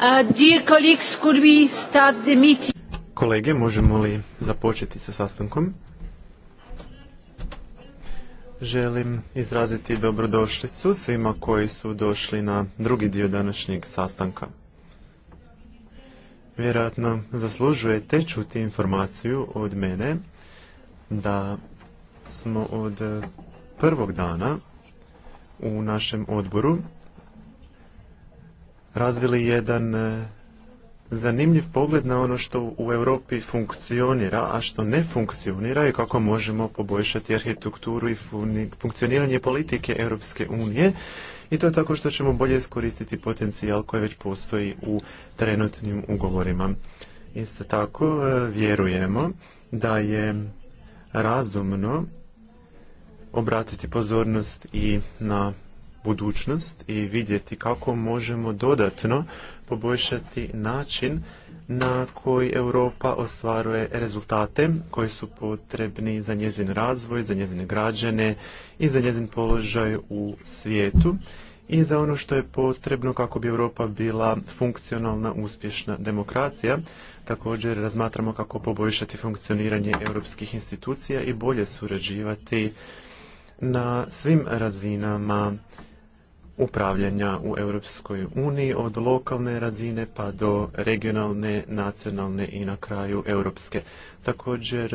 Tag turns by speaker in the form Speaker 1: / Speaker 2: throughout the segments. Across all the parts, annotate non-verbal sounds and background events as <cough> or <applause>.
Speaker 1: Uh,
Speaker 2: Kolege, možemo li započeti sa sastankom? Želim izraziti dobrodošlicu svima koji su došli na drugi dio današnjeg sastanka. Vjerojatno zaslužujete čuti informaciju od mene da smo od prvog dana u našem odboru razvili jedan e, zanimljiv pogled na ono što u Europi funkcionira, a što ne funkcionira i kako možemo poboljšati arhitekturu i funkcioniranje politike Europske unije i to tako što ćemo bolje iskoristiti potencijal koji već postoji u trenutnim ugovorima. Isto tako e, vjerujemo da je razumno obratiti pozornost i na budućnost i vidjeti kako možemo dodatno poboljšati način na koji Europa ostvaruje rezultate koji su potrebni za njezin razvoj, za njezine građane i za njezin položaj u svijetu i za ono što je potrebno kako bi Europa bila funkcionalna, uspješna demokracija. Također razmatramo kako poboljšati funkcioniranje europskih institucija i bolje surađivati na svim razinama upravljanja u Europskoj uniji od lokalne razine pa do regionalne, nacionalne i na kraju europske. Također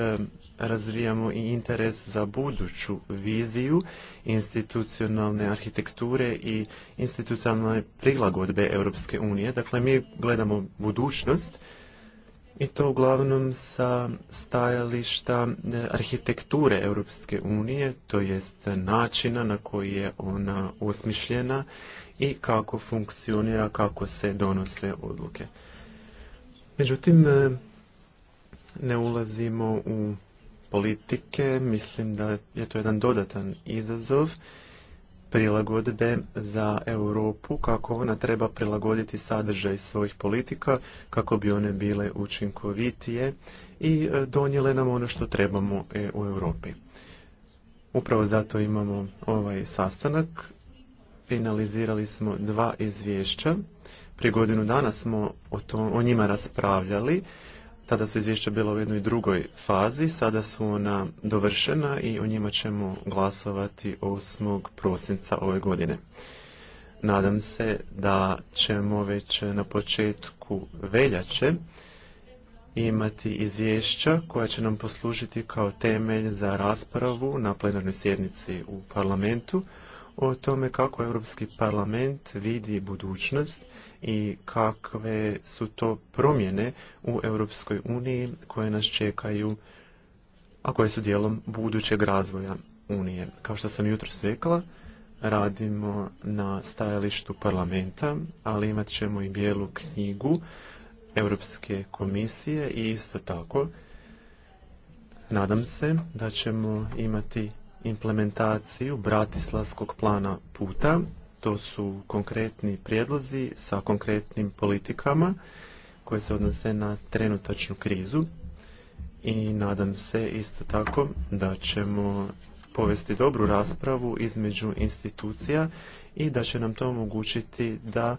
Speaker 2: razvijamo i interes za buduću viziju institucionalne arhitekture i institucionalne prilagodbe Europske unije. Dakle, mi gledamo budućnost i to uglavnom sa stajališta e, arhitekture Europske unije, to jest načina na koji je ona osmišljena i kako funkcionira, kako se donose odluke. Međutim, e, ne ulazimo u politike, mislim da je to jedan dodatan izazov prilagodbe za Europu, kako ona treba prilagoditi sadržaj svojih politika, kako bi one bile učinkovitije i e, donijele nam ono što trebamo e, u Europi. Upravo zato imamo ovaj sastanak. Finalizirali smo dva izvješća. Prije godinu dana smo o, to, o njima raspravljali tada su izvješća bila u jednoj drugoj fazi, sada su ona dovršena i o njima ćemo glasovati 8. prosinca ove godine. Nadam se da ćemo već na početku veljače imati izvješća koja će nam poslužiti kao temelj za raspravu na plenarnoj sjednici u parlamentu o tome kako Europski parlament vidi budućnost i kakve su to promjene u Europskoj uniji koje nas čekaju, a koje su dijelom budućeg razvoja unije. Kao što sam jutros rekla, radimo na stajalištu parlamenta, ali imat ćemo i bijelu knjigu Europske komisije i isto tako nadam se da ćemo imati implementaciju Bratislavskog plana puta to su konkretni prijedlozi sa konkretnim politikama koje se odnose na trenutačnu krizu i nadam se isto tako da ćemo povesti dobru raspravu između institucija i da će nam to omogućiti da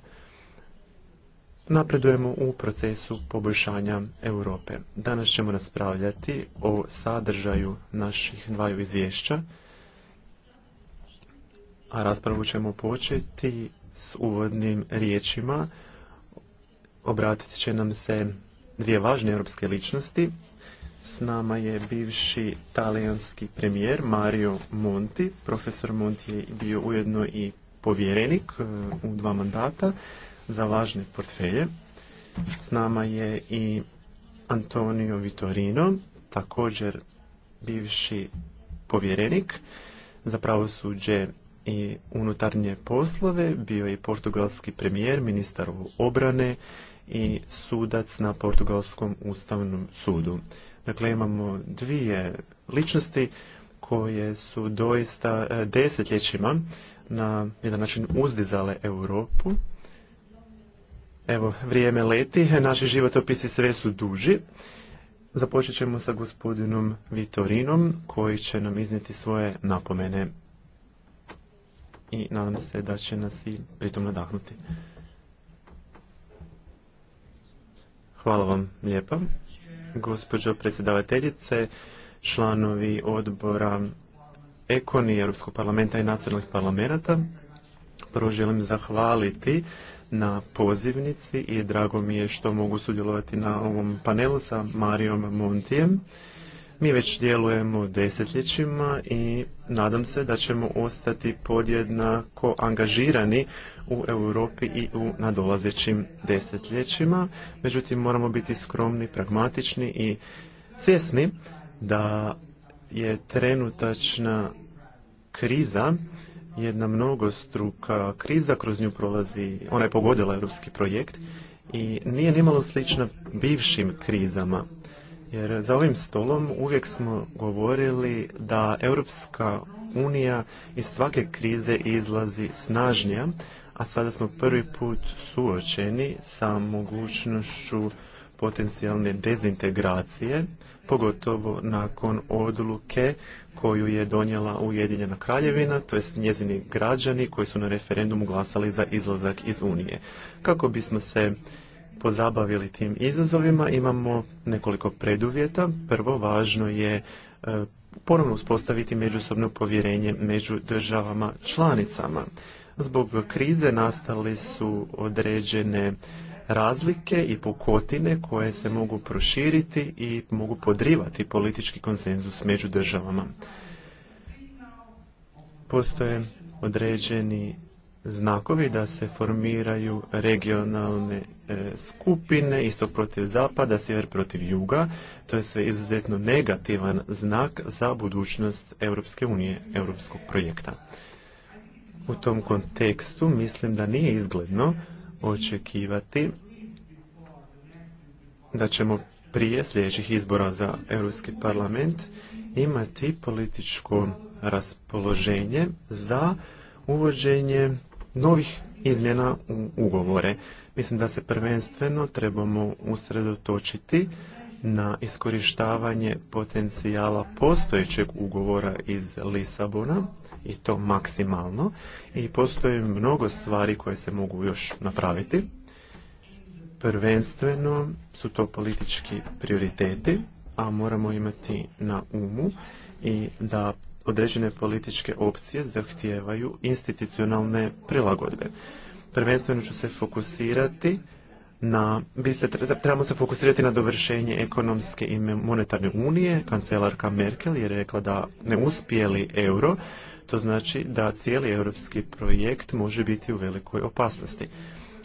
Speaker 2: napredujemo u procesu poboljšanja Europe. Danas ćemo raspravljati o sadržaju naših dvaju izvješća a raspravu ćemo početi s uvodnim riječima. Obratit će nam se dvije važne europske ličnosti. S nama je bivši talijanski premijer Mario Monti. Profesor Monti je bio ujedno i povjerenik e, u dva mandata za važne portfelje. S nama je i Antonio Vitorino, također bivši povjerenik za pravosuđe i unutarnje poslove, bio je i portugalski premijer, ministar obrane i sudac na portugalskom ustavnom sudu. Dakle, imamo dvije ličnosti koje su doista e, desetljećima na jedan način uzdizale Europu. Evo, vrijeme leti, naši životopisi sve su duži. Započet ćemo sa gospodinom Vitorinom koji će nam iznijeti svoje napomene i nadam se da će nas i pritom nadahnuti. Hvala vam lijepa. Gospođo predsjedavateljice, članovi odbora Ekoni Europskog parlamenta i nacionalnih parlamenta, prvo želim zahvaliti na pozivnici i drago mi je što mogu sudjelovati na ovom panelu sa Marijom Montijem mi već djelujemo desetljećima i nadam se da ćemo ostati podjednako angažirani u Europi i u nadolazećim desetljećima. Međutim, moramo biti skromni, pragmatični i svjesni da je trenutačna kriza jedna mnogostruka kriza, kroz nju prolazi, ona je pogodila europski projekt i nije nimalo slična bivšim krizama. Jer za ovim stolom uvijek smo govorili da Europska unija iz svake krize izlazi snažnija, a sada smo prvi put suočeni sa mogućnošću potencijalne dezintegracije, pogotovo nakon odluke koju je donijela Ujedinjena kraljevina, to jest njezini građani koji su na referendumu glasali za izlazak iz Unije. Kako bismo se pozabavili tim izazovima, imamo nekoliko preduvjeta. Prvo, važno je e, ponovno uspostaviti međusobno povjerenje među državama članicama. Zbog krize nastali su određene razlike i pukotine koje se mogu proširiti i mogu podrivati politički konsenzus među državama. Postoje određeni znakovi da se formiraju regionalne e, skupine, isto protiv zapada, sjever protiv juga. To je sve izuzetno negativan znak za budućnost Europske unije, europskog projekta. U tom kontekstu mislim da nije izgledno očekivati da ćemo prije sljedećih izbora za Europski parlament imati političko raspoloženje za uvođenje novih izmjena u ugovore. Mislim da se prvenstveno trebamo usredotočiti na iskorištavanje potencijala postojećeg ugovora iz Lisabona i to maksimalno i postoji mnogo stvari koje se mogu još napraviti. Prvenstveno su to politički prioriteti, a moramo imati na umu i da određene političke opcije zahtijevaju institucionalne prilagodbe. Prvenstveno ću se fokusirati na, se, trebamo se fokusirati na dovršenje ekonomske i monetarne unije. Kancelarka Merkel je rekla da ne uspjeli euro, to znači da cijeli europski projekt može biti u velikoj opasnosti.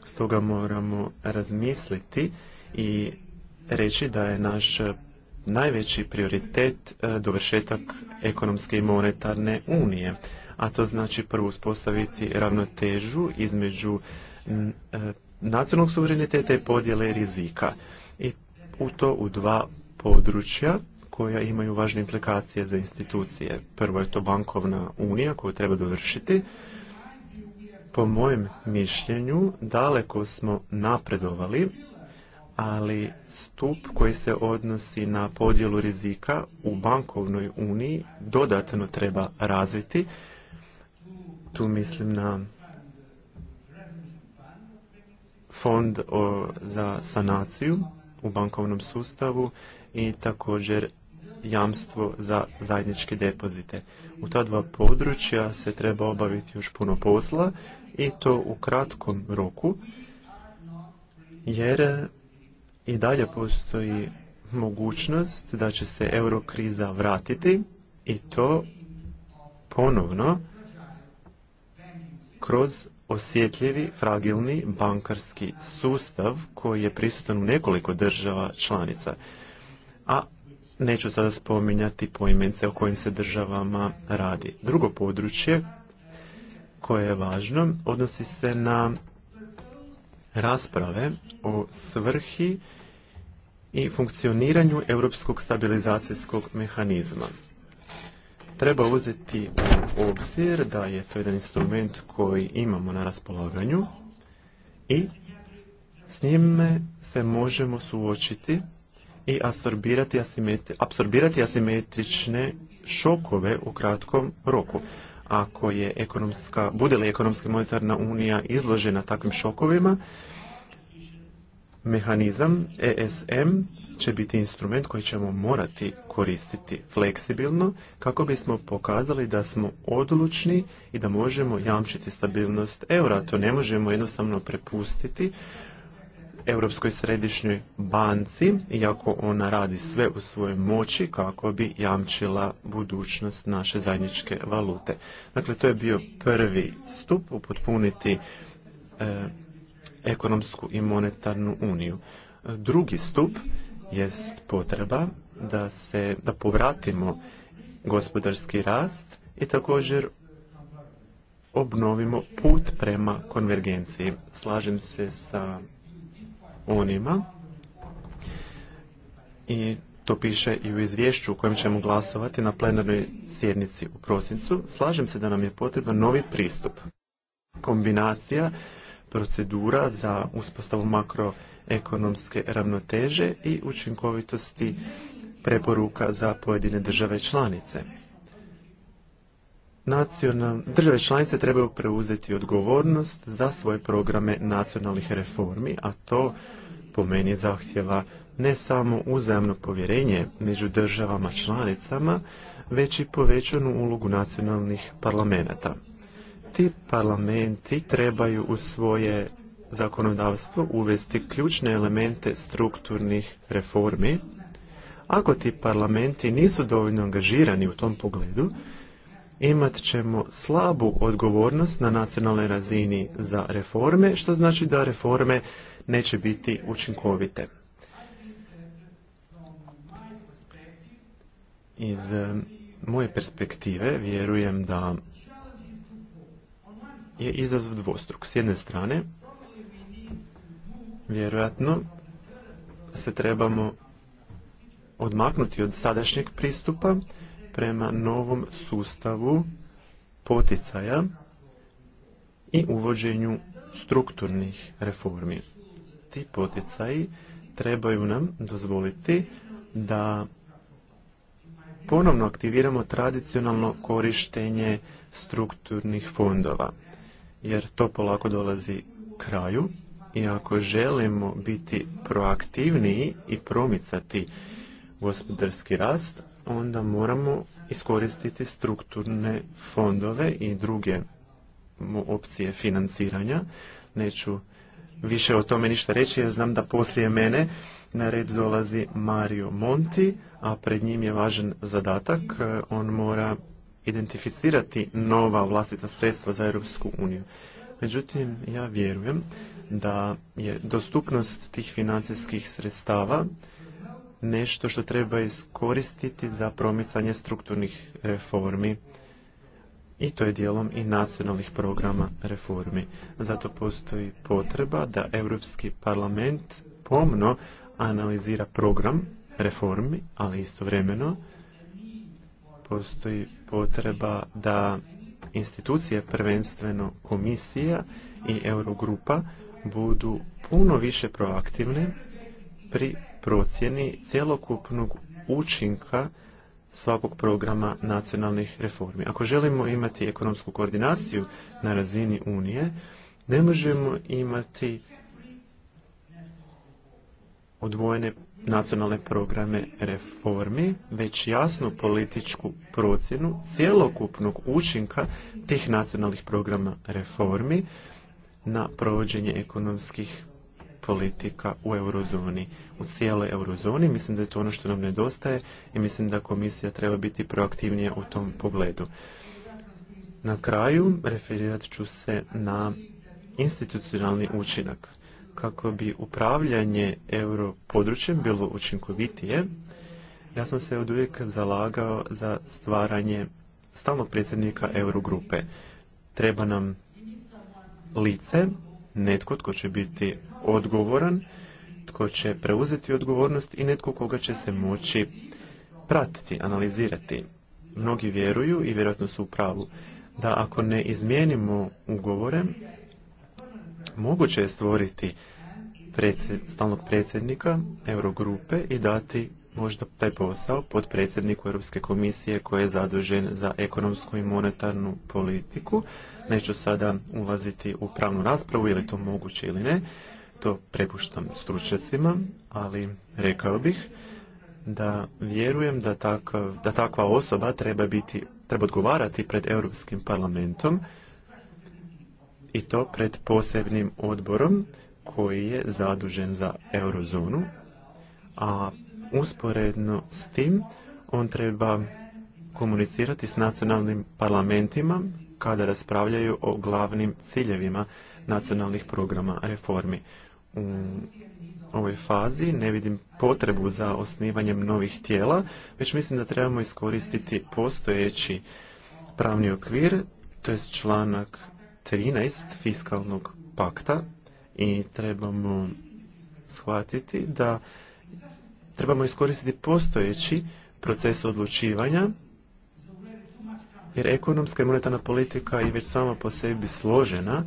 Speaker 2: Stoga moramo razmisliti i reći da je naš najveći prioritet e, dovršetak ekonomske i monetarne unije. A to znači prvo uspostaviti ravnotežu između e, nacionalnog suvereniteta i podjele rizika. I u to u dva područja koja imaju važne implikacije za institucije. Prvo je to bankovna unija koju treba dovršiti. Po mojem mišljenju daleko smo napredovali ali stup koji se odnosi na podjelu rizika u bankovnoj uniji dodatno treba razviti. Tu mislim na fond za sanaciju u bankovnom sustavu i također jamstvo za zajedničke depozite. U ta dva područja se treba obaviti još puno posla i to u kratkom roku jer i dalje postoji mogućnost da će se eurokriza vratiti i to ponovno kroz osjetljivi, fragilni bankarski sustav koji je prisutan u nekoliko država članica. A neću sada spominjati poimence o kojim se državama radi. Drugo područje koje je važno odnosi se na rasprave o svrhi i funkcioniranju europskog stabilizacijskog mehanizma. Treba uzeti u obzir da je to jedan instrument koji imamo na raspolaganju i s njime se možemo suočiti i apsorbirati asimetrične šokove u kratkom roku. Ako je ekonomska, bude li ekonomska monetarna unija izložena takvim šokovima, Mehanizam ESM će biti instrument koji ćemo morati koristiti fleksibilno kako bismo pokazali da smo odlučni i da možemo jamčiti stabilnost eura. To ne možemo jednostavno prepustiti Europskoj središnjoj banci, iako ona radi sve u svojoj moći kako bi jamčila budućnost naše zajedničke valute. Dakle, to je bio prvi stup upotpuniti e, ekonomsku i monetarnu uniju. Drugi stup jest potreba da se da povratimo gospodarski rast i također obnovimo put prema konvergenciji. Slažem se sa onima i to piše i u izvješću u kojem ćemo glasovati na plenarnoj sjednici u prosincu. Slažem se da nam je potreban novi pristup. Kombinacija procedura za uspostavu makroekonomske ravnoteže i učinkovitosti preporuka za pojedine države članice. Nacional... Države članice trebaju preuzeti odgovornost za svoje programe nacionalnih reformi, a to po meni zahtjeva ne samo uzajamno povjerenje među državama članicama, već i povećanu ulogu nacionalnih parlamenata ti parlamenti trebaju u svoje zakonodavstvo uvesti ključne elemente strukturnih reformi. Ako ti parlamenti nisu dovoljno angažirani u tom pogledu, imat ćemo slabu odgovornost na nacionalnoj razini za reforme, što znači da reforme neće biti učinkovite. Iz eh, moje perspektive vjerujem da je izazov dvostruk. S jedne strane, vjerojatno se trebamo odmaknuti od sadašnjeg pristupa prema novom sustavu poticaja i uvođenju strukturnih reformi. Ti poticaji trebaju nam dozvoliti da ponovno aktiviramo tradicionalno korištenje strukturnih fondova jer to polako dolazi kraju i ako želimo biti proaktivniji i promicati gospodarski rast, onda moramo iskoristiti strukturne fondove i druge opcije financiranja. Neću više o tome ništa reći jer znam da poslije mene na red dolazi Mario Monti, a pred njim je važan zadatak. On mora identificirati nova vlastita sredstva za Europsku uniju. Međutim, ja vjerujem da je dostupnost tih financijskih sredstava nešto što treba iskoristiti za promicanje strukturnih reformi i to je dijelom i nacionalnih programa reformi. Zato postoji potreba da Europski parlament pomno analizira program reformi, ali istovremeno postoji potreba da institucije, prvenstveno komisija i Eurogrupa, budu puno više proaktivne pri procjeni cjelokupnog učinka svakog programa nacionalnih reformi. Ako želimo imati ekonomsku koordinaciju na razini Unije, ne možemo imati odvojene nacionalne programe reformi, već jasnu političku procjenu cjelokupnog učinka tih nacionalnih programa reformi na provođenje ekonomskih politika u eurozoni, u cijeloj eurozoni. Mislim da je to ono što nam nedostaje i mislim da komisija treba biti proaktivnija u tom pogledu. Na kraju referirat ću se na institucionalni učinak kako bi upravljanje europodručjem bilo učinkovitije, ja sam se od uvijek zalagao za stvaranje stalnog predsjednika Eurogrupe. Treba nam lice, netko tko će biti odgovoran, tko će preuzeti odgovornost i netko koga će se moći pratiti, analizirati. Mnogi vjeruju i vjerojatno su u pravu da ako ne izmijenimo ugovore, moguće je stvoriti stalnog predsjednika Eurogrupe i dati možda taj posao pod predsjedniku Europske komisije koji je zadužen za ekonomsku i monetarnu politiku. Neću sada ulaziti u pravnu raspravu, je li to moguće ili ne. To prepuštam stručnjacima, ali rekao bih da vjerujem da, da takva osoba treba biti treba odgovarati pred Europskim parlamentom i to pred posebnim odborom koji je zadužen za eurozonu, a usporedno s tim on treba komunicirati s nacionalnim parlamentima kada raspravljaju o glavnim ciljevima nacionalnih programa reformi. U ovoj fazi ne vidim potrebu za osnivanjem novih tijela, već mislim da trebamo iskoristiti postojeći pravni okvir, to je članak 13 fiskalnog pakta i trebamo shvatiti da trebamo iskoristiti postojeći proces odlučivanja jer ekonomska i monetarna politika je već sama po sebi složena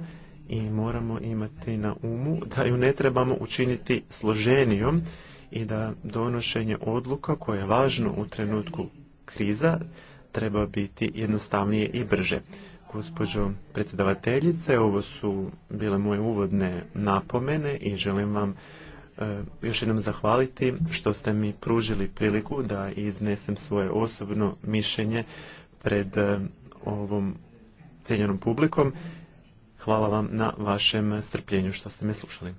Speaker 2: i moramo imati na umu da ju ne trebamo učiniti složenijom i da donošenje odluka koje je važno u trenutku kriza treba biti jednostavnije i brže gospođo predsjedavateljice. Ovo su bile moje uvodne napomene i želim vam e, još jednom zahvaliti što ste mi pružili priliku da iznesem svoje osobno mišljenje pred e, ovom cijenjenom publikom. Hvala vam na vašem strpljenju što ste me slušali.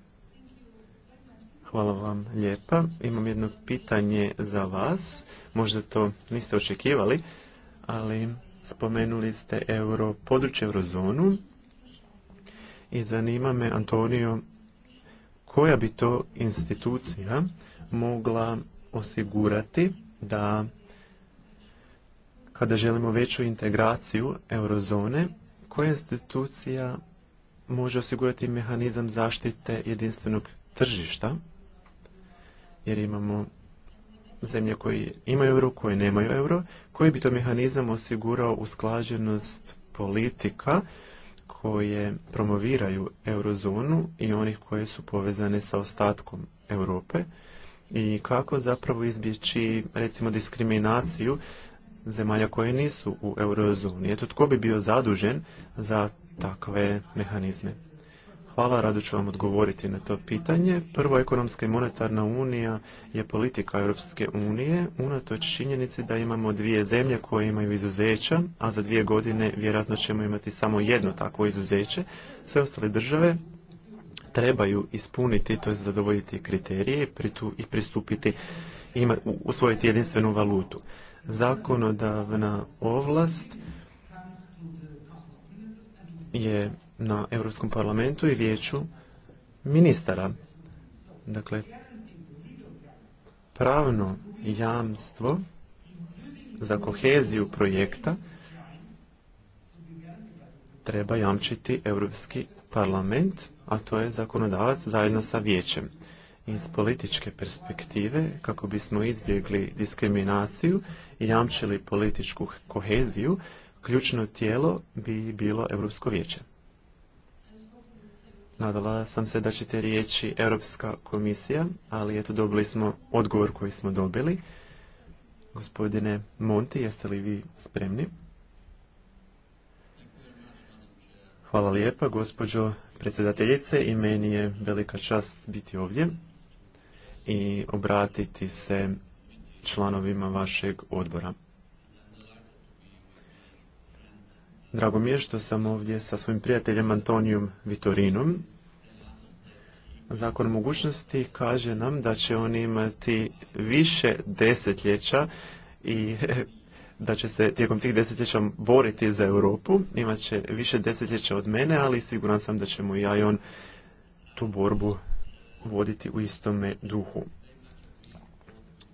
Speaker 2: Hvala vam lijepa. Imam jedno pitanje za vas. Možda to niste očekivali, ali spomenuli ste euro, područje eurozonu i zanima me, Antonio, koja bi to institucija mogla osigurati da kada želimo veću integraciju eurozone, koja institucija može osigurati mehanizam zaštite jedinstvenog tržišta, jer imamo zemlje koje imaju euro, koje nemaju euro, koji bi to mehanizam osigurao usklađenost politika koje promoviraju eurozonu i onih koje su povezane sa ostatkom Europe i kako zapravo izbjeći recimo diskriminaciju zemalja koje nisu u eurozoni. Eto tko bi bio zadužen za takve mehanizme. Hvala, rado ću vam odgovoriti na to pitanje. Prvo, ekonomska i monetarna unija je politika Europske unije, unatoč činjenici da imamo dvije zemlje koje imaju izuzeća, a za dvije godine vjerojatno ćemo imati samo jedno takvo izuzeće. Sve ostale države trebaju ispuniti, to je zadovoljiti kriterije i pristupiti, i usvojiti jedinstvenu valutu. Zakonodavna ovlast je na Europskom parlamentu i vijeću ministara. Dakle, pravno jamstvo za koheziju projekta treba jamčiti Europski parlament, a to je zakonodavac zajedno sa vijećem. Iz političke perspektive, kako bismo izbjegli diskriminaciju i jamčili političku koheziju, ključno tijelo bi bilo Europsko vijeće. Nadala sam se da ćete riječi Europska komisija, ali eto dobili smo odgovor koji smo dobili. Gospodine Monti, jeste li vi spremni? Hvala lijepa, gospođo predsjedateljice, i meni je velika čast biti ovdje i obratiti se članovima vašeg odbora. Drago mi je što sam ovdje sa svojim prijateljem Antonijom Vitorinom. Zakon mogućnosti kaže nam da će oni imati više desetljeća i <laughs> da će se tijekom tih desetljeća boriti za Europu. Imat će više desetljeća od mene, ali siguran sam da ćemo ja i on tu borbu voditi u istome duhu.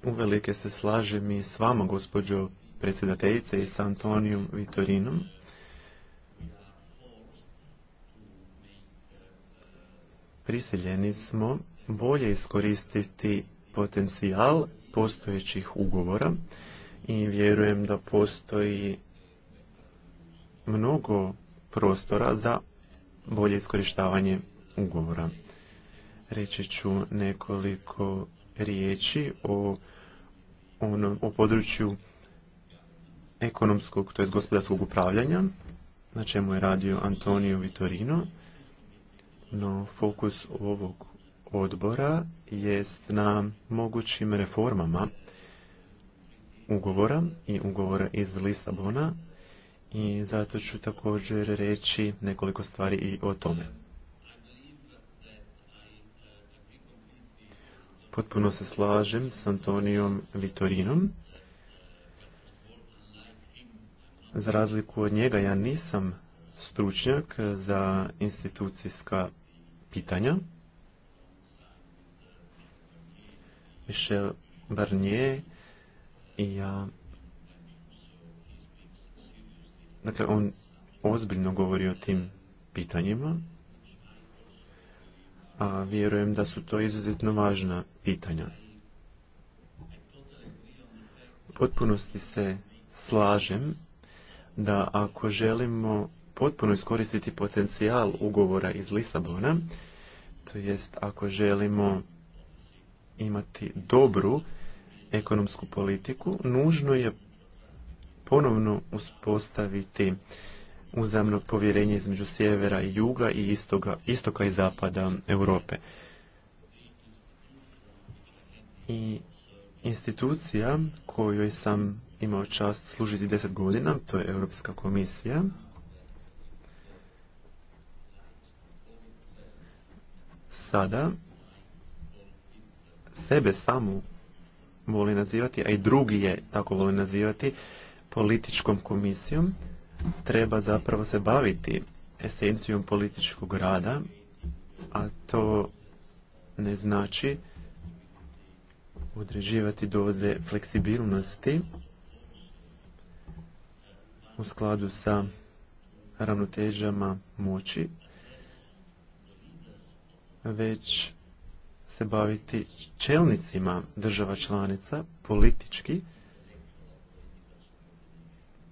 Speaker 2: Uvelike se slažem i s vama, gospođo predsjedateljice, i s Antonijom Vitorinom. prisiljeni smo bolje iskoristiti potencijal postojećih ugovora i vjerujem da postoji mnogo prostora za bolje iskorištavanje ugovora. Reći ću nekoliko riječi o, onom, o području ekonomskog, to gospodarskog upravljanja, na čemu je radio Antonio Vitorino. No, fokus ovog odbora jest na mogućim reformama ugovora i ugovora iz Lisabona i zato ću također reći nekoliko stvari i o tome. Potpuno se slažem s Antonijom Vitorinom. Za razliku od njega ja nisam stručnjak za institucijska pitanja. Michel Barnier i ja... Dakle, on ozbiljno govori o tim pitanjima, a vjerujem da su to izuzetno važna pitanja. U potpunosti se slažem da ako želimo potpuno iskoristiti potencijal ugovora iz Lisabona, to jest ako želimo imati dobru ekonomsku politiku, nužno je ponovno uspostaviti uzamno povjerenje između sjevera i juga i istoga, istoka i zapada Europe. I institucija kojoj sam imao čast služiti deset godina, to je Europska komisija, sada sebe samu voli nazivati, a i drugi je tako voli nazivati, političkom komisijom, treba zapravo se baviti esencijom političkog rada, a to ne znači određivati doze fleksibilnosti u skladu sa ravnotežama moći već se baviti čelnicima država članica politički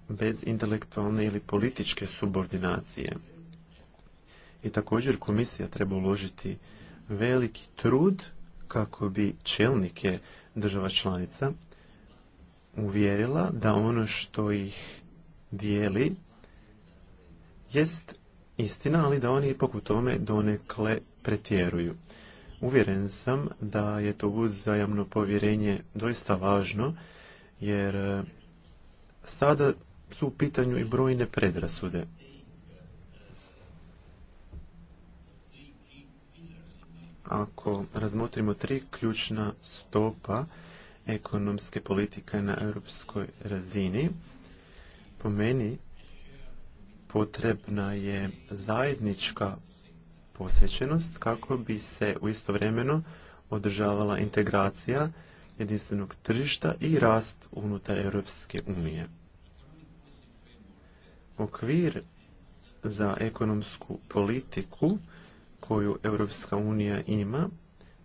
Speaker 2: bez intelektualne ili političke subordinacije. I također komisija treba uložiti veliki trud kako bi čelnike država članica uvjerila da ono što ih dijeli jest istina, ali da oni ipak u tome donekle pretjeruju. Uvjeren sam da je to uzajamno povjerenje doista važno, jer e, sada su u pitanju i brojne predrasude. Ako razmotrimo tri ključna stopa ekonomske politike na europskoj razini, po meni potrebna je zajednička posvećenost kako bi se u istovremeno održavala integracija jedinstvenog tržišta i rast unutar Europske unije. Okvir za ekonomsku politiku koju Europska unija ima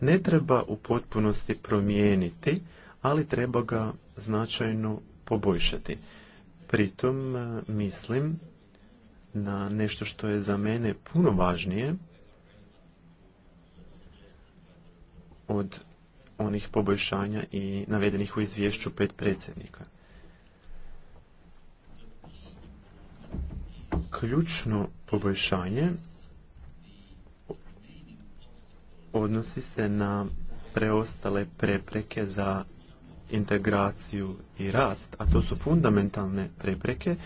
Speaker 2: ne treba u potpunosti promijeniti, ali treba ga značajno poboljšati. Pritom eh, mislim na nešto što je za mene puno važnije, od onih poboljšanja i navedenih u izvješću pet predsjednika. Ključno poboljšanje odnosi se na preostale prepreke za integraciju i rast, a to su fundamentalne prepreke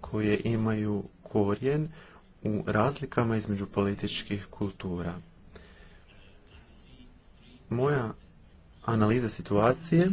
Speaker 2: koje imaju korijen u razlikama između političkih kultura. Moja analiza situacije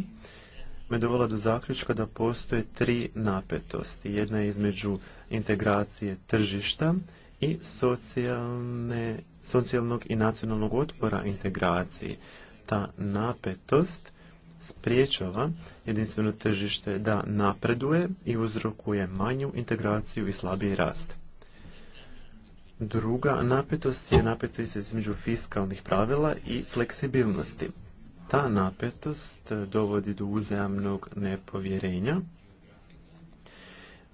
Speaker 2: me dovela do zaključka da postoje tri napetosti. Jedna je između integracije tržišta i socijalne, socijalnog i nacionalnog otpora integraciji. Ta napetost spriječava jedinstveno tržište da napreduje i uzrokuje manju integraciju i slabiji rast. Druga napetost je napetost između fiskalnih pravila i fleksibilnosti. Ta napetost eh, dovodi do uzajamnog nepovjerenja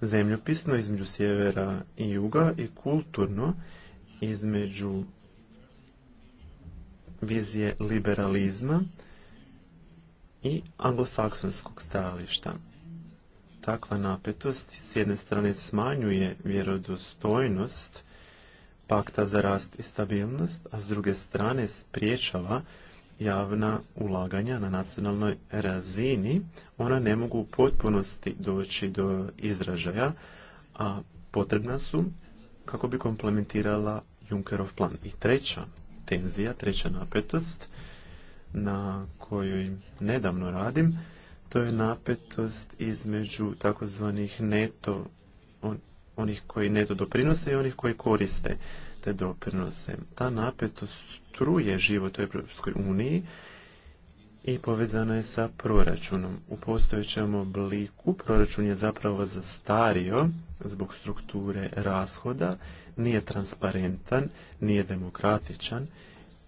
Speaker 2: zemljopisno između sjevera i juga i kulturno između vizije liberalizma i anglosaksonskog stajališta. Takva napetost s jedne strane smanjuje vjerodostojnost pakta za rast i stabilnost, a s druge strane spriječava javna ulaganja na nacionalnoj razini, ona ne mogu u potpunosti doći do izražaja, a potrebna su kako bi komplementirala Junckerov plan. I treća tenzija, treća napetost na kojoj nedavno radim, to je napetost između takozvanih neto onih koji to doprinose i onih koji koriste te doprinose. Ta napetost struje život u Europskoj uniji i povezana je sa proračunom. U postojećem obliku proračun je zapravo zastario zbog strukture rashoda, nije transparentan, nije demokratičan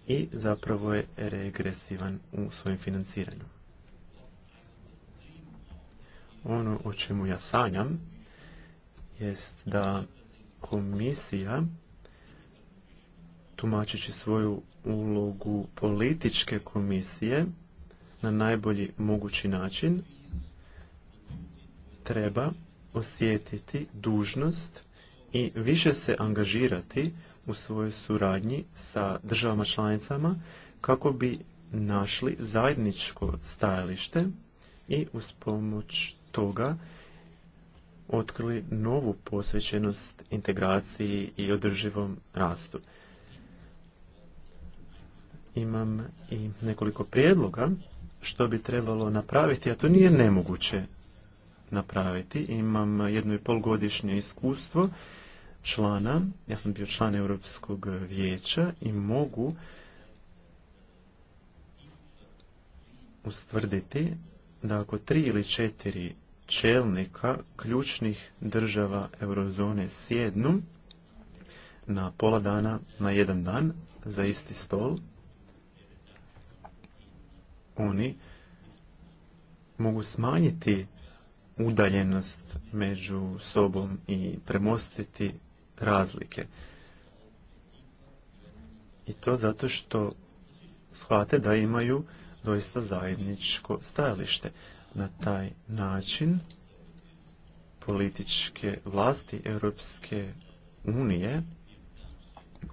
Speaker 2: i zapravo je regresivan u svojem financiranju. Ono o čemu ja sanjam jest da komisija tumačići svoju ulogu političke komisije na najbolji mogući način treba osjetiti dužnost i više se angažirati u svojoj suradnji sa državama članicama kako bi našli zajedničko stajalište i uz pomoć toga otkrili novu posvećenost integraciji i održivom rastu. Imam i nekoliko prijedloga što bi trebalo napraviti, a to nije nemoguće napraviti. Imam jedno i polgodišnje iskustvo člana, ja sam bio član Europskog vijeća i mogu ustvrditi da ako tri ili četiri čelnika ključnih država eurozone sjednu na pola dana, na jedan dan, za isti stol. Oni mogu smanjiti udaljenost među sobom i premostiti razlike. I to zato što shvate da imaju doista zajedničko stajalište na taj način političke vlasti Europske unije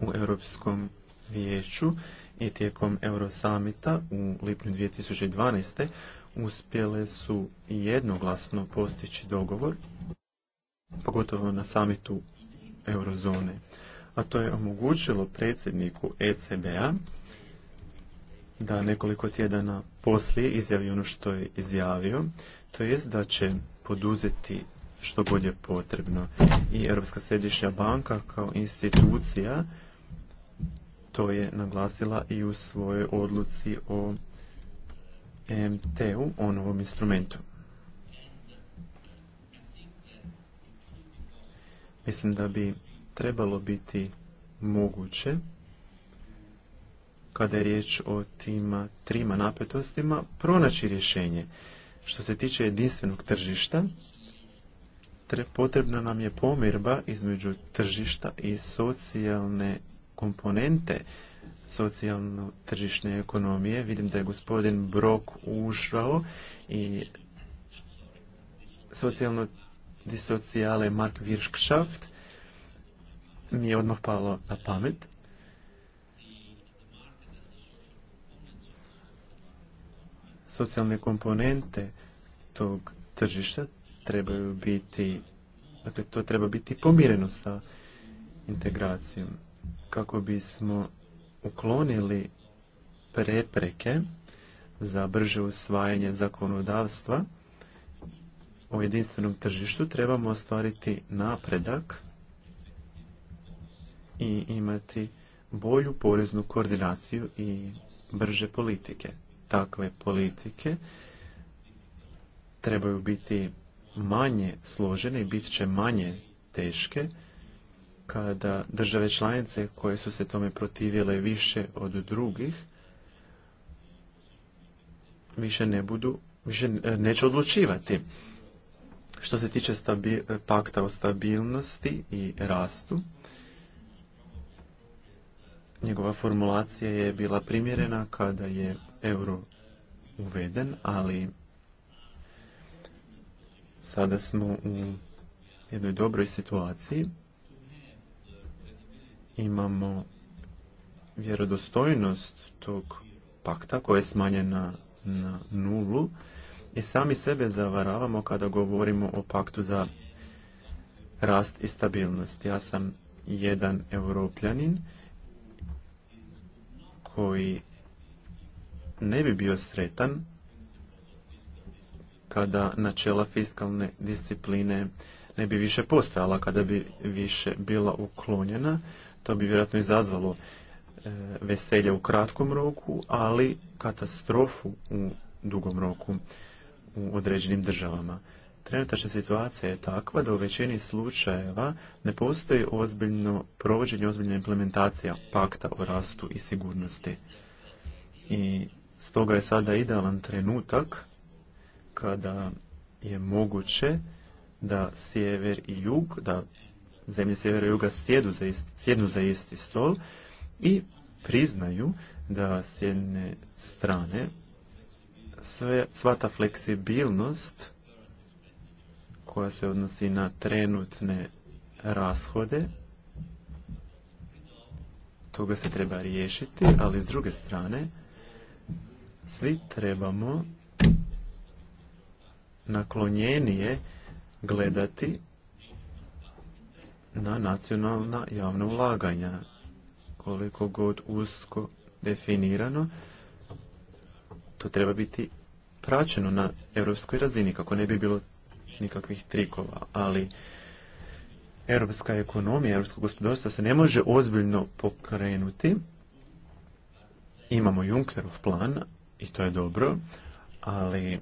Speaker 2: u Europskom vijeću i tijekom Eurosamita u lipnju 2012. uspjele su jednoglasno postići dogovor, pogotovo na samitu Eurozone, a to je omogućilo predsjedniku ECB-a da nekoliko tjedana poslije izjavi ono što je izjavio, to jest da će poduzeti što god je potrebno. I Europska središnja banka kao institucija to je naglasila i u svojoj odluci o EMT-u, o novom instrumentu. Mislim da bi trebalo biti moguće kada je riječ o tim trima napetostima, pronaći rješenje. Što se tiče jedinstvenog tržišta, potrebna nam je pomirba između tržišta i socijalne komponente socijalno-tržišne ekonomije. Vidim da je gospodin Brok ušao i socijalno disocijale Mark Wirschschaft mi je odmah palo na pamet. Socijalne komponente tog tržišta trebaju biti, dakle to treba biti pomireno sa integracijom kako bismo uklonili prepreke za brže usvajanje zakonodavstva o jedinstvenom tržištu trebamo ostvariti napredak i imati bolju poreznu koordinaciju i brže politike takve politike trebaju biti manje složene i bit će manje teške kada države članice koje su se tome protivile više od drugih više ne budu više e, neće odlučivati. Što se tiče stabil e, pakta o stabilnosti i rastu, njegova formulacija je bila primjerena kada je euro uveden, ali sada smo u jednoj dobroj situaciji. Imamo vjerodostojnost tog pakta koja je smanjena na nulu i sami sebe zavaravamo kada govorimo o paktu za rast i stabilnost. Ja sam jedan europljanin koji ne bi bio sretan kada načela fiskalne discipline ne bi više postojala, kada bi više bila uklonjena. To bi vjerojatno izazvalo e, veselje u kratkom roku, ali katastrofu u dugom roku u određenim državama. Trenutačna situacija je takva da u većini slučajeva ne postoji ozbiljno provođenje, ozbiljna implementacija pakta o rastu i sigurnosti. I Stoga je sada idealan trenutak kada je moguće da sjever i jug, da zemlje sjevera i juga sjedu za isti, sjednu za isti stol i priznaju da s jedne strane sve, sva ta fleksibilnost koja se odnosi na trenutne rashode, toga se treba riješiti, ali s druge strane svi trebamo naklonjenije gledati na nacionalna javna ulaganja, koliko god usko definirano, to treba biti praćeno na europskoj razini, kako ne bi bilo nikakvih trikova, ali europska ekonomija, europsko gospodarstvo se ne može ozbiljno pokrenuti. Imamo Junckerov plan, i to je dobro, ali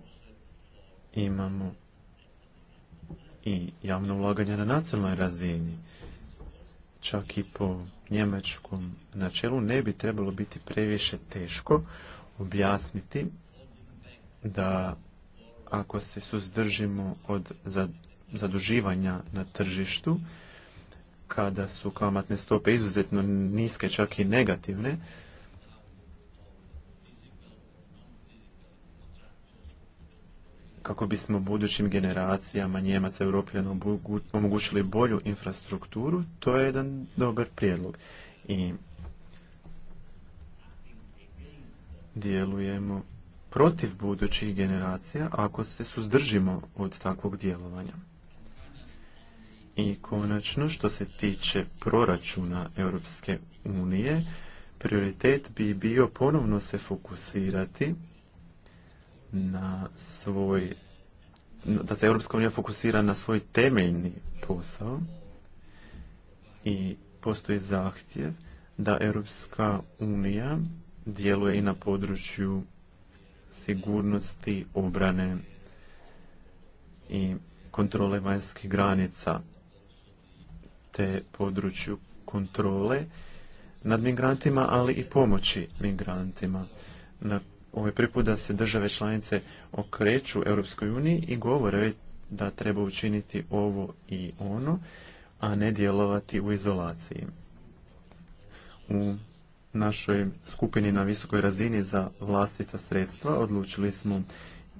Speaker 2: imamo i javno ulaganje na nacionalnoj razini. Čak i po njemačkom načelu ne bi trebalo biti previše teško objasniti da ako se suzdržimo od zaduživanja na tržištu, kada su kamatne stope izuzetno niske, čak i negativne, kako bismo budućim generacijama Njemaca Europljana omogućili bolju infrastrukturu, to je jedan dobar prijedlog. I djelujemo protiv budućih generacija ako se suzdržimo od takvog djelovanja. I konačno, što se tiče proračuna Europske unije, prioritet bi bio ponovno se fokusirati na svoj da se Europska unija fokusira na svoj temeljni posao i postoji zahtjev da Europska unija djeluje i na području sigurnosti, obrane i kontrole vanjskih granica te području kontrole nad migrantima, ali i pomoći migrantima. Na ovo je prvi put da se države članice okreću Europskoj uniji i govore da treba učiniti ovo i ono, a ne djelovati u izolaciji. U našoj skupini na visokoj razini za vlastita sredstva odlučili smo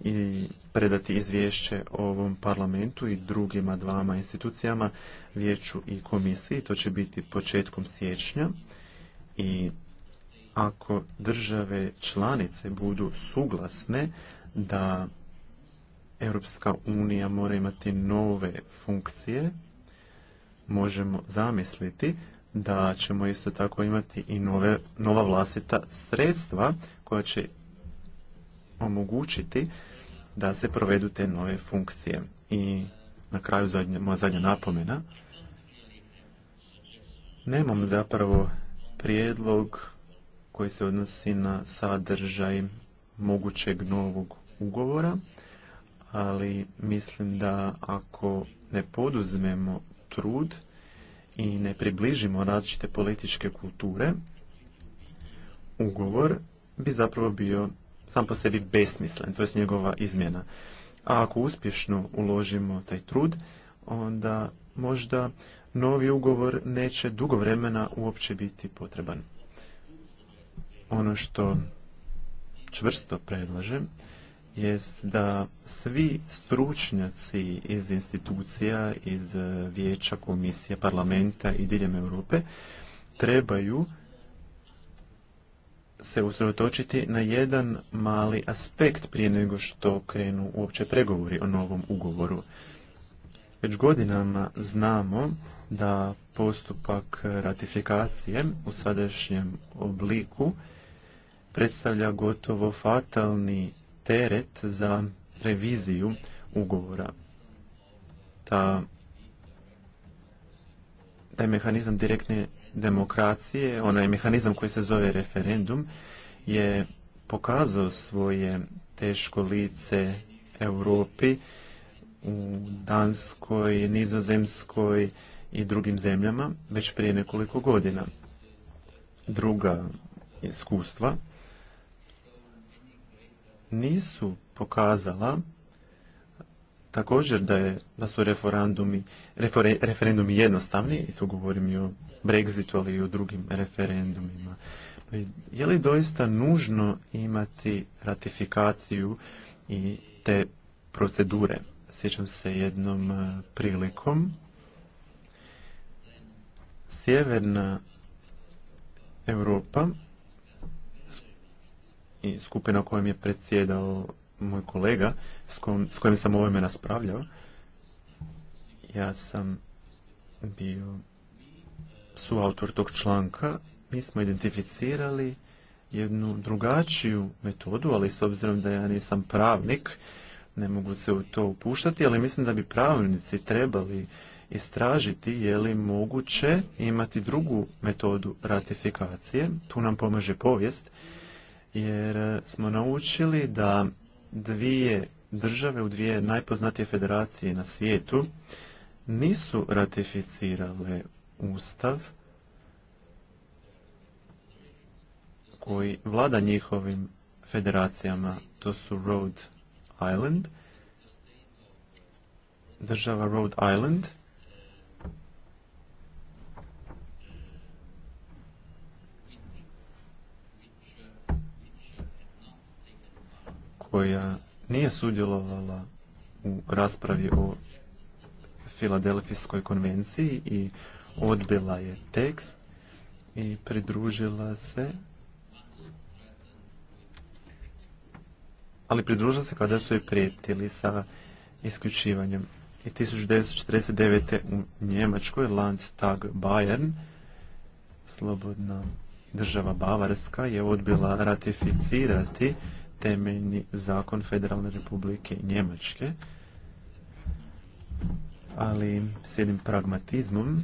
Speaker 2: i predati izvješće ovom parlamentu i drugima dvama institucijama, vijeću i komisiji. To će biti početkom siječnja i ako države članice budu suglasne da Europska unija mora imati nove funkcije, možemo zamisliti da ćemo isto tako imati i nove, nova vlastita sredstva koja će omogućiti da se provedu te nove funkcije. I na kraju zadnja, moja zadnja napomena. Nemam zapravo prijedlog koji se odnosi na sadržaj mogućeg novog ugovora, ali mislim da ako ne poduzmemo trud i ne približimo različite političke kulture, ugovor bi zapravo bio sam po sebi besmislen, to je njegova izmjena. A ako uspješno uložimo taj trud, onda možda novi ugovor neće dugo vremena uopće biti potreban. Ono što čvrsto predlažem jest da svi stručnjaci iz institucija, iz e, vijeća, komisija, parlamenta i diljem Europe trebaju se usredotočiti na jedan mali aspekt prije nego što krenu uopće pregovori o novom ugovoru. Već godinama znamo da postupak ratifikacije u sadašnjem obliku predstavlja gotovo fatalni teret za reviziju ugovora. Ta, taj mehanizam direktne demokracije, onaj mehanizam koji se zove referendum, je pokazao svoje teško lice Europi u Danskoj, Nizozemskoj i drugim zemljama već prije nekoliko godina. Druga iskustva nisu pokazala također da, je, da su referendumi, referendumi jednostavni, i tu govorim i o Brexitu, ali i o drugim referendumima. Je li doista nužno imati ratifikaciju i te procedure? Sjećam se jednom e, prilikom. Sjeverna Europa i skupina kojom je predsjedao moj kolega, s kojim, s kojim sam ovome raspravljao. Ja sam bio suautor tog članka. Mi smo identificirali jednu drugačiju metodu, ali s obzirom da ja nisam pravnik, ne mogu se u to upuštati, ali mislim da bi pravnici trebali istražiti je li moguće imati drugu metodu ratifikacije. Tu nam pomaže povijest jer e, smo naučili da dvije države u dvije najpoznatije federacije na svijetu nisu ratificirale ustav koji vlada njihovim federacijama, to su Rhode Island, država Rhode Island koja nije sudjelovala u raspravi o Filadelfijskoj konvenciji i odbila je tekst i pridružila se ali pridružila se kada su je prijetili sa isključivanjem. I 1949. u Njemačkoj Landtag Bayern, slobodna država Bavarska, je odbila ratificirati temeljni zakon Federalne republike Njemačke, ali s jednim pragmatizmom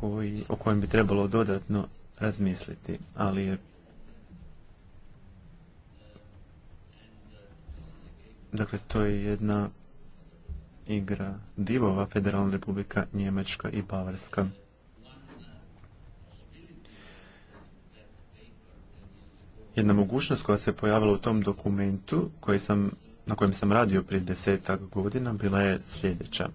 Speaker 2: koji, o kojem bi trebalo dodatno razmisliti, ali je Dakle, to je jedna igra divova Federalna republika Njemačka i Bavarska. jedna mogućnost koja se pojavila u tom dokumentu koji sam, na kojem sam radio prije desetak godina bila je sljedeća.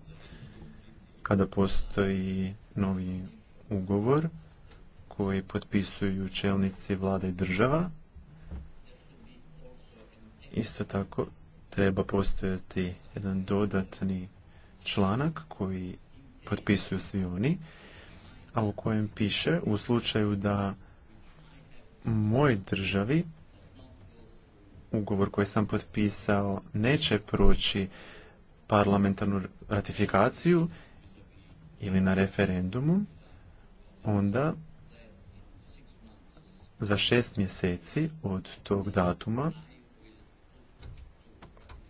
Speaker 2: Kada postoji novi ugovor koji potpisuju čelnici vlada i država, isto tako treba postojati jedan dodatni članak koji potpisuju svi oni, a u kojem piše u slučaju da mojoj državi ugovor koji sam potpisao neće proći parlamentarnu ratifikaciju ili na referendumu, onda za šest mjeseci od tog datuma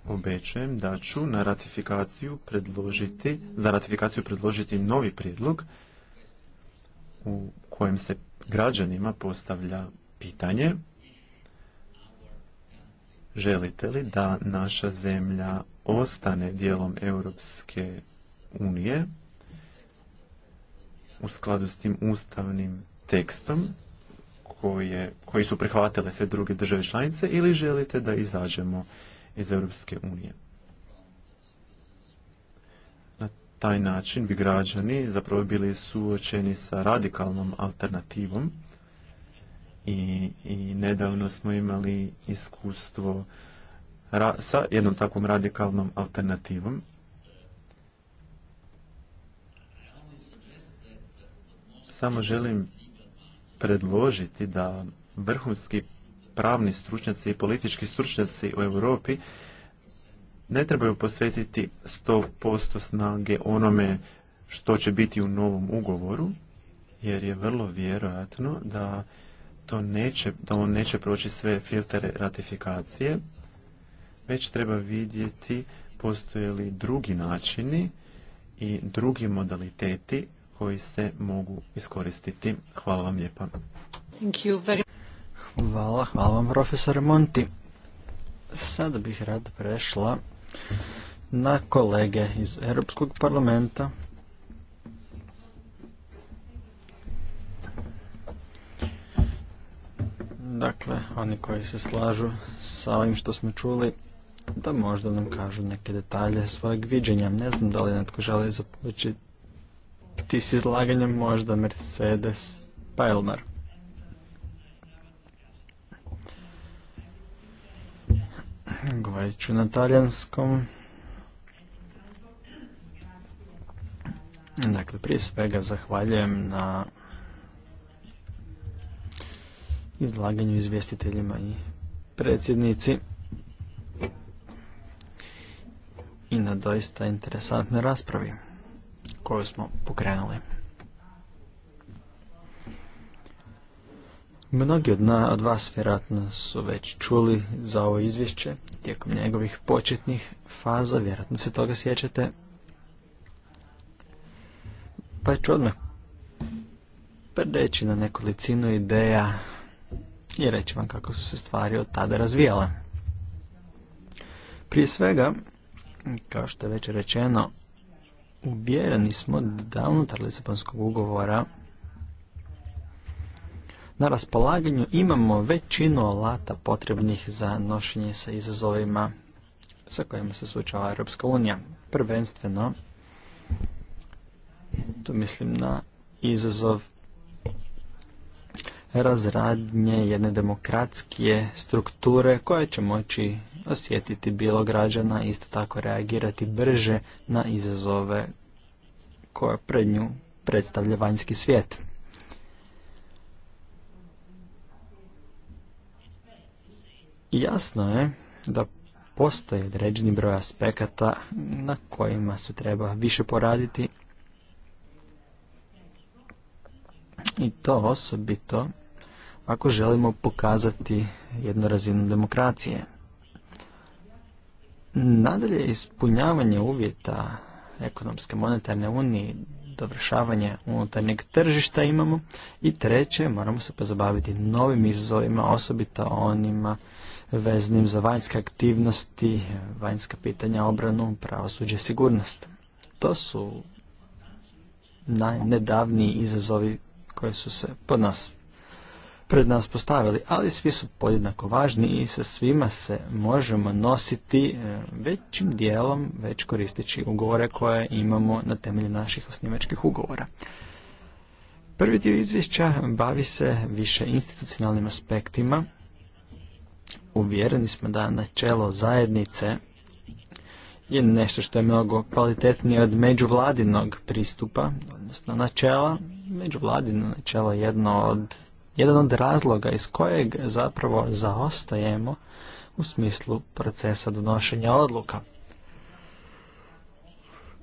Speaker 2: obećujem da ću na ratifikaciju predložiti, za ratifikaciju predložiti novi prijedlog u kojem se građanima postavlja pitanje. Želite li da naša zemlja ostane dijelom Europske unije u skladu s tim ustavnim tekstom koji su prihvatile sve druge države članice ili želite da izađemo iz Europske unije? Na taj način bi građani zapravo bili suočeni sa radikalnom alternativom i, i nedavno smo imali iskustvo sa jednom takvom radikalnom alternativom. Samo želim predložiti da vrhunski pravni stručnjaci i politički stručnjaci u Europi ne trebaju posvetiti 100% snage onome što će biti u novom ugovoru, jer je vrlo vjerojatno da to neće, da on neće proći sve filtere ratifikacije, već treba vidjeti postoje li drugi načini i drugi modaliteti koji se mogu iskoristiti. Hvala vam lijepa. Thank you very... Hvala, hvala vam profesor Monti.
Speaker 3: Sada bih rad prešla na kolege iz Europskog parlamenta Dakle, oni koji se slažu sa ovim što smo čuli, da možda nam kažu neke detalje svojeg viđenja. Ne znam da li netko želi započeti s izlaganjem, možda Mercedes pa Govorit ću na talijanskom. Dakle, prije svega zahvaljujem na izlaganju izvjestiteljima i predsjednici i na doista interesantnoj raspravi koju smo pokrenuli. Mnogi od, od vas vjerojatno su već čuli za ovo izvješće tijekom njegovih početnih faza, vjerojatno se toga sjećate. Pa ću odmah reći na nekolicinu ideja i reći vam kako su se stvari od tada razvijale. Prije svega, kao što je već rečeno, uvjereni smo da unutar Lisabonskog ugovora na raspolaganju imamo većinu alata potrebnih za nošenje sa izazovima sa kojima se suočava Europska unija. Prvenstveno, tu mislim na izazov razradnje jedne demokratske strukture koja će moći osjetiti bilo građana isto tako reagirati brže na izazove koje pred nju predstavlja vanjski svijet. Jasno je da postoji određeni broj aspekata na kojima se treba više poraditi, I to osobito ako želimo pokazati jednu razinu demokracije. Nadalje, ispunjavanje uvjeta ekonomske monetarne unije dovršavanje unutarnjeg tržišta imamo i treće, moramo se pozabaviti novim izazovima, osobito onima veznim za vanjske aktivnosti, vanjska pitanja, obranu, pravosuđe, sigurnost. To su najnedavniji izazovi koje su se pod nas pred nas postavili, ali svi su podjednako važni i sa svima se možemo nositi e, većim dijelom već koristeći ugovore koje imamo na temelju naših osnivačkih ugovora. Prvi dio izvješća bavi se više institucionalnim aspektima. Uvjereni smo da načelo zajednice je nešto što je mnogo kvalitetnije od međuvladinog pristupa, odnosno načela međuvladino načelo jedno od, jedan od razloga iz kojeg zapravo zaostajemo u smislu procesa donošenja odluka.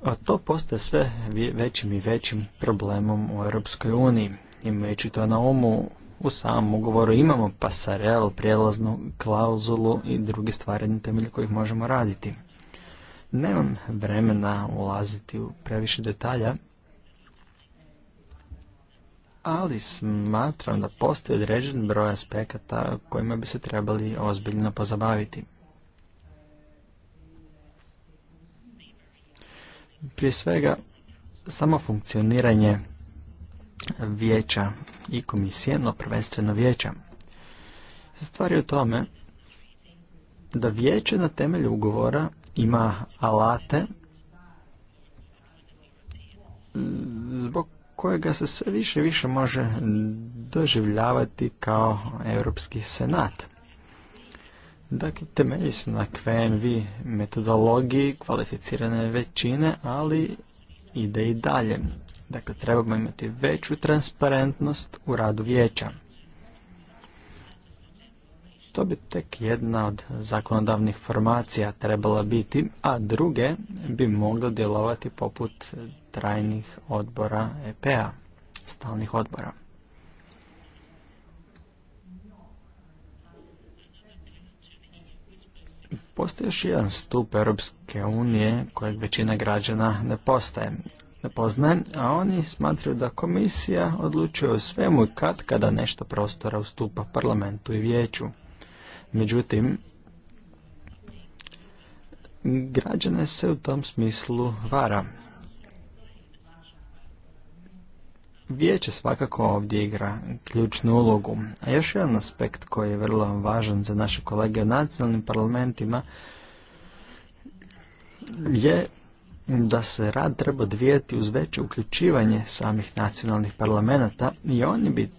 Speaker 3: A to postaje sve većim i većim problemom u Europskoj uniji. Imajući to na umu, u samom ugovoru imamo pasarel, prijelaznu klauzulu i druge stvari na temelju kojih možemo raditi. Nemam vremena ulaziti u previše detalja, ali smatram da postoji određen broj aspekata kojima bi se trebali ozbiljno pozabaviti. Prije svega, samo funkcioniranje vijeća i komisije, no prvenstveno vijeća. Stvar je u tome da vijeće na temelju ugovora ima alate zbog kojega se sve više i više može doživljavati kao Europski senat. Dakle, temelji se na QMV metodologiji kvalificirane većine, ali ide i dalje. Dakle, trebamo imati veću transparentnost u radu vijeća. To bi tek jedna od zakonodavnih formacija trebala biti, a druge bi mogla djelovati poput trajnih odbora EPA, stalnih odbora. Postoji još jedan stup Europske unije kojeg većina građana ne postaje. Ne poznaje, a oni smatraju da komisija odlučuje o svemu i kad kada nešto prostora ustupa parlamentu i vijeću. Međutim, građane se u tom smislu vara. Vijeće svakako ovdje igra ključnu ulogu. A još jedan aspekt koji je vrlo važan za naše kolege u nacionalnim parlamentima je da se rad treba odvijati uz veće uključivanje samih nacionalnih parlamenta i oni bi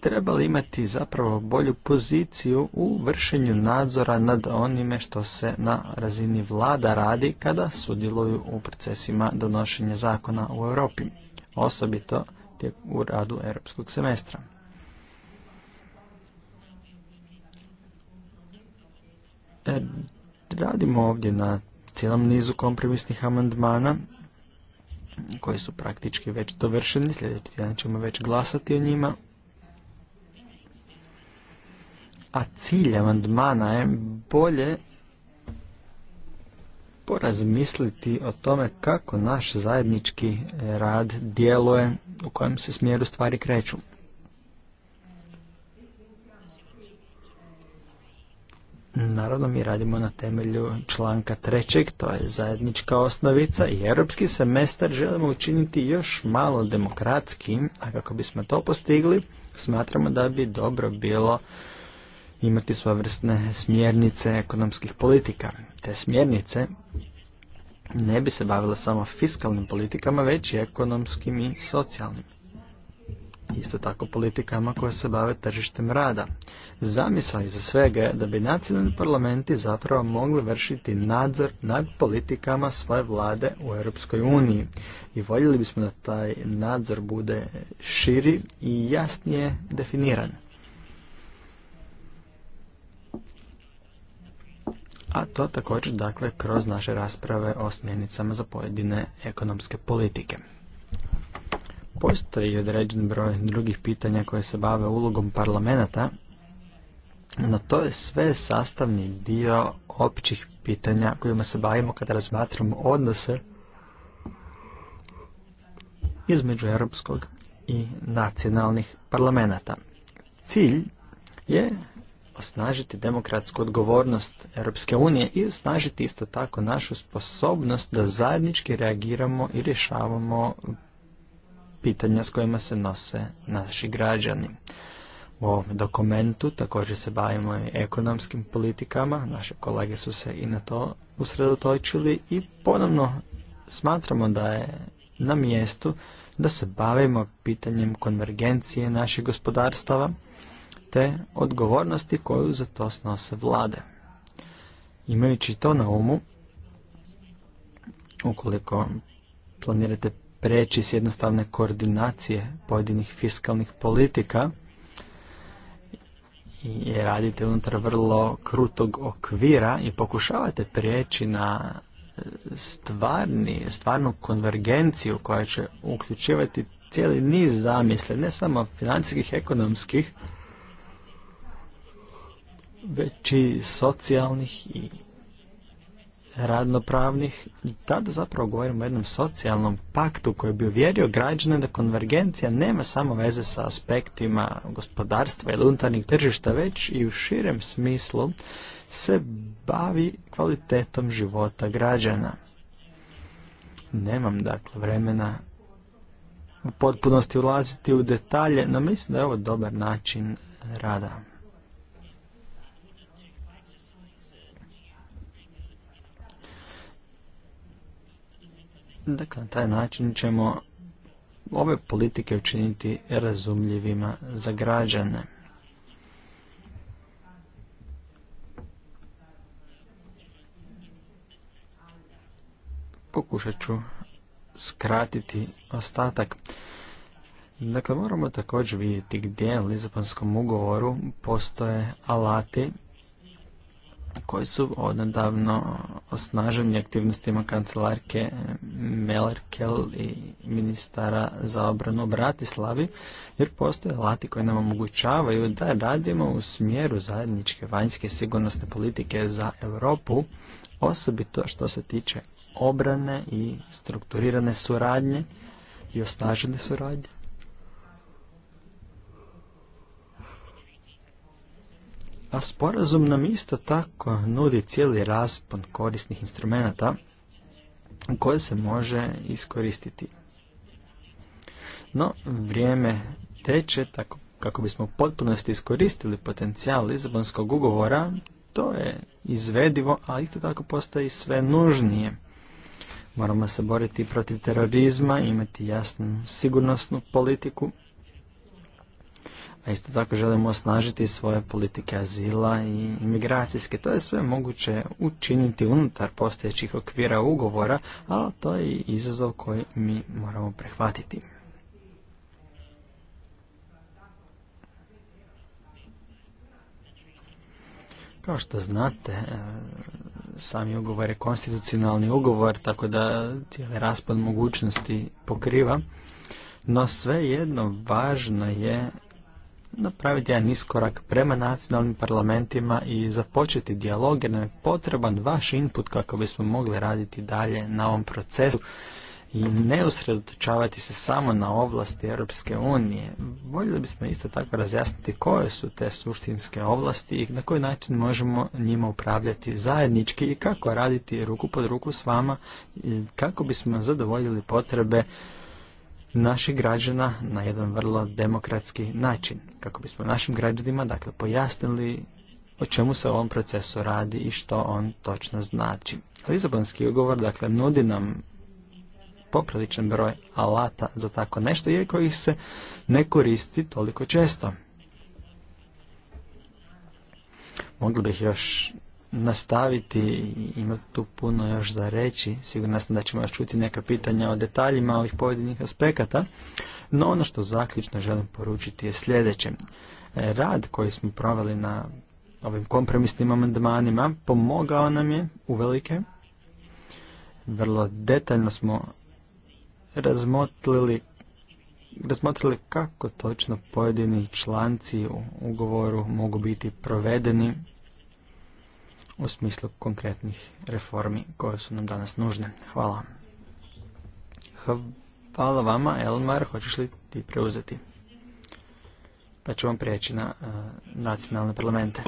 Speaker 3: trebali imati zapravo bolju poziciju u vršenju nadzora nad onime što se na razini vlada radi kada sudjeluju u procesima donošenja zakona u Europi osobito u radu europskog semestra. E, radimo ovdje na cijelom nizu kompromisnih amandmana koji su praktički već dovršeni, sljedeći tjedan ćemo već glasati o njima. A cilj amandmana je bolje porazmisliti o tome kako naš zajednički rad djeluje, u kojem se smjeru stvari kreću. Naravno mi radimo na temelju članka trećeg, to je zajednička osnovica i europski semestar želimo učiniti još malo demokratskim, a kako bismo to postigli smatramo da bi dobro bilo imati svojevrsne smjernice ekonomskih politika te smjernice ne bi se bavile samo fiskalnim politikama, već i ekonomskim i socijalnim. Isto tako politikama koje se bave tržištem rada. Zamisao iza svega je da bi nacionalni parlamenti zapravo mogli vršiti nadzor nad politikama svoje vlade u Europskoj uniji. I voljeli bismo da taj nadzor bude širi i jasnije definiran. a to također dakle kroz naše rasprave o smjernicama za pojedine ekonomske politike. Postoji određen broj drugih pitanja koje se bave ulogom parlamenta, no to je sve sastavni dio općih pitanja kojima se bavimo kada razmatramo odnose između europskog i nacionalnih parlamenta. Cilj je osnažiti demokratsku odgovornost Europske unije i osnažiti isto tako našu sposobnost da zajednički reagiramo i rješavamo pitanja s kojima se nose naši građani. U ovom dokumentu također se bavimo i ekonomskim politikama, naše kolege su se i na to usredotočili i ponovno smatramo da je na mjestu da se bavimo pitanjem konvergencije naših gospodarstava, te odgovornosti koju za to snose vlade. Imajući to na umu, ukoliko planirate preći s jednostavne koordinacije pojedinih fiskalnih politika i radite unutar vrlo krutog okvira i pokušavate prijeći na e, stvarni, stvarnu konvergenciju koja će uključivati cijeli niz zamisli, ne samo financijskih, ekonomskih, već i socijalnih i radnopravnih, tada zapravo govorimo o jednom socijalnom paktu koji bi uvjerio građane da konvergencija nema samo veze sa aspektima gospodarstva ili unutarnjeg tržišta, već i u širem smislu se bavi kvalitetom života građana. Nemam dakle vremena u potpunosti ulaziti u detalje, no mislim da je ovo dobar način rada. Dakle, na taj način ćemo ove politike učiniti razumljivima za građane. Pokušat ću skratiti ostatak. Dakle, moramo također vidjeti gdje u Lizabonskom ugovoru postoje alati koji su odnedavno osnaženi aktivnostima kancelarke Melerkel i ministara za obranu u Bratislavi, jer postoje alati koji nam omogućavaju da radimo u smjeru zajedničke vanjske sigurnosne politike za Europu, osobito što se tiče obrane i strukturirane suradnje i osnažene suradnje a sporazum nam isto tako nudi cijeli raspon korisnih instrumenta koje se može iskoristiti. No, vrijeme teče tako kako bismo u potpunosti iskoristili potencijal Lizabonskog ugovora, to je izvedivo, a isto tako postaje sve nužnije. Moramo se boriti protiv terorizma, imati jasnu sigurnosnu politiku, a isto tako želimo osnažiti svoje politike azila i imigracijske. To je sve moguće učiniti unutar postojećih okvira ugovora, ali to je izazov koji mi moramo prehvatiti. Kao što znate, e, sami ugovor je konstitucionalni ugovor, tako da cijeli raspad mogućnosti pokriva. No jedno važno je napraviti jedan iskorak prema nacionalnim parlamentima i započeti dijalog jer nam je potreban vaš input kako bismo mogli raditi dalje na ovom procesu i ne usredotočavati se samo na ovlasti Europske unije. Voljeli bismo isto tako razjasniti koje su te suštinske ovlasti i na koji način možemo njima upravljati zajednički i kako raditi ruku pod ruku s vama i kako bismo zadovoljili potrebe naših građana na jedan vrlo demokratski način, kako bismo našim građanima dakle, pojasnili o čemu se u ovom procesu radi i što on točno znači. Lizabonski ugovor dakle, nudi nam popriličan broj alata za tako nešto, iako ih se ne koristi toliko često. Mogli bih još nastaviti i imati tu puno još za reći. Sigurno sam da ćemo još čuti neka pitanja o detaljima ovih pojedinih aspekata. No ono što zaključno želim poručiti je sljedeće. E, rad koji smo proveli na ovim kompromisnim amandmanima pomogao nam je u velike Vrlo detaljno smo razmotrili kako točno pojedini članci u ugovoru mogu biti provedeni u smislu konkretnih reformi koje su nam danas nužne. Hvala. Hvala vama, Elmar, hoćeš li ti preuzeti? Pa ću vam prijeći na eh, nacionalne parlamente.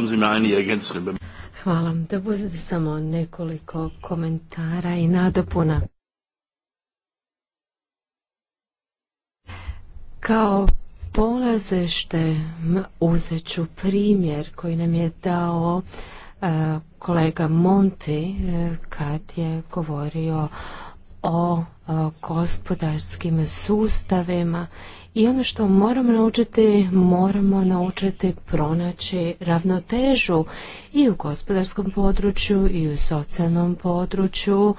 Speaker 4: Hvala. uzeti samo nekoliko komentara i nadopuna. Kao polazešte uzet ću primjer koji nam je dao E, kolega Monti e, kad je govorio o e, gospodarskim sustavima i ono što moramo naučiti, moramo naučiti pronaći ravnotežu i u gospodarskom području i u socijalnom području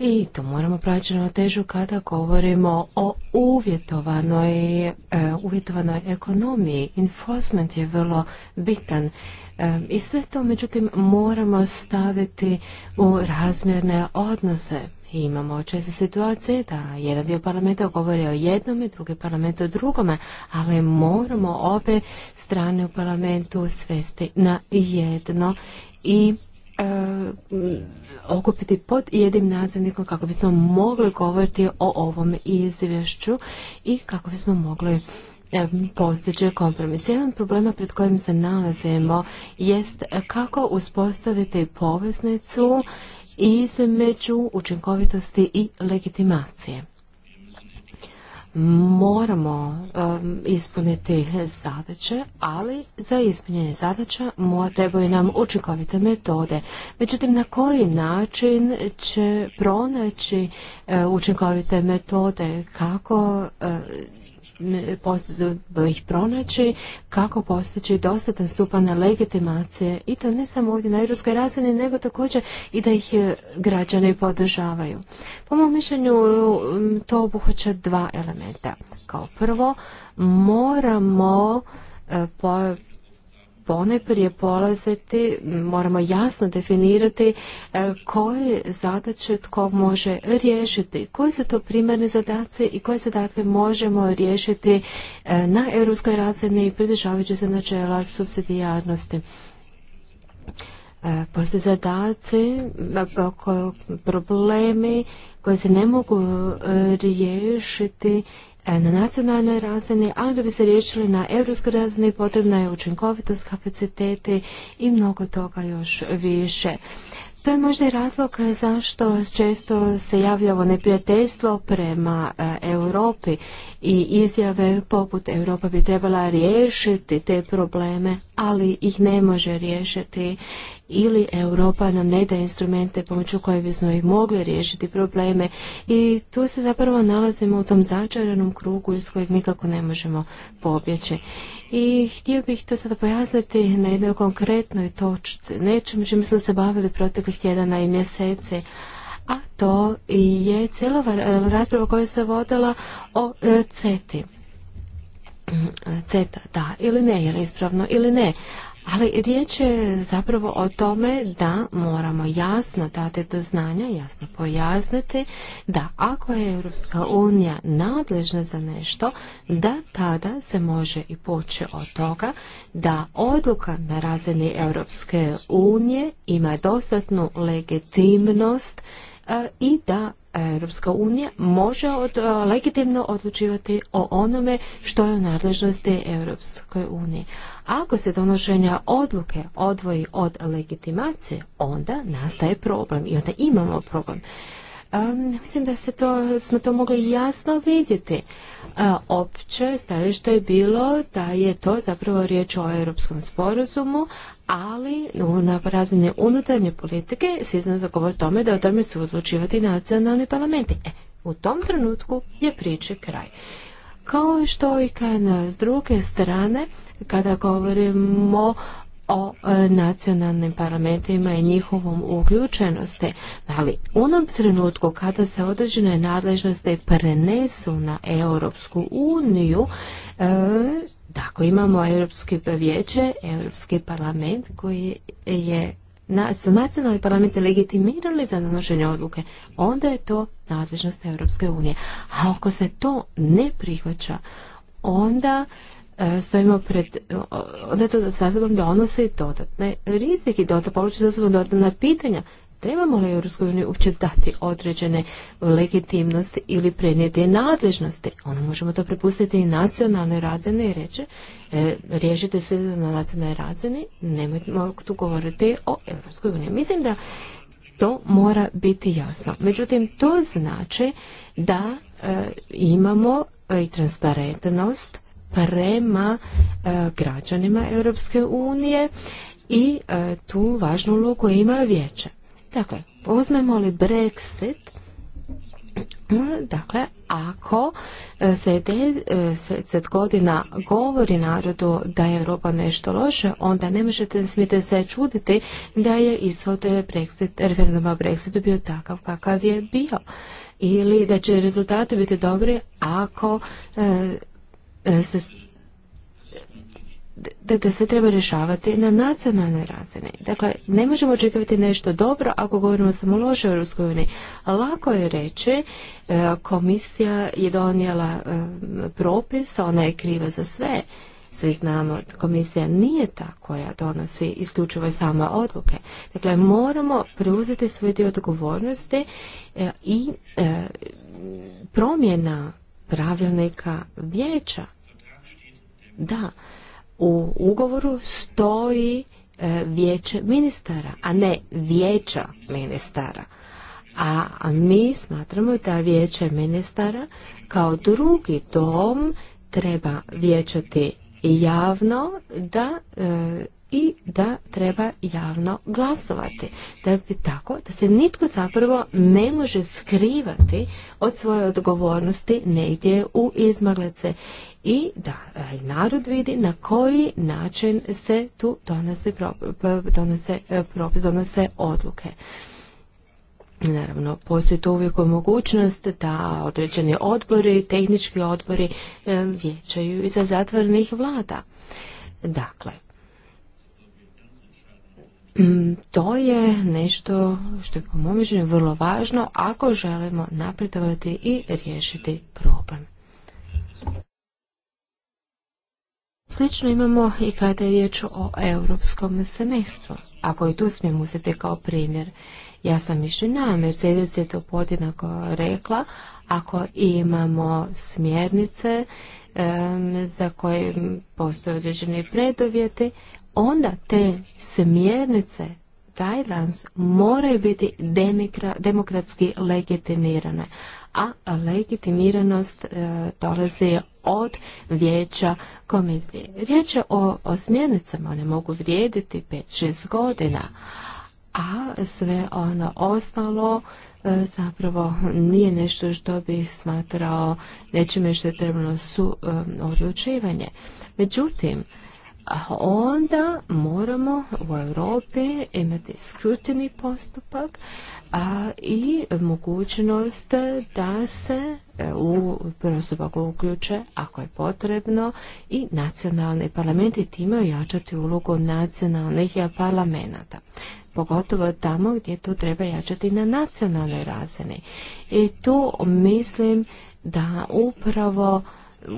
Speaker 4: i to moramo pronaći ravnotežu kada govorimo o uvjetovanoj, e, uvjetovanoj ekonomiji. Enforcement je vrlo bitan. E, I sve to, međutim, moramo staviti u razmjerne odnose imamo često situacije da jedan dio parlamenta govori o jednome, drugi parlament o drugome, ali moramo obe strane u parlamentu svesti na jedno i e, okupiti pod jednim nazivnikom kako bismo mogli govoriti o ovom izvješću i kako bismo mogli e, postiđe kompromis. Jedan problema pred kojim se nalazimo jest kako uspostaviti poveznicu između učinkovitosti i legitimacije moramo ispuniti zadaće, ali za ispunjenje zadaća trebaju nam učinkovite metode. Međutim, na koji način će pronaći e, učinkovite metode kako e, ih pronaći, kako postići dostatan stupan legitimacije i to ne samo ovdje na europskoj razini, nego također i da ih e, građani podržavaju. Po mom mišljenju e, to obuhvaća dva elementa. Kao prvo, moramo e, po pone prije polaziti moramo jasno definirati e, koje zadaće tko može riješiti, koji su to primarni zadaci i koje zadatke možemo riješiti e, na europskoj razini pridržavajući se načela subsidijarnosti. E, postoje zadaci, problemi koji se ne mogu riješiti E, na nacionalnoj razini, ali da bi se riješili na europskoj razini potrebna je učinkovitost, kapacitete i mnogo toga još više. To je možda i razlog e, zašto često se javlja ovo neprijateljstvo prema e, Europi i izjave poput Europa bi trebala riješiti te probleme, ali ih ne može riješiti ili Europa nam ne daje instrumente pomoću koje bismo i mogli riješiti probleme i tu se zapravo nalazimo u tom začaranom krugu iz kojeg nikako ne možemo pobjeći. I htio bih to sada pojasniti na jednoj konkretnoj točci, nečem čim smo se bavili proteklih tjedana i mjeseci, a to je cijela rasprava koja se vodila o e, CETI. Mm, CETA, da ili ne, je ispravno ili ne. Ali riječ je zapravo o tome da moramo jasno dati do znanja, jasno pojasniti da ako je Europska unija nadležna za nešto, da tada se može i poče od toga da odluka na razini Europske unije ima dostatnu legitimnost E, i da Europska unija može od, e, legitimno odlučivati o onome što je u nadležnosti Europskoj unije. Ako se donošenja odluke odvoji od legitimacije, onda nastaje problem i onda imamo problem. E, mislim da se to, smo to mogli jasno vidjeti. Uh, opće stajalište je bilo da je to zapravo riječ o europskom sporazumu, ali na razine unutarnje politike se se govori o tome da o tome su odlučivati nacionalni parlamenti. E, u tom trenutku je priče kraj. Kao što i kada s druge strane, kada govorimo o e, nacionalnim parlamentima i njihovom uključenosti. Ali u onom trenutku kada se određene nadležnosti prenesu na Europsku uniju, e, tako imamo Europske vijeće, Europski parlament koji je na, su nacionalni parlamente legitimirali za donošenje odluke, onda je to nadležnost Europske unije. A ako se to ne prihvaća, onda e, stojimo pred, onda je to donose dodatne rizike, dodatne, poluče da sobom dodatna pitanja trebamo li EU uopće dati određene legitimnosti ili prenijeti nadležnosti? Ono možemo to prepustiti i nacionalne razine i reći e, riješite se na nacionalnoj razini, nemojmo tu govoriti o EU. Mislim da to mora biti jasno. Međutim, to znači da e, imamo i transparentnost prema e, građanima Europske unije i tu važnu ulogu ima vijeće. Dakle, uzmemo li Brexit, Dakle, ako e, se e, godina govori narodu da je Europa nešto loše, onda ne možete, smijete se čuditi da je ishod Brexit, referenduma Brexitu bio takav kakav je bio. Ili da će rezultati biti dobri ako e, se da, da sve treba rješavati na nacionalnoj razini. Dakle, ne možemo očekivati nešto dobro ako govorimo samo loše o Ruskoj uniji. Lako je reći, e, komisija je donijela e, propis, ona je kriva za sve. Svi znamo, komisija nije ta koja donosi isključivo sama odluke. Dakle, moramo preuzeti svoj dio odgovornosti e, i promjena pravilnika vijeća. Da, u ugovoru stoji e, vijeće ministara, a ne vijeća ministara. A mi smatramo da vijeće ministara kao drugi dom treba vijećati javno da e, i da treba javno glasovati. bi tako da se nitko zapravo ne može skrivati od svoje odgovornosti negdje u izmaglice i da e, narod vidi na koji način se tu donose, donose, e, donose odluke. Naravno, postoji tu uvijek mogućnost da određeni odbori, tehnički odbori e, vječaju iza zatvorenih vlada. Dakle, mm, to je nešto što je po mom mišljenju vrlo važno ako želimo napredovati i riješiti problem. Slično imamo i kada je riječ o europskom semestru, ako i tu smijem uzeti kao primjer. Ja sam mišljena, Mercedes je to podjednako rekla, ako imamo smjernice za koje postoje određeni predovjeti, onda te smjernice Tajlands moraju biti demokratski legitimirane a legitimiranost e, dolazi od vijeća komisije. Riječ je o, o smjernicama, one mogu vrijediti 5-6 godina, a sve ono ostalo e, zapravo nije nešto što bi smatrao nečime što je trebalo su e, odlučivanje. Međutim, onda moramo u Europi imati skrutini postupak a i mogućnost da se e, u postupak uključe ako je potrebno i nacionalni parlament i time ojačati ulogu nacionalnih e, parlamenta pogotovo tamo gdje to treba jačati na nacionalnoj razini. I tu mislim da upravo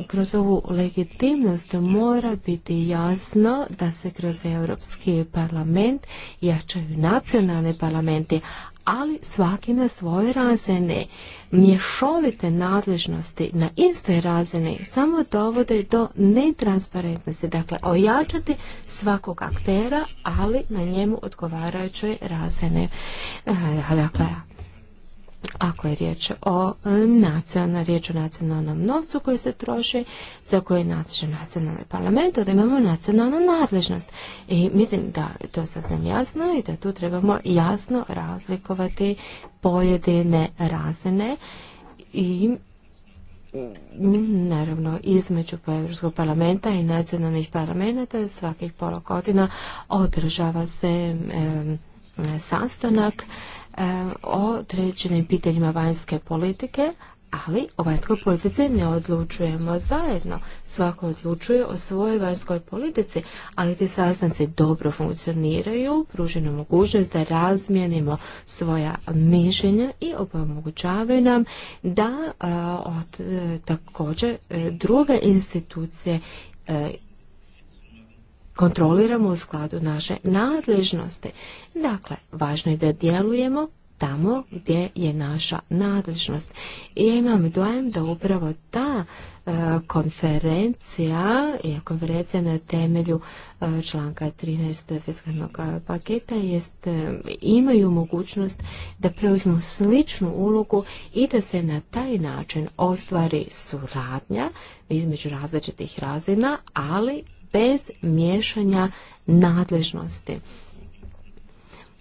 Speaker 4: kroz ovu legitimnost mora biti jasno da se kroz Europski parlament jačaju nacionalne parlamenti, ali svaki na svoje razine Mješovite nadležnosti na istoj razini samo dovode do netransparentnosti. Dakle, ojačati svakog aktera, ali na njemu odgovarajućoj razine. Dakle, ako je riječ o, riječ o nacionalnom novcu koji se troši, za koji je nadležan nacionalni parlament, da imamo nacionalnu nadležnost. I mislim da to sasvim jasno i da tu trebamo jasno razlikovati pojedine razine i Naravno, između Europskog parlamenta i nacionalnih parlamenta svakih pola godina održava se sastanak E, o određenim pitanjima vanjske politike, ali o vanjskoj politici ne odlučujemo zajedno. Svako odlučuje o svojoj vanjskoj politici, ali ti sastanci dobro funkcioniraju, pruženu mogućnost da razmijenimo svoja mišljenja i omogućavaju nam da e, od, e, također druge institucije kontroliramo u skladu naše nadležnosti. Dakle, važno je da djelujemo tamo gdje je naša nadležnost. I ja imam dojem da upravo ta e, konferencija, je konferencija na temelju e, članka 13 fiskalnog paketa, jest, e, imaju mogućnost da preuzmu sličnu ulogu i da se na taj način ostvari suradnja između različitih razina, ali bez miješanja nadležnosti.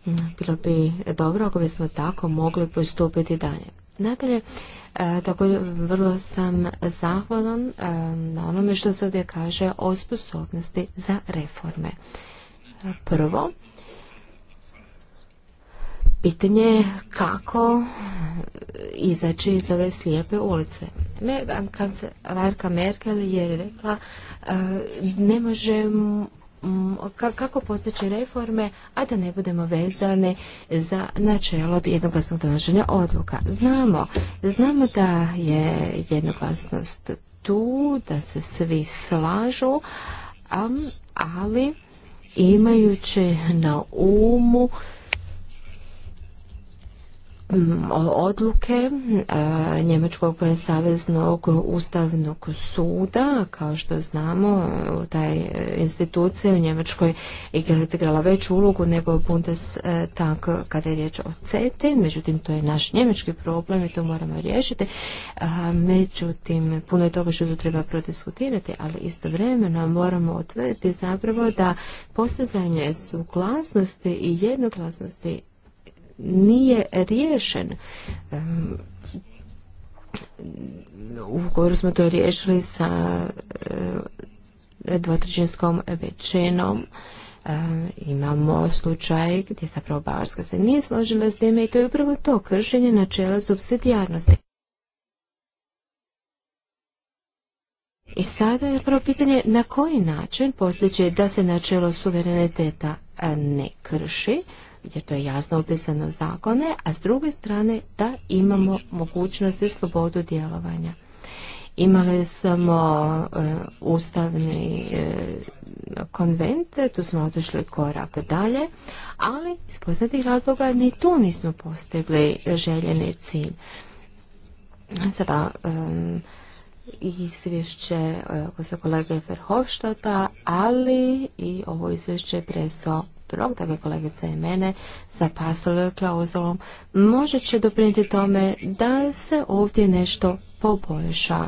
Speaker 4: Mm, bilo bi dobro ako bismo tako mogli postupiti dalje. Nadalje, e, tako vrlo sam zahvalan e, na onome što se ovdje kaže o sposobnosti za reforme. E, prvo, pitanje je kako izaći iz ove slijepe ulice. Megan kancelarka Merkel je rekla e, ne možemo kako postići reforme, a da ne budemo vezane za načelo jednoglasnog donošenja odluka. Znamo, znamo da je jednoglasnost tu, da se svi slažu, ali imajući na umu Mm, odluke Njemačkog saveznog ustavnog suda. Kao što znamo, taj institucija u Njemačkoj igrala veću ulogu nego Bundestag kada je riječ o CETI, međutim to je naš njemački problem i to moramo riješiti. Međutim, puno je toga što tu treba prodiskutirati, ali istovremeno moramo otvoriti zapravo da postizanje suglasnosti i jednoglasnosti nije riješen. U govoru smo to riješili sa e, dvotrećinskom većinom. E, imamo slučaj gdje zapravo Bavarska se nije složila s time i to je upravo to kršenje načela subsidijarnosti. I sada je prvo pitanje na koji način postići da se načelo suvereniteta e, ne krši, jer to je jasno opisano zakone, a s druge strane da imamo mogućnost i slobodu djelovanja. Imali smo e, ustavni konvente konvent, tu smo otišli korak dalje, ali iz poznatih razloga ni tu nismo postigli željeni cilj. Sada e, izvješće za e, kolege Verhofštata, ali i ovo izvješće preso tako je kolegica i mene, sa klauzulom, može će doprinijeti tome da se ovdje nešto poboljša.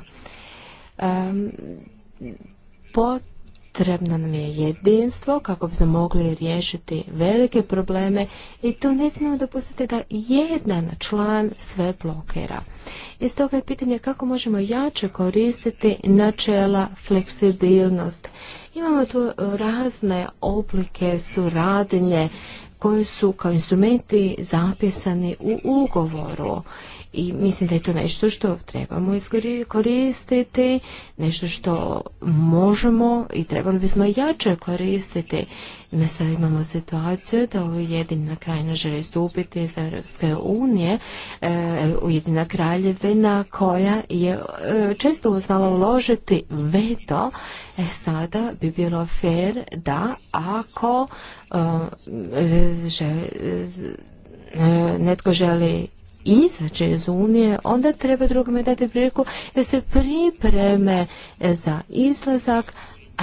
Speaker 4: Trebno nam je jedinstvo kako bismo mogli riješiti velike probleme i to ne smijemo dopustiti da jedan član sve blokira. Iz stoga je pitanje kako možemo jače koristiti načela fleksibilnost. Imamo tu razne oblike suradnje koji su kao instrumenti zapisani u ugovoru i mislim da je to nešto što trebamo koristiti, nešto što možemo i trebali bismo jače koristiti. Mi sad imamo situaciju da jedina krajina želi stupiti iz Europske unije, e, Ujedinjena kraljevina koja je e, često uznala uložiti veto, e sada bi bilo fair da ako e, netko želi izađe iz Unije, onda treba drugome dati priliku da se pripreme za izlazak,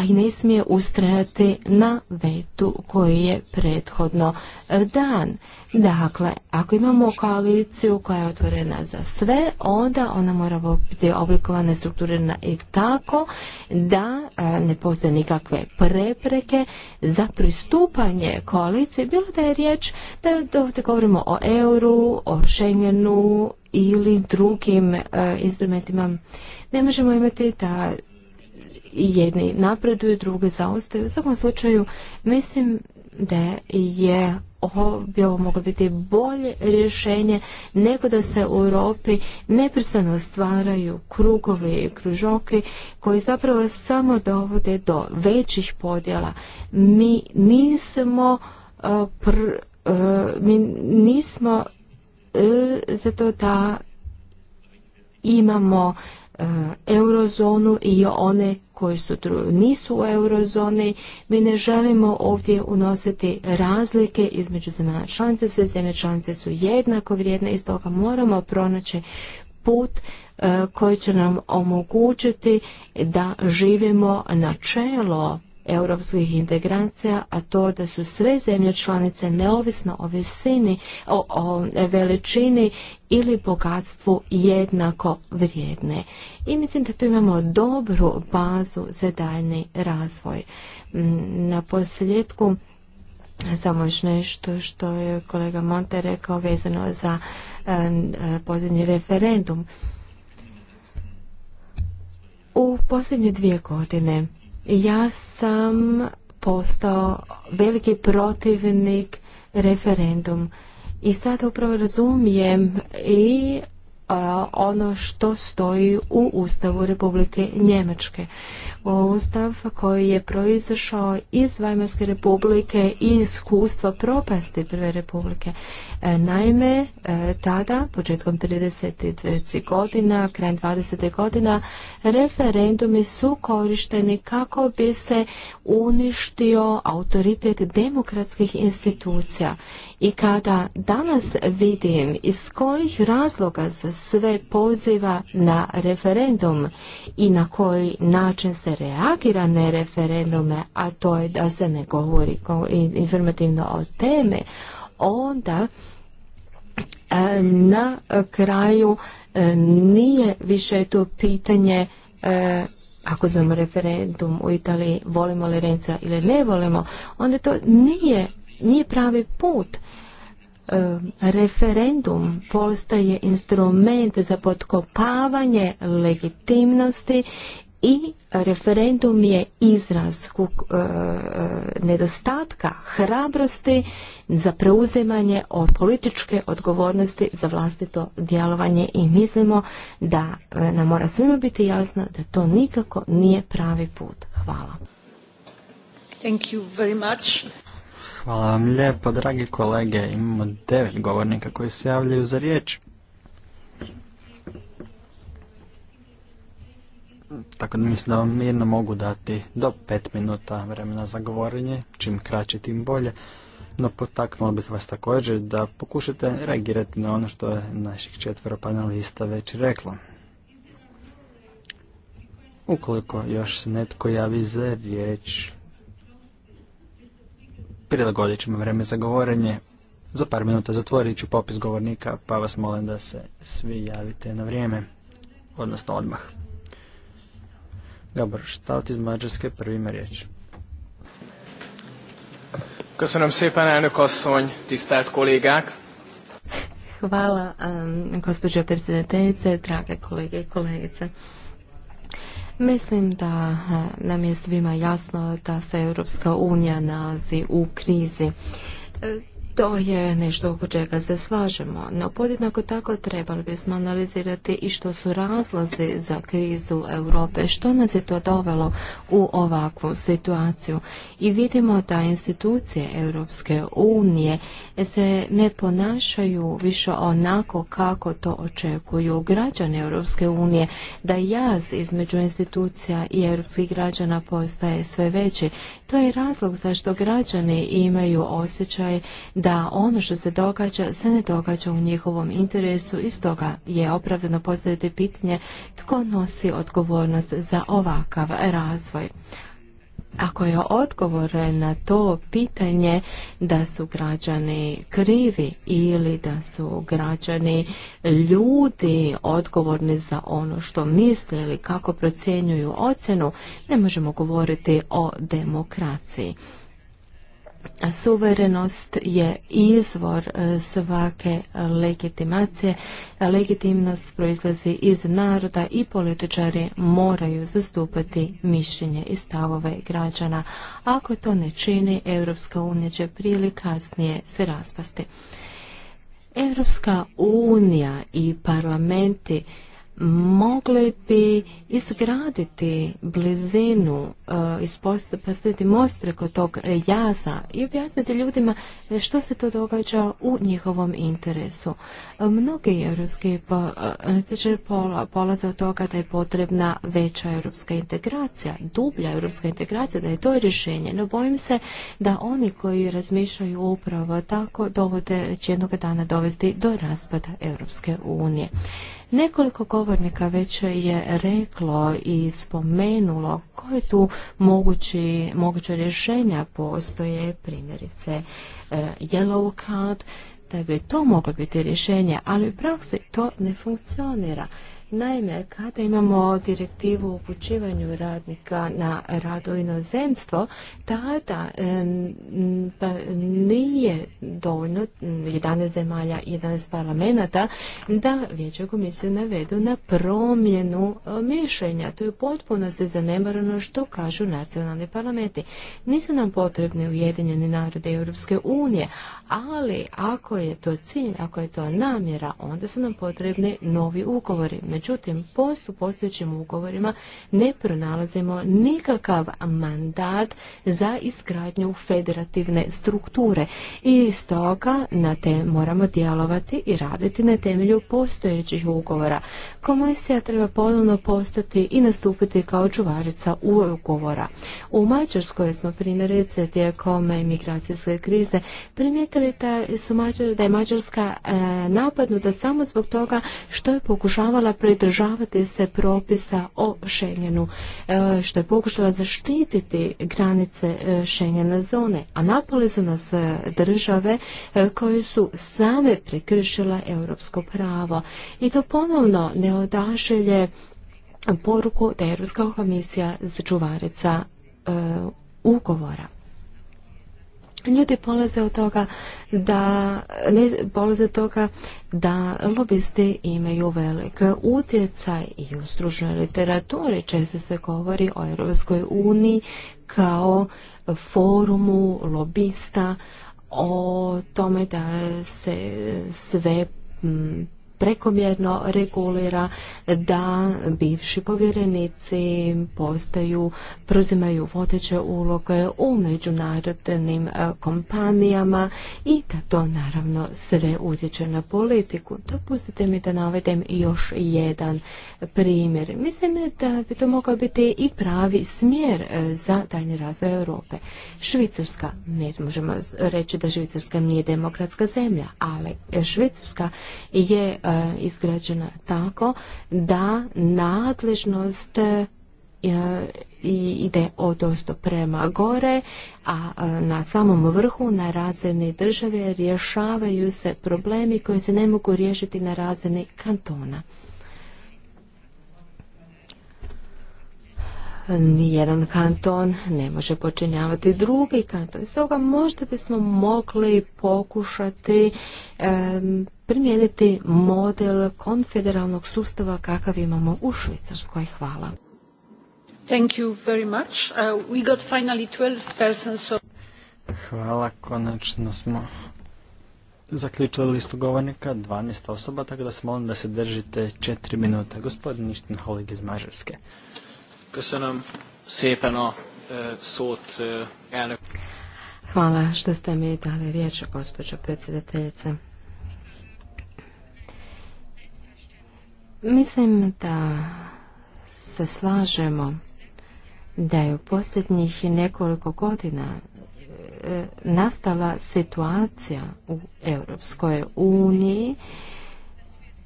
Speaker 4: a i ne smije ustrajati na vetu koji je prethodno e, dan. Dakle, ako imamo koaliciju koja je otvorena za sve, onda ona mora biti oblikovana i strukturirana i tako da e, ne postoje nikakve prepreke za pristupanje koalicije, bilo da je riječ da ovdje govorimo o euru, o Schengenu ili drugim e, instrumentima. Ne možemo imati da jedni napreduju, drugi zaostaju. U svakom slučaju, mislim da je ovo bi ovo moglo biti bolje rješenje nego da se u Europi neprestano stvaraju krugovi i kružoke koji zapravo samo dovode do većih podjela. Mi nismo eh, pr, eh, mi nismo eh, za zato da imamo eurozonu i one koji su, nisu u eurozoni. Mi ne želimo ovdje unositi razlike između zemalja članice. Sve zemlje članice su jednako vrijedne i stoga moramo pronaći put e, koji će nam omogućiti da živimo načelo europskih integracija, a to da su sve zemlje članice neovisno o visini, o, veličini ili bogatstvu jednako vrijedne. I mislim da tu imamo dobru bazu za daljni razvoj. Mm, na posljedku samo još nešto što je kolega Monte rekao vezano za posljednji referendum. U posljednje dvije godine ja sam postao veliki protivnik referendum. I sada upravo razumijem i ono što stoji u Ustavu Republike Njemačke. Ustav koji je proizašao iz Vajmarske republike i iskustva propasti Prve republike. E, naime, e, tada, početkom 30. godina, krajem 20. godina, referendumi su korišteni kako bi se uništio autoritet demokratskih institucija i kada danas vidim iz kojih razloga se sve poziva na referendum i na koji način se reagira na referendume, a to je da se ne govori informativno o teme, onda e, na kraju e, nije više to pitanje e, ako znamo referendum u Italiji, volimo li ili ne volimo, onda to nije, nije pravi put. E, referendum postaje instrument za potkopavanje legitimnosti i referendum je izraz e, nedostatka hrabrosti za preuzimanje od političke odgovornosti za vlastito djelovanje i mislimo da e, nam mora svima biti jasno da to nikako nije pravi put. Hvala.
Speaker 1: Thank you very much.
Speaker 3: Hvala vam lijepo, dragi kolege. Imamo devet govornika koji se javljaju za riječ. Tako da mislim da vam mirno mogu dati do pet minuta vremena za govorenje, čim kraće tim bolje. No potaknuo bih vas također da pokušate reagirati na ono što je naših četvero panelista već reklo. Ukoliko još se netko javi za riječ, prilagodit ćemo vreme za govorenje. Za par minuta zatvorit ću popis govornika, pa vas molim da se svi javite na vrijeme, odnosno odmah. šta ti iz Mađarske, prvi ima riječ. Köszönöm szépen, elnök asszony, tisztelt kollégák!
Speaker 4: Hvala, um, gospođo predsjedateljice, drage kolege i kolegice. Mislim da e, nam je svima jasno da se Europska unija nalazi u krizi. E, to je nešto oko čega se slažemo, no podjednako tako trebali bismo analizirati i što su razlozi za krizu Europe, što nas je to dovelo u ovakvu situaciju. I vidimo da institucije Europske unije se ne ponašaju više onako kako to očekuju građani Europske unije, da jaz između institucija i europskih građana postaje sve veći. To je razlog zašto građani imaju osjećaj da ono što se događa se ne događa u njihovom interesu i stoga je opravdano postaviti pitanje tko nosi odgovornost za ovakav razvoj. Ako je odgovor na to pitanje da su građani krivi ili da su građani ljudi odgovorni za ono što misle ili kako procjenjuju ocjenu, ne možemo govoriti o demokraciji. Suverenost je izvor e, svake legitimacije. Legitimnost proizlazi iz naroda i političari moraju zastupati mišljenje i stavove građana. Ako to ne čini, Europska unija će prije kasnije se raspasti. Europska unija i parlamenti mogli bi izgraditi blizinu, eh, postaviti most preko tog jaza i objasniti ljudima eh, što se to događa u njihovom interesu. Eh, mnogi europski političari polaze od toga da je potrebna veća europska integracija, dublja europska integracija, da je to rješenje. No bojim se da oni koji razmišljaju upravo tako dovode, će jednog dana dovesti do raspada Europske unije. Nekoliko govornika već je reklo i spomenulo koje tu mogući, moguće rješenja postoje, primjerice e, yellow card, da bi to moglo biti rješenje, ali u praksi to ne funkcionira. Naime, kada imamo direktivu o upućivanju radnika na rad u inozemstvo, tada pa nije dovoljno 11 zemalja, 11 parlamenta da vijeće komisiju navedu na promjenu e, mišljenja. To je potpuno se zanemarano što kažu nacionalni parlamenti. Nisu nam potrebne Ujedinjeni narode Europske unije, ali ako je to cilj, ako je to namjera, onda su nam potrebni novi ugovori. Međutim, u postojećim ugovorima ne pronalazimo nikakav mandat za izgradnju federativne strukture i stoga na te moramo djelovati i raditi na temelju postojećih ugovora. Komisija treba ponovno postati i nastupiti kao čuvarica ugovora. U Mađarskoj smo primjerice tijekom migracijske krize primijetili smatrali da, da je Mađarska e, napadnuta samo zbog toga što je pokušavala pridržavati se propisa o Schengenu, e, što je pokušala zaštititi granice e, Schengena zone, a napali su nas države koje su same prekršile europsko pravo. I to ponovno ne odašelje poruku da je Europska komisija začuvarica e, ugovora. Ljudi polaze od toga da ne polaze od toga da lobisti imaju velik utjecaj i u stručnoj literaturi često se govori o Europskoj uniji kao forumu lobista o tome da se sve prekomjerno regulira da bivši povjerenici postaju, prozimaju vodeće uloge u međunarodnim e, kompanijama i da to naravno sve utječe na politiku. Dopustite mi da navedem još jedan primjer. Mislim da bi to mogao biti i pravi smjer e, za daljnji razvoj Europe. Švicarska, ne možemo reći da Švicarska nije demokratska zemlja, ali Švicarska je e, E, izgrađena tako da nadležnost e, ide ide osto prema gore, a e, na samom vrhu, na razini države, rješavaju se problemi koji se ne mogu riješiti na razini kantona. Nijedan kanton ne može počinjavati drugi kanton. Stoga možda bismo mogli pokušati primijeniti model konfederalnog sustava kakav imamo u Švicarskoj. Hvala.
Speaker 1: Thank you very much. Uh, we got finally
Speaker 3: Hvala, konačno smo zaključili listu govornika, 12 osoba, tako da se molim da se držite 4 minuta. Gospodin Ništin Holig iz Mađarske. Köszönöm szépen a
Speaker 4: Hvala što ste mi dali riječ, gospođo predsjedateljice. Mislim da se slažemo da je u posljednjih nekoliko godina e, nastala situacija u Europskoj uniji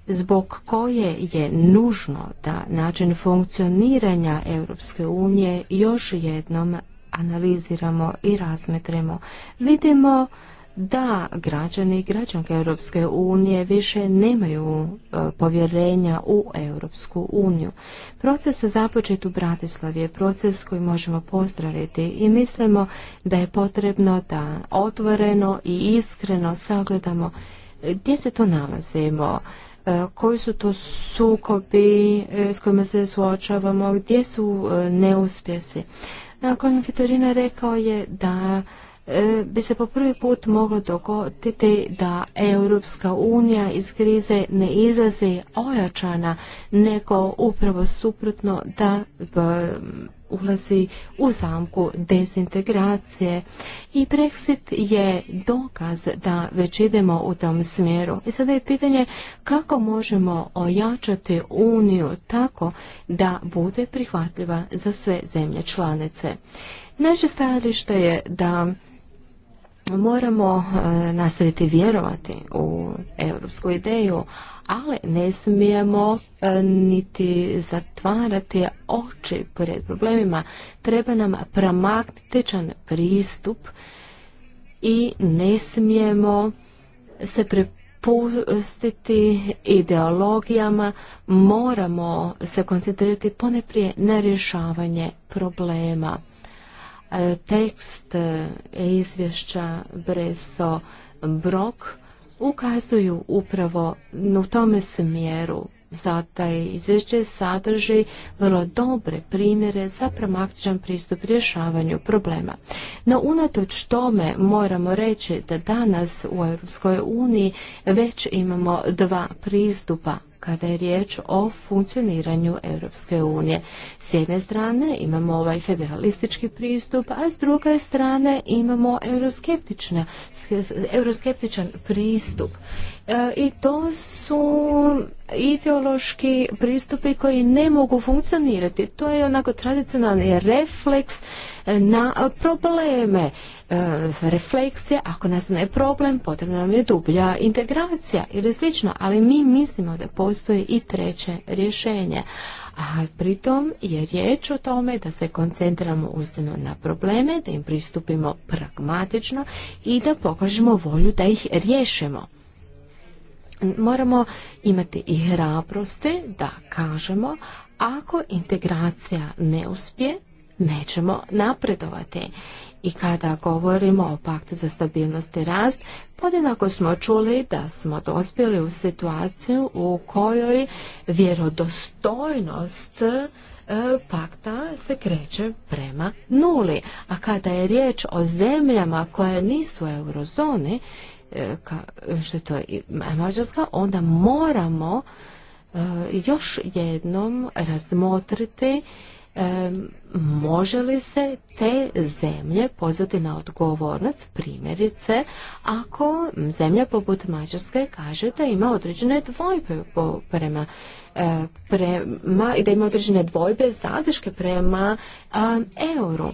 Speaker 4: zbog koje je nužno da način funkcioniranja Europske unije još jednom analiziramo i razmetremo. Vidimo da građani i građanke Europske unije više nemaju e, povjerenja u Europsku uniju. Proces se započet u Bratislavi je proces koji možemo pozdraviti i mislimo da je potrebno da otvoreno i iskreno sagledamo e, gdje se to nalazimo, e, koji su to sukobi s kojima se suočavamo, gdje su neuspjesi. Nakon rekao je da E, bi se po prvi put moglo dogoditi da Europska unija iz krize ne izlazi ojačana, nego upravo suprotno da e, ulazi u zamku dezintegracije. I Brexit je dokaz da već idemo u tom smjeru. I sada je pitanje kako možemo ojačati Uniju tako da bude prihvatljiva za sve zemlje članice. Naše stajalište je da Moramo e, nastaviti vjerovati u europsku ideju, ali ne smijemo e, niti zatvarati oči pred problemima. Treba nam pramaktičan pristup i ne smijemo se prepustiti ideologijama, moramo se koncentrirati poneprije na rješavanje problema. E, tekst e, izvješća Breso Brok ukazuju upravo u tome smjeru. za taj izvješće sadrži vrlo dobre primjere za praktičan pristup rješavanju problema. No unatoč tome moramo reći da danas u Europskoj uniji već imamo dva pristupa kada je riječ o funkcioniranju Europske unije. S jedne strane imamo ovaj federalistički pristup, a s druge strane imamo euroskeptičan pristup. E, i to su ideološki pristupi koji ne mogu funkcionirati. To je onako tradicionalni refleks e, na probleme. E, je, ako nas ne problem, potrebna nam je dublja integracija ili slično, ali mi mislimo da postoji i treće rješenje. A pritom je riječ o tome da se koncentramo ustavno na probleme, da im pristupimo pragmatično i da pokažemo volju da ih riješimo. Moramo imati i hrabrosti da kažemo ako integracija ne uspije, nećemo napredovati. I kada govorimo o paktu za stabilnost i rast, podjednako smo čuli da smo dospjeli u situaciju u kojoj vjerodostojnost e, pakta se kreće prema nuli. A kada je riječ o zemljama koje nisu u eurozoni, E, što je to Mađarska, onda moramo e, još jednom razmotriti e, može li se te zemlje pozvati na odgovornac, primjerice, ako zemlja poput Mađarske kaže da ima određene dvojbe prema, prema i da ima određene dvojbe zadrške prema euru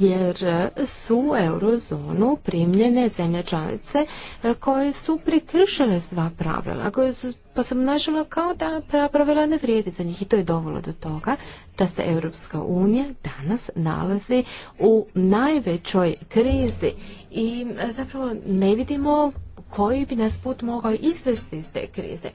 Speaker 4: jer su eurozonu primljene zemlje članice e, koje su prekršile sva pravila, koje su pa kao da pravila ne vrijedi za njih i to je dovoljno do toga da se Europska unija danas nalazi u najvećoj krizi i e, zapravo ne vidimo koji bi nas put mogao izvesti iz te krize.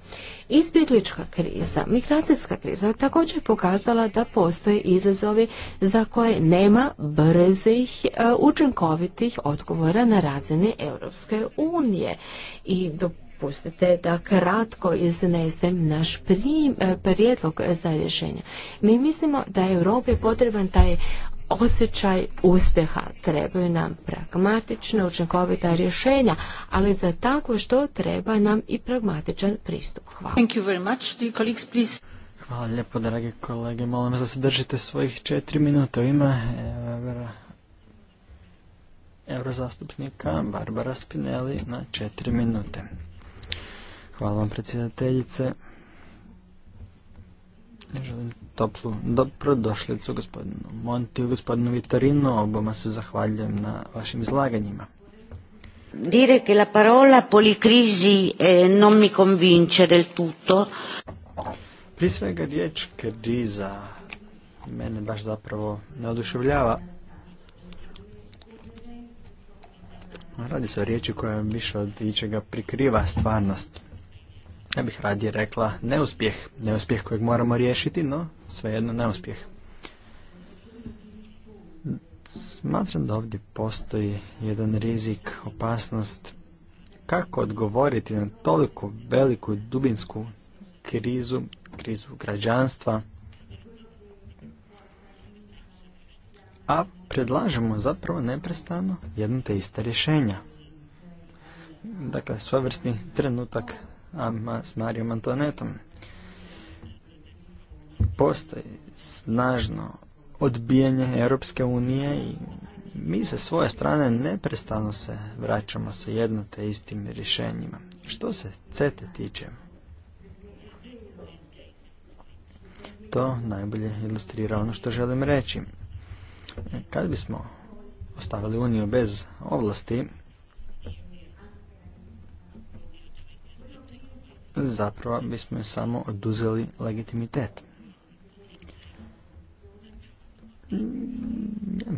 Speaker 4: Izbjeglička kriza, migracijska kriza također pokazala da postoje izazovi za koje nema brzih, e, učinkovitih odgovora na razini Europske unije. I do da kratko iznesem naš e, prijedlog za rješenje. Mi mislimo da je Europi potreban taj osjećaj uspjeha. Trebaju nam pragmatična, učinkovita rješenja, ali za takvo što treba nam i pragmatičan pristup. Hvala. Thank you very much. colleagues, please. Hvala lijepo, drage
Speaker 3: kolege. Molim vas da se držite svojih četiri minuta Ima eurozastupnika Barbara Spinelli na četiri minute. Hvala vam, predsjedateljice. Želim toplu dobrodošlicu gospodinu Monti i gospodinu Vitorinu. Oboma se zahvaljujem na vašim izlaganjima.
Speaker 4: Dire che la parola policrisi eh, non mi convince del tutto.
Speaker 3: Prije svega riječ kriza mene baš zapravo ne oduševljava. Radi se o riječi koja više od ičega prikriva stvarnost ja bih radije rekla neuspjeh, neuspjeh kojeg moramo riješiti, no svejedno neuspjeh. Smatram da ovdje postoji jedan rizik, opasnost kako odgovoriti na toliko veliku dubinsku krizu, krizu građanstva, a predlažemo zapravo neprestano jedno te ista rješenja. Dakle, svojvrstni trenutak a s Marijom Antonetom. Postoji snažno odbijanje Europske unije i mi sa svoje strane neprestano se vraćamo sa jedno te istim rješenjima. Što se CETE tiče, to najbolje ilustrira ono što želim reći. Kad bismo ostavili Uniju bez ovlasti, zapravo bismo samo oduzeli legitimitet.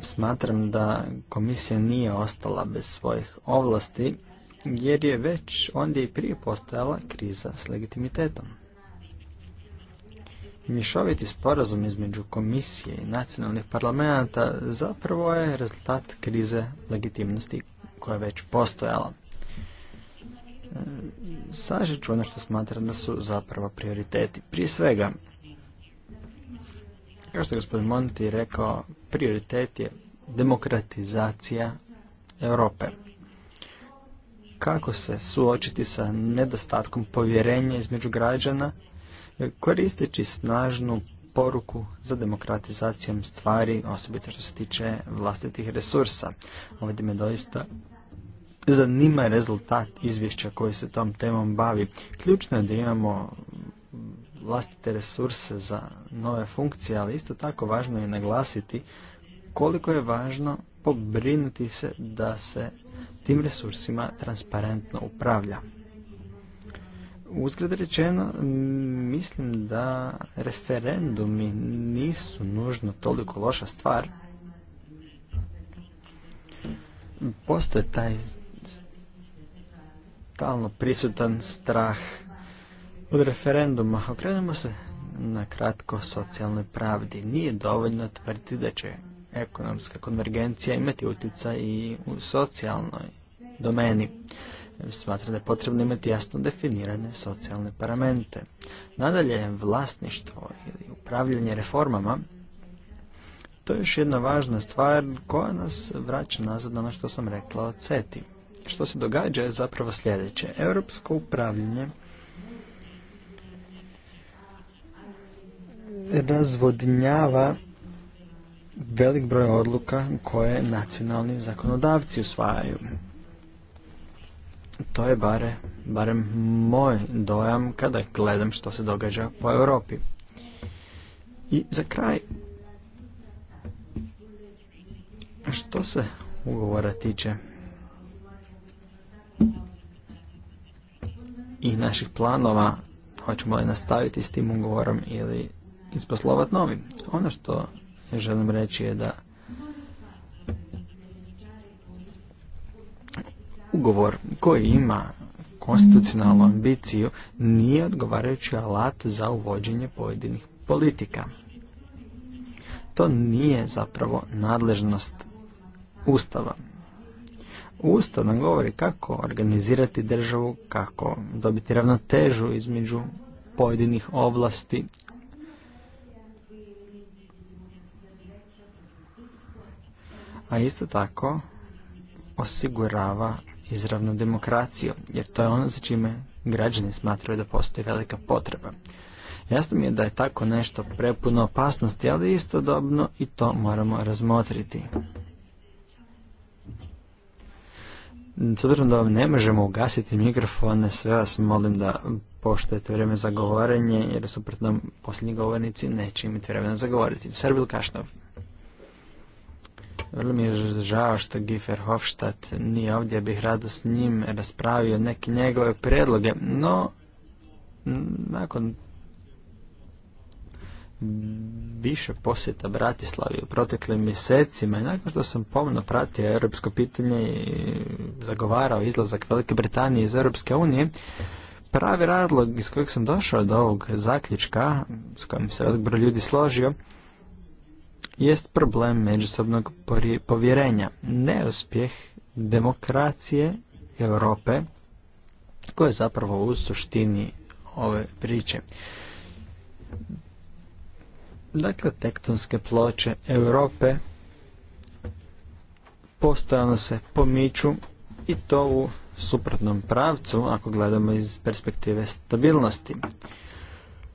Speaker 3: Smatram da komisija nije ostala bez svojih ovlasti jer je već ondje i prije postojala kriza s legitimitetom. Mišoviti sporazum između komisije i nacionalnih parlamenta zapravo je rezultat krize legitimnosti koja je već postojala sažet ću ono što smatram da su zapravo prioriteti. Prije svega, kao što je gospodin Monti rekao, prioritet je demokratizacija Europe. Kako se suočiti sa nedostatkom povjerenja između građana, koristeći snažnu poruku za demokratizacijom stvari, osobito što se tiče vlastitih resursa. Ovdje me doista zanima rezultat izvješća koji se tom temom bavi. Ključno je da imamo vlastite resurse za nove funkcije, ali isto tako važno je naglasiti koliko je važno pobrinuti se da se tim resursima transparentno upravlja. Uzgled rečeno, mislim da referendumi nisu nužno toliko loša stvar. Postoje taj stalno prisutan strah od referenduma. Okrenemo se na kratko socijalnoj pravdi. Nije dovoljno tvrditi da će ekonomska konvergencija imati utjecaj i u socijalnoj domeni. Smatra da je potrebno imati jasno definirane socijalne paramente. Nadalje, vlasništvo ili upravljanje reformama to je još jedna važna stvar koja nas vraća nazad na ono što sam rekla o CETI što se događa je zapravo sljedeće. Europsko upravljanje razvodnjava velik broj odluka koje nacionalni zakonodavci usvajaju. To je bare, barem moj dojam kada gledam što se događa po Europi. I za kraj, što se ugovora tiče, i naših planova, hoćemo li nastaviti s tim ugovorom ili isposlovati novi. Ono što želim reći je da ugovor koji ima konstitucionalnu ambiciju nije odgovarajući alat za uvođenje pojedinih politika. To nije zapravo nadležnost Ustava. Ustav nam govori kako organizirati državu, kako dobiti ravnotežu između pojedinih ovlasti. A isto tako osigurava izravnu demokraciju, jer to je ono za čime građani smatraju da postoji velika potreba. Jasno mi je da je tako nešto prepuno opasnosti, ali istodobno i to moramo razmotriti. S obzirom da vam ne možemo ugasiti mikrofone, sve vas molim da poštujete vrijeme za govorenje, jer suprotno posljednji govornici neće imati vremena za govoriti. Srbil Kašnov. Vrlo mi je žao što Gifer Hofstadt nije ovdje, bih rado s njim raspravio neke njegove predloge, no nakon više posjeta Bratislavi u proteklim mjesecima i nakon što sam pomno pratio europsko pitanje i zagovarao izlazak Velike Britanije iz Europske unije, pravi razlog iz kojeg sam došao do ovog zaključka, s kojim se velik ljudi složio, jest problem međusobnog povjerenja. Neuspjeh demokracije Europe, koje je zapravo u suštini ove priče Dakle, tektonske ploče Europe postojano se pomiču i to u suprotnom pravcu ako gledamo iz perspektive stabilnosti.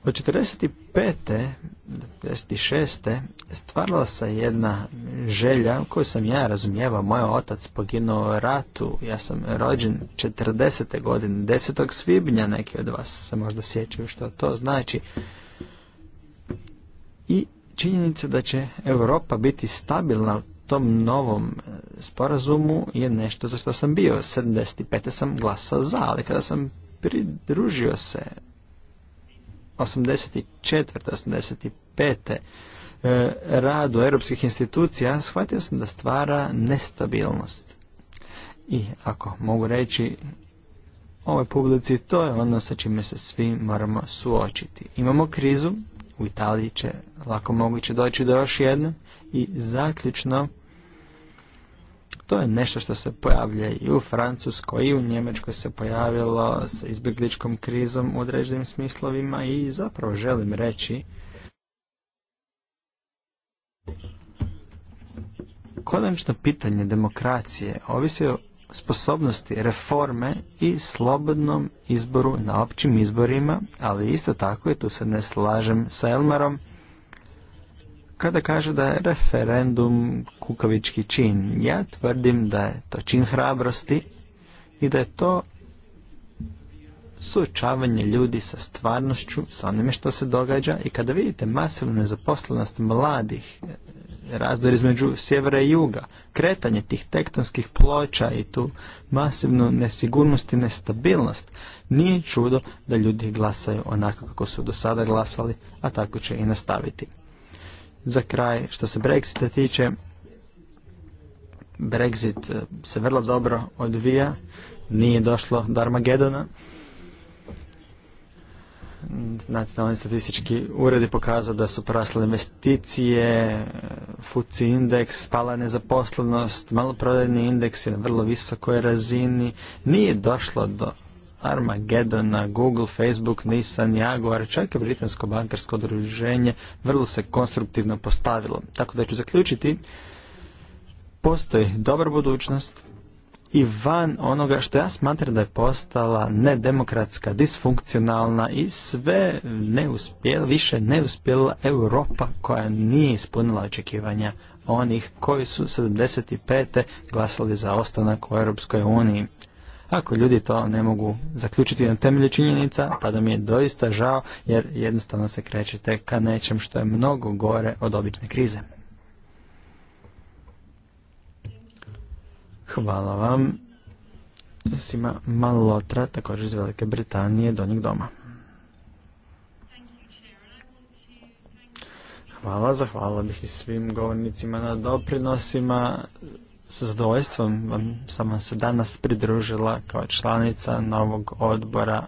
Speaker 3: Od 45. do 56. stvarila se jedna želja koju sam ja razumijevao. Moj otac poginuo u ratu, ja sam rođen 40. godine, 10. svibnja neki od vas se možda sjećaju što to znači i činjenica da će Europa biti stabilna u tom novom e, sporazumu je nešto za što sam bio. 75. sam glasao za, ali kada sam pridružio se 84. 85. E, radu europskih institucija, shvatio sam da stvara nestabilnost. I ako mogu reći ovoj publici, to je ono sa čime se svi moramo suočiti. Imamo krizu, u Italiji će lako moguće doći do još jedne. I zaključno, to je nešto što se pojavlja i u Francuskoj i u Njemačkoj se pojavilo s izbjegličkom krizom u određenim smislovima i zapravo želim reći konačno pitanje demokracije ovisi o sposobnosti reforme i slobodnom izboru na općim izborima, ali isto tako i tu se ne slažem sa Elmarom kada kaže da je referendum kukavički čin. Ja tvrdim da je to čin hrabrosti i da je to suočavanje ljudi sa stvarnošću, sa onime što se događa i kada vidite masivnu nezaposlenost mladih, razdor između sjevera i juga, kretanje tih tektonskih ploča i tu masivnu nesigurnost i nestabilnost, nije čudo da ljudi glasaju onako kako su do sada glasali, a tako će i nastaviti. Za kraj, što se Brexita tiče, Brexit eh, se vrlo dobro odvija, nije došlo do Armagedona, nacionalni statistički ured je pokazao da su prasle investicije, FUCI indeks, pala nezaposlenost, maloprodajni indeks je na vrlo visokoj razini. Nije došlo do Armagedona, Google, Facebook, Nissan, Jaguar, čak i Britansko bankarsko odruženje vrlo se konstruktivno postavilo. Tako da ću zaključiti, postoji dobra budućnost, i van onoga što ja smatram da je postala nedemokratska, disfunkcionalna i sve neuspjela, više neuspjela Europa koja nije ispunila očekivanja onih koji su 75. glasali za ostanak u Europskoj uniji. Ako ljudi to ne mogu zaključiti na temelju činjenica, da mi je doista žao jer jednostavno se krećete ka nečem što je mnogo gore od obične krize. Hvala vam. Sima Malotra, također iz Velike Britanije, Donjeg doma. Hvala, zahvala bih i svim govornicima na doprinosima. Sa zadovoljstvom sam vam se danas pridružila kao članica novog odbora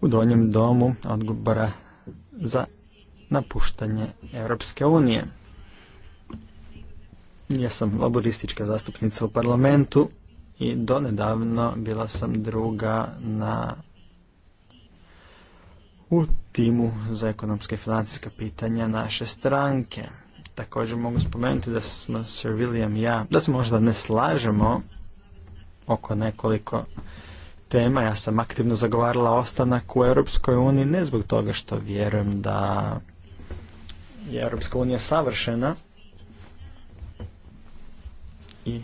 Speaker 3: u Donjem domu, odbora za napuštanje Europske unije. Ja sam laboristička zastupnica u parlamentu i donedavno bila sam druga na u timu za ekonomske i financijska pitanja naše stranke. Također mogu spomenuti da smo Sir William i ja, da se možda ne slažemo oko nekoliko tema. Ja sam aktivno zagovarala ostanak u Europskoj uniji ne zbog toga što vjerujem da je Europska unija savršena, i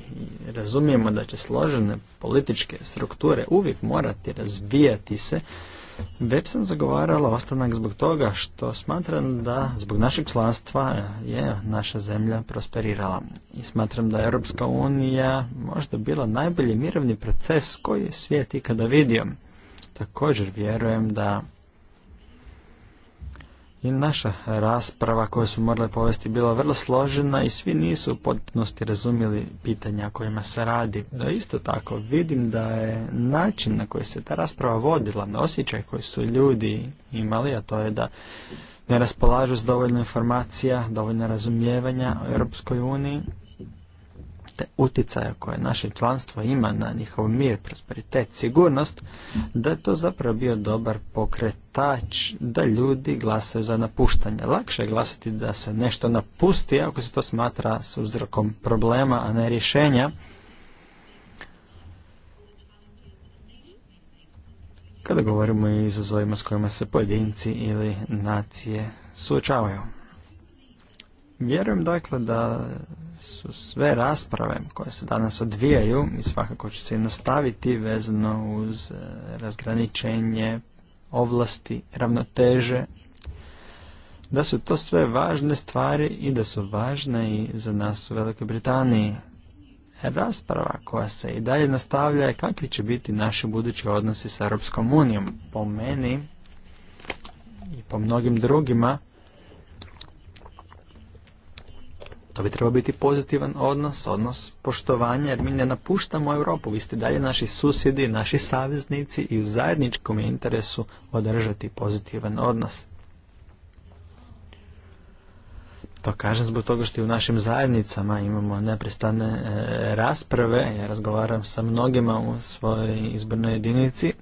Speaker 3: razumijemo da će složene političke strukture uvijek morati razvijati se, već sam zagovarala ostanak zbog toga što smatram da zbog našeg članstva je naša zemlja prosperirala. I smatram da je Europska unija možda bila najbolji mirovni proces koji je svijet ikada vidio. Također vjerujem da i naša rasprava koju su morali povesti bila vrlo složena i svi nisu u potpunosti razumjeli pitanja kojima se radi. isto tako vidim da je način na koji se ta rasprava vodila, na osjećaj koji su ljudi imali, a to je da ne raspolažu s dovoljno informacija, dovoljno razumijevanja u Europskoj uniji vrste utjecaja koje naše članstvo ima na njihov mir, prosperitet, sigurnost, da je to zapravo bio dobar pokretač da ljudi glasaju za napuštanje. Lakše je glasati da se nešto napusti ako se to smatra s uzrokom problema, a ne rješenja. Kada govorimo o izazovima s kojima se pojedinci ili nacije suočavaju. Vjerujem dakle da su sve rasprave koje se danas odvijaju i svakako će se nastaviti vezano uz e, razgraničenje ovlasti, ravnoteže, da su to sve važne stvari i da su važne i za nas u Velikoj Britaniji. Rasprava koja se i dalje nastavlja je kakvi će biti naši budući odnosi sa Europskom unijom. Po meni i po mnogim drugima To bi trebao biti pozitivan odnos, odnos poštovanja, jer mi ne napuštamo Europu. Vi ste dalje naši susjedi, naši saveznici i u zajedničkom interesu održati pozitivan odnos. To kažem zbog toga što i u našim zajednicama imamo neprestane e, rasprave. Ja razgovaram sa mnogima u svojoj izbornoj jedinici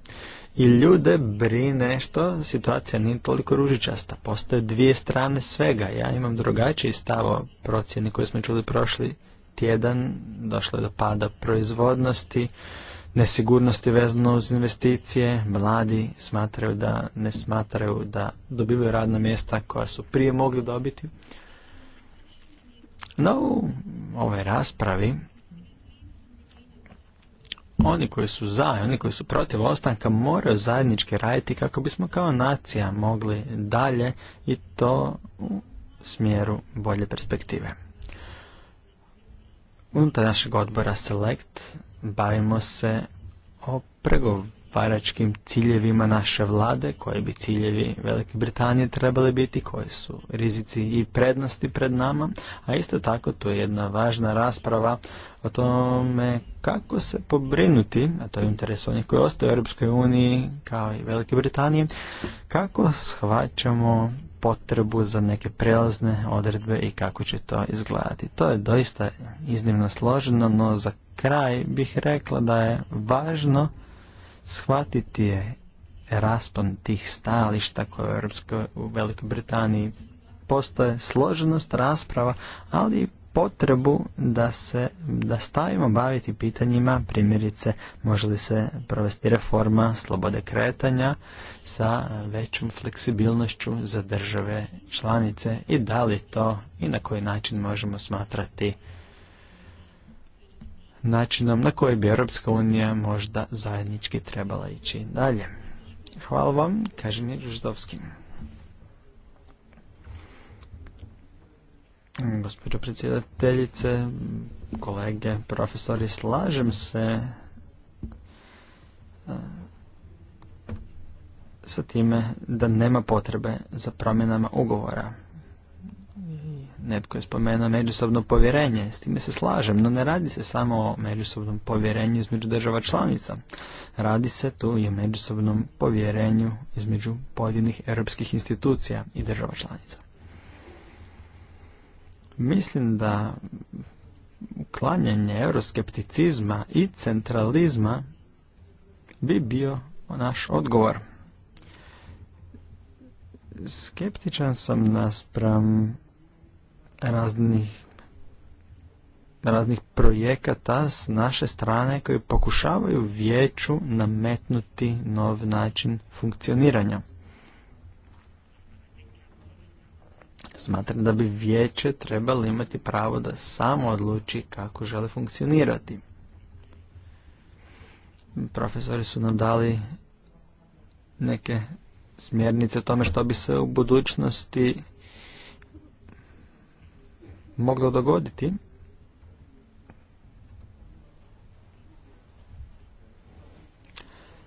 Speaker 3: i ljude brine što situacija nije toliko ružičasta. Postoje dvije strane svega. Ja imam drugačiji stav o procjeni koju smo čuli prošli tjedan. Došlo je do pada proizvodnosti, nesigurnosti vezano uz investicije. Mladi smatraju da ne smatraju da dobivaju radna mjesta koja su prije mogli dobiti. No, u ovoj raspravi oni koji su za i oni koji su protiv ostanka moraju zajednički raditi kako bismo kao nacija mogli dalje i to u smjeru bolje perspektive. Unutar našeg odbora Select bavimo se o pregovorima pregovaračkim ciljevima naše vlade, koji bi ciljevi Velike Britanije trebali biti, koji su rizici i prednosti pred nama, a isto tako to je jedna važna rasprava o tome kako se pobrinuti, a to je interes onih koji ostaju u Europskoj uniji kao i Velike Britanije, kako shvaćamo potrebu za neke prelazne odredbe i kako će to izgledati. To je doista iznimno složeno, no za kraj bih rekla da je važno shvatiti je raspon tih stajališta koje u, u Velikoj Britaniji postoje složenost rasprava, ali potrebu da se da stavimo baviti pitanjima primjerice može li se provesti reforma slobode kretanja sa većom fleksibilnošću za države članice i da li to i na koji način možemo smatrati načinom na koji bi Europska unija možda zajednički trebala ići dalje. Hvala vam, kaže mi Ždovski. Gospođo predsjedateljice, kolege, profesori, slažem se e, sa time da nema potrebe za promjenama ugovora. Netko je spomenuo međusobno povjerenje, s time se slažem, no ne radi se samo o međusobnom povjerenju između država članica. Radi se tu i o međusobnom povjerenju između pojedinih europskih institucija i država članica. Mislim da uklanjanje euroskepticizma i centralizma bi bio naš odgovor. Skeptičan sam naspram raznih raznih projekata s naše strane koji pokušavaju vijeću nametnuti nov način funkcioniranja. Smatram da bi vijeće trebalo imati pravo da samo odluči kako žele funkcionirati. Profesori su nam dali neke smjernice o tome što bi se u budućnosti moglo dogoditi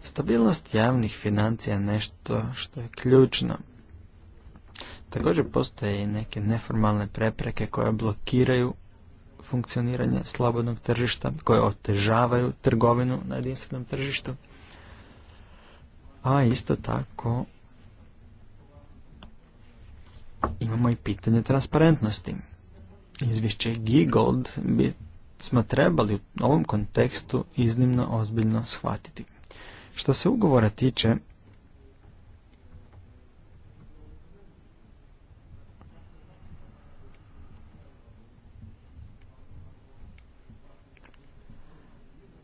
Speaker 3: Stabilnost javnih financija je nešto što je ključno. Također postoje i neke neformalne prepreke koje blokiraju funkcioniranje slobodnog tržišta, koje otežavaju trgovinu na jedinstvenom tržištu, a isto tako imamo i pitanje transparentnosti izvješće Gigold bi smo trebali u ovom kontekstu iznimno ozbiljno shvatiti. Što se ugovora tiče,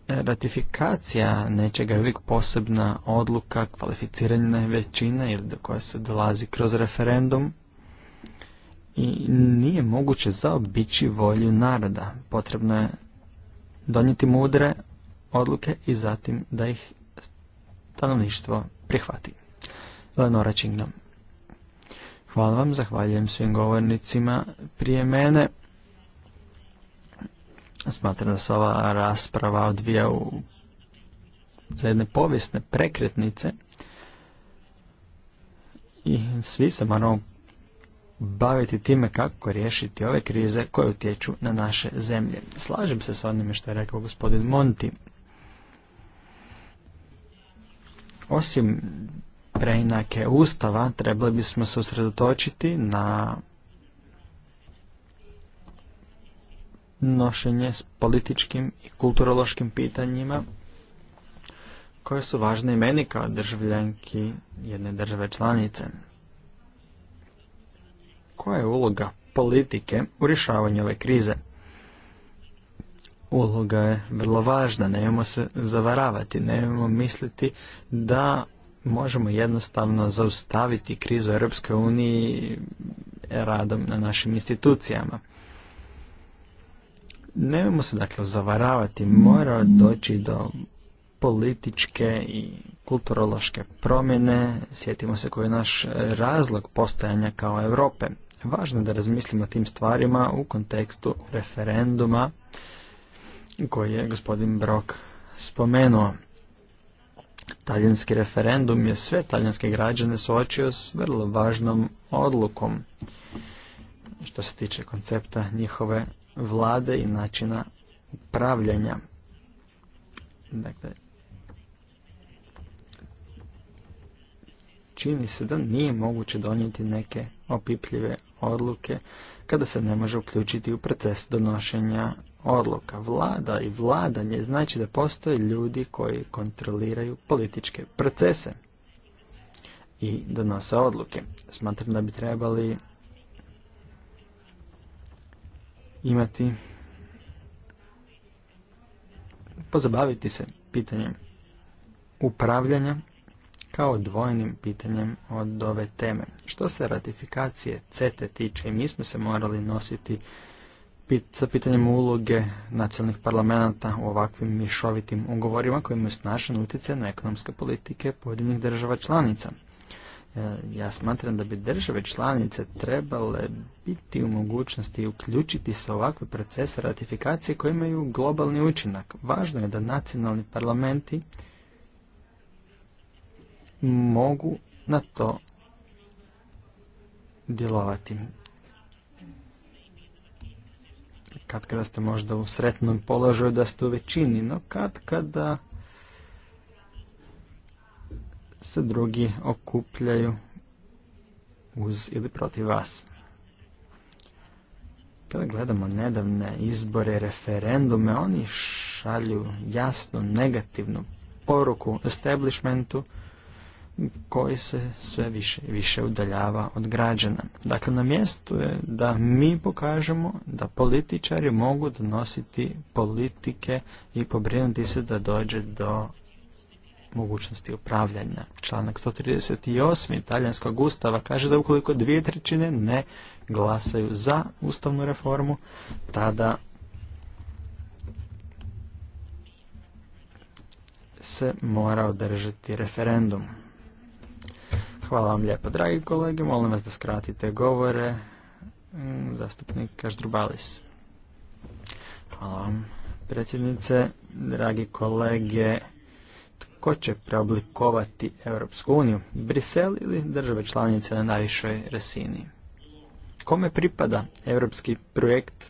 Speaker 3: ratifikacija nečega je uvijek posebna odluka, kvalificirana većina ili do koja se dolazi kroz referendum i nije moguće zaobići volju naroda. Potrebno je donijeti mudre odluke i zatim da ih stanovništvo prihvati. Lenora Čingnom. Hvala vam, zahvaljujem svim govornicima prije mene. Smatram da se ova rasprava odvija u za jedne povijesne prekretnice i svi se moramo baviti time kako riješiti ove krize koje utječu na naše zemlje. Slažem se sa onime što je rekao gospodin Monti. Osim preinake ustava, trebali bismo se usredotočiti na nošenje s političkim i kulturološkim pitanjima koje su važne i meni kao državljanki jedne države članice koja je uloga politike u rješavanju ove krize. Uloga je vrlo važna, nemojmo se zavaravati, nemojmo misliti da možemo jednostavno zaustaviti krizu Europske unije radom na našim institucijama. Nemojmo se dakle zavaravati, mora doći do političke i kulturološke promjene, sjetimo se koji je naš razlog postojanja kao Europe. Važno je da razmislimo o tim stvarima u kontekstu referenduma koji je gospodin Brok spomenuo. Talijanski referendum je sve talijanske građane suočio s vrlo važnom odlukom što se tiče koncepta njihove vlade i načina upravljanja. Dakle, čini se da nije moguće donijeti neke opipljive odluke kada se ne može uključiti u proces donošenja odluka. Vlada i vladanje znači da postoje ljudi koji kontroliraju političke procese i donose odluke. Smatram da bi trebali imati pozabaviti se pitanjem upravljanja kao dvojnim pitanjem od ove teme. Što se ratifikacije CETE tiče, mi smo se morali nositi sa pitanjem uloge nacionalnih parlamenta u ovakvim mješovitim ugovorima koji imaju snažan utjecaj na ekonomske politike pojedinih država članica. E, ja smatram da bi države članice trebale biti u mogućnosti uključiti se u ovakve procese ratifikacije koje imaju globalni učinak. Važno je da nacionalni parlamenti mogu na to djelovati. Kad kada ste možda u sretnom položaju da ste u većini, no kad kada se drugi okupljaju uz ili protiv vas. Kada gledamo nedavne izbore, referendume, oni šalju jasno negativnu poruku establishmentu koji se sve više više udaljava od građana. Dakle, na mjestu je da mi pokažemo da političari mogu donositi politike i pobrinuti se da dođe do mogućnosti upravljanja. Članak 138. italijanskog ustava kaže da ukoliko dvije trećine ne glasaju za ustavnu reformu, tada se mora održati referendum. Hvala vam lijepo, dragi kolege. Molim vas da skratite govore. Mm, zastupnik Každrubalis. Hvala vam, predsjednice. Dragi kolege, tko će preoblikovati Europsku uniju? Brisel ili države članice na najvišoj resini? Kome pripada europski projekt?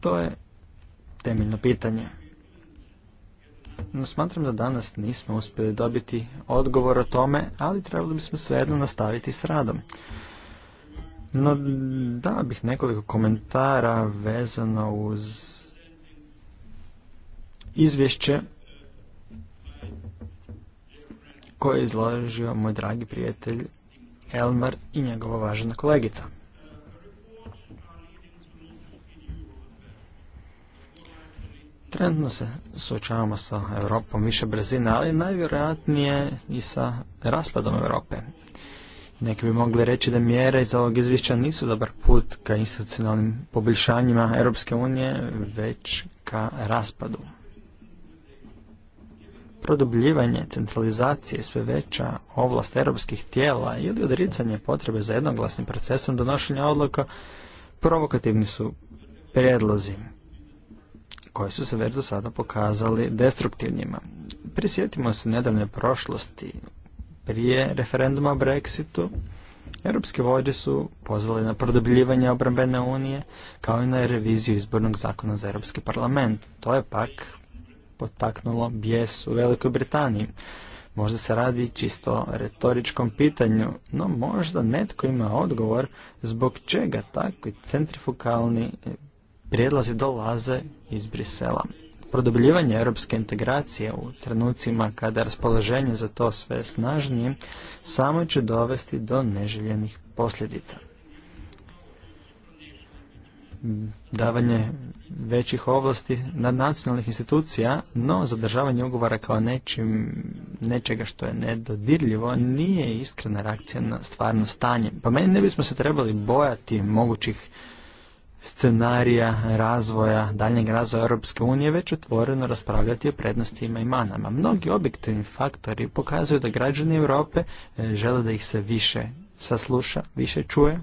Speaker 3: To je temeljno pitanje. No, smatram da danas nismo uspjeli dobiti odgovor o tome, ali trebali bismo svejedno nastaviti s radom. No, da bih nekoliko komentara vezano uz izvješće koje je izložio moj dragi prijatelj Elmar i njegova važna kolegica. Trenutno se suočavamo sa Europom više brzina, ali najvjerojatnije i sa raspadom Europe. Neki bi mogli reći da mjere iz ovog izvješća nisu dobar put ka institucionalnim poboljšanjima Europske unije, već ka raspadu. Produbljivanje centralizacije sve veća ovlast europskih tijela ili odricanje potrebe za jednoglasnim procesom donošenja odluka provokativni su prijedlozi koji su se već do sada pokazali destruktivnima. Prisjetimo se nedavne prošlosti. Prije referenduma o Brexitu, europske vođe su pozvali na produbljivanje obrambene unije, kao i na reviziju izbornog zakona za Europski parlament. To je pak potaknulo bijes u Velikoj Britaniji. Možda se radi čisto o retoričkom pitanju, no možda netko ima odgovor zbog čega takvi centrifukalni prijedlozi dolaze iz Brisela. Produbljivanje europske integracije u trenucima kada raspoloženje za to sve snažnije samo će dovesti do neželjenih posljedica. Davanje većih ovlasti nad nacionalnih institucija, no zadržavanje ugovora kao nečim, nečega što je nedodirljivo nije iskrena reakcija na stvarno stanje. Pa meni ne bismo se trebali bojati mogućih scenarija razvoja, daljnjeg razvoja Europske unije već otvoreno raspravljati o prednostima i manama. Mnogi objektivni faktori pokazuju da građani Europe e, žele da ih se više sasluša, više čuje.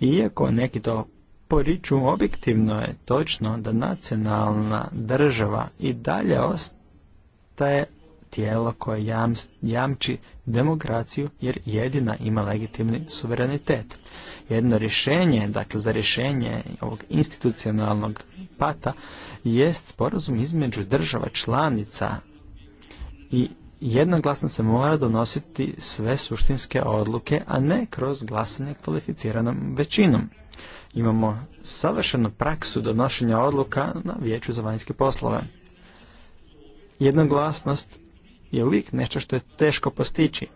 Speaker 3: Iako neki to poriču, objektivno je točno da nacionalna država i dalje ostaje tijelo koje jamči demokraciju jer jedina ima legitimni suverenitet. Jedno rješenje, dakle za rješenje ovog institucionalnog pata, jest sporazum između država članica i jednoglasno se mora donositi sve suštinske odluke, a ne kroz glasanje kvalificiranom većinom. Imamo savršenu praksu donošenja odluka na Vijeću za vanjske poslove. Jednoglasnost je uvijek nešto što je teško postići.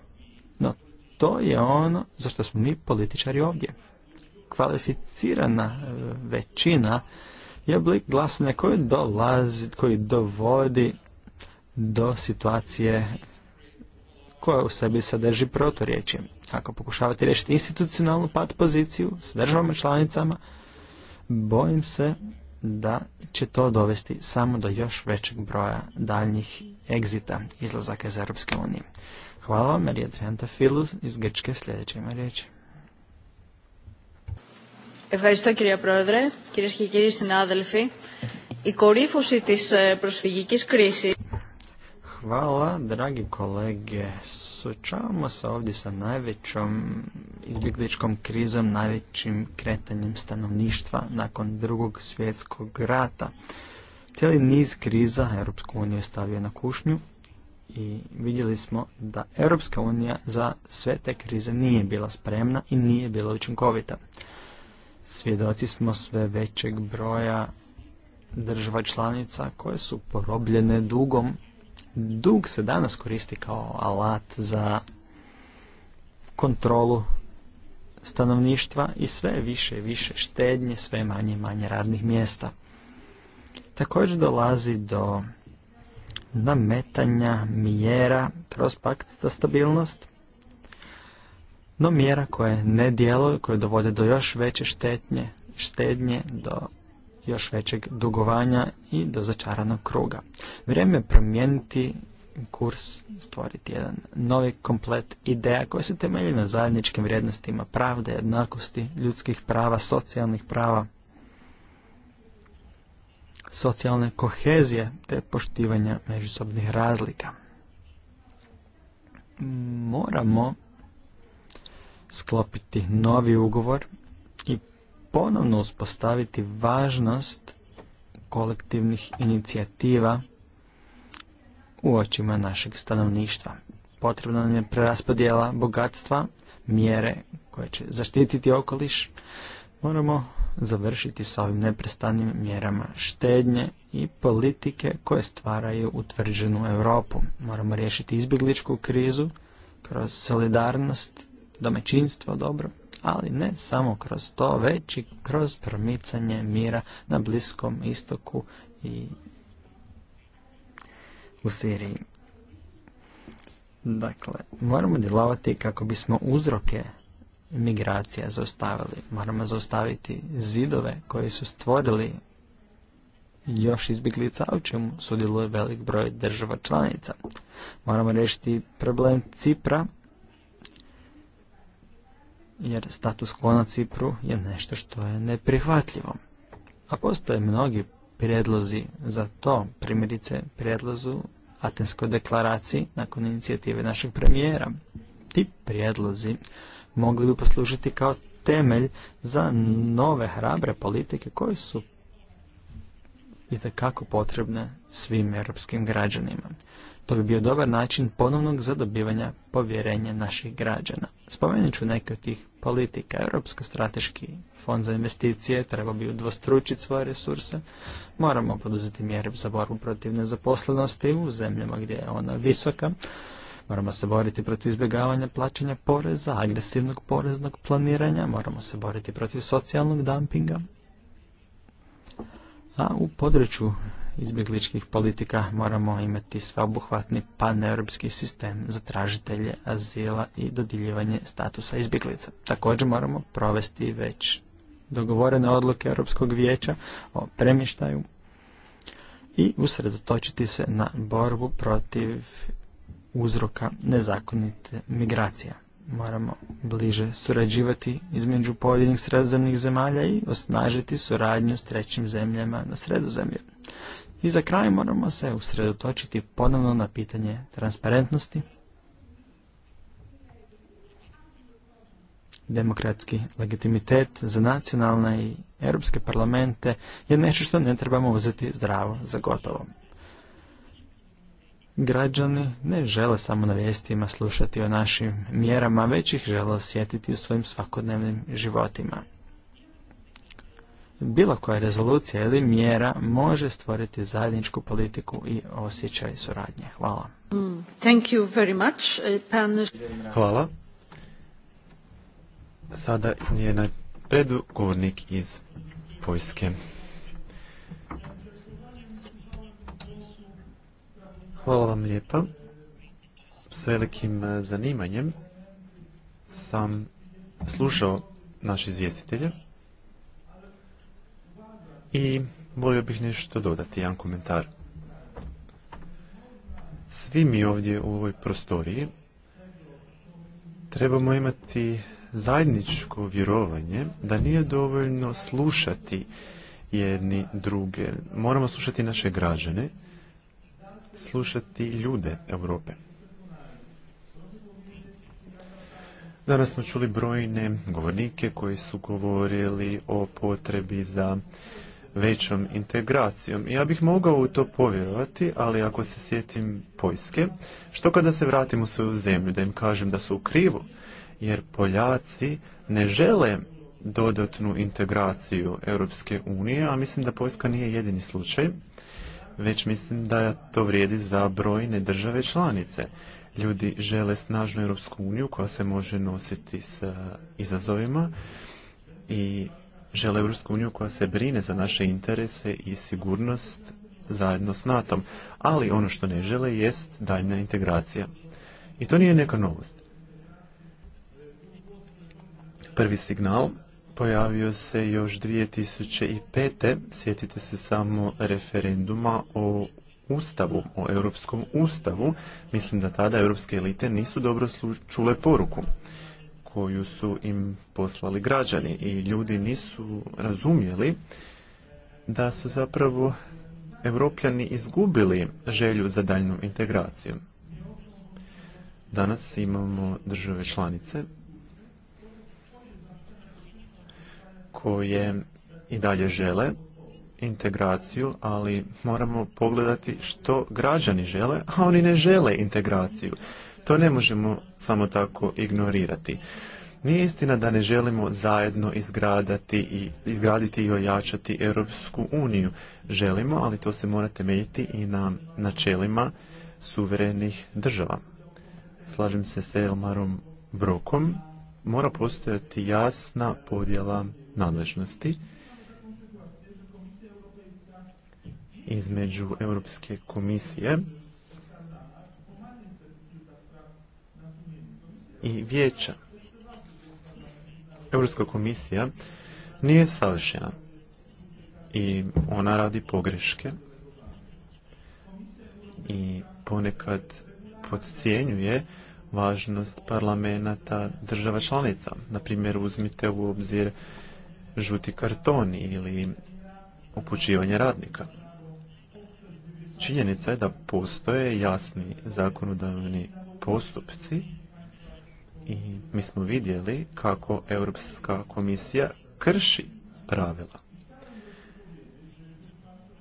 Speaker 3: No, to je ono za što smo mi političari ovdje. Kvalificirana e, većina je oblik glasanja koji dolazi, koji dovodi do situacije koja u sebi sadrži proturječje. Ako pokušavate riješiti institucionalnu pat poziciju s državama članicama, bojim se da će to dovesti samo do još većeg broja daljnjih egzita, izlazaka iz Europske unije. Hvala vam, Marija Trenta Filu iz Grčke, sljedeća ima riječ.
Speaker 4: Ευχαριστώ κυρία Πρόεδρε, κυρίες και κύριοι συνάδελφοι. Η κορύφωση της προσφυγικής κρίσης
Speaker 3: Hvala, dragi kolege. Suočavamo se ovdje sa najvećom izbjegličkom krizom, najvećim kretanjem stanovništva nakon drugog svjetskog rata. Cijeli niz kriza Europsku uniju stavio na kušnju i vidjeli smo da Europska unija za sve te krize nije bila spremna i nije bila učinkovita. Svjedoci smo sve većeg broja država članica koje su porobljene dugom dug se danas koristi kao alat za kontrolu stanovništva i sve više i više štednje, sve manje i manje radnih mjesta. Također dolazi do nametanja mjera kroz pakt za stabilnost, no mjera koje ne djeluju, koje dovode do još veće štetnje, štednje, do još većeg dugovanja i do začaranog kruga. Vrijeme je promijeniti kurs, stvoriti jedan novi komplet ideja koja se temelji na zajedničkim vrijednostima pravde, jednakosti, ljudskih prava, socijalnih prava, socijalne kohezije te poštivanja međusobnih razlika. Moramo sklopiti novi ugovor ponovno uspostaviti važnost kolektivnih inicijativa u očima našeg stanovništva. Potrebna nam je preraspodjela bogatstva, mjere koje će zaštititi okoliš. Moramo završiti sa ovim neprestanim mjerama štednje i politike koje stvaraju utvrđenu Europu. Moramo riješiti izbjegličku krizu kroz solidarnost, domaćinstvo, dobro ali ne samo kroz to, već i kroz promicanje mira na Bliskom istoku i u Siriji. Dakle, moramo djelovati kako bismo uzroke migracija zaustavili. Moramo zaustaviti zidove koji su stvorili još izbjeglica u čemu sudjeluje velik broj država članica. Moramo riješiti problem Cipra jer status quo Cipru je nešto što je neprihvatljivo. A postoje mnogi prijedlozi za to, primjerice prijedlozu Atenskoj deklaraciji nakon inicijative našeg premijera. Ti prijedlozi mogli bi poslužiti kao temelj za nove hrabre politike koje su i kako potrebne svim europskim građanima. To bi bio dobar način ponovnog zadobivanja povjerenja naših građana. Spomenut ću neke od tih politika. Europski strateški fond za investicije treba bi udvostručiti svoje resurse. Moramo poduzeti mjere za borbu protiv nezaposlenosti u zemljama gdje je ona visoka. Moramo se boriti protiv izbjegavanja plaćanja poreza, agresivnog poreznog planiranja. Moramo se boriti protiv socijalnog dumpinga. A u području izbjegličkih politika moramo imati sveobuhvatni paneuropski sistem za tražitelje azila i dodjeljivanje statusa izbjeglica. Također moramo provesti već dogovorene odluke Europskog vijeća o premještaju i usredotočiti se na borbu protiv uzroka nezakonite migracija. Moramo bliže surađivati između pojedinih sredozemnih zemalja i osnažiti suradnju s trećim zemljama na sredozemlju. I za kraj moramo se usredotočiti ponovno na pitanje transparentnosti, demokratski legitimitet za nacionalne i europske parlamente je nešto što ne trebamo uzeti zdravo za gotovo. Građani ne žele samo na vijestima slušati o našim mjerama, već ih žele osjetiti u svojim svakodnevnim životima bilo koja rezolucija ili mjera može stvoriti zajedničku politiku i osjećaj suradnje. Hvala.
Speaker 1: Mm, thank you very much. E, pan...
Speaker 2: Hvala. Sada je na redu govornik iz Poljske. Hvala vam lijepa. S velikim e, zanimanjem sam slušao naše izvjestitelje i volio bih nešto dodati, jedan komentar. Svi mi ovdje u ovoj prostoriji trebamo imati zajedničko vjerovanje da nije dovoljno slušati jedni druge. Moramo slušati naše građane, slušati ljude Europe. Danas smo čuli brojne govornike koji su govorili o potrebi za većom integracijom. Ja bih mogao u to povjerovati, ali ako se sjetim Poljske, što kada se vratim u svoju zemlju, da im kažem da su u krivu, jer Poljaci ne žele dodatnu integraciju Europske unije, a mislim da Poljska nije jedini slučaj, već mislim da to vrijedi za brojne države članice. Ljudi žele snažnu Europsku uniju koja se može nositi sa izazovima i žele Europsku uniju koja se brine za naše interese i sigurnost zajedno s NATO-om, ali ono što ne žele jest daljna integracija. I to nije neka novost. Prvi signal pojavio se još 2005. Sjetite se samo referenduma o ustavu, o europskom ustavu. Mislim da tada europske elite nisu dobro čule poruku koju su im poslali građani i ljudi nisu razumjeli da su zapravo europljani izgubili želju za daljnom integracijom. Danas imamo države članice koje i dalje žele integraciju, ali moramo pogledati što građani žele, a oni ne žele integraciju. To ne možemo samo tako ignorirati. Nije istina da ne želimo zajedno izgradati i, izgraditi i ojačati Europsku uniju. Želimo, ali to se mora temeljiti i na načelima suverenih država. Slažem se s Elmarom Brokom. Mora postojati jasna podjela nadležnosti između Europske komisije i vijeća. Europska komisija nije savršena i ona radi pogreške i ponekad podcjenjuje važnost parlamenta država članica. Na uzmite u obzir žuti karton ili upućivanje radnika. Činjenica je da postoje jasni zakonodavni postupci i mi smo vidjeli kako Europska komisija krši pravila.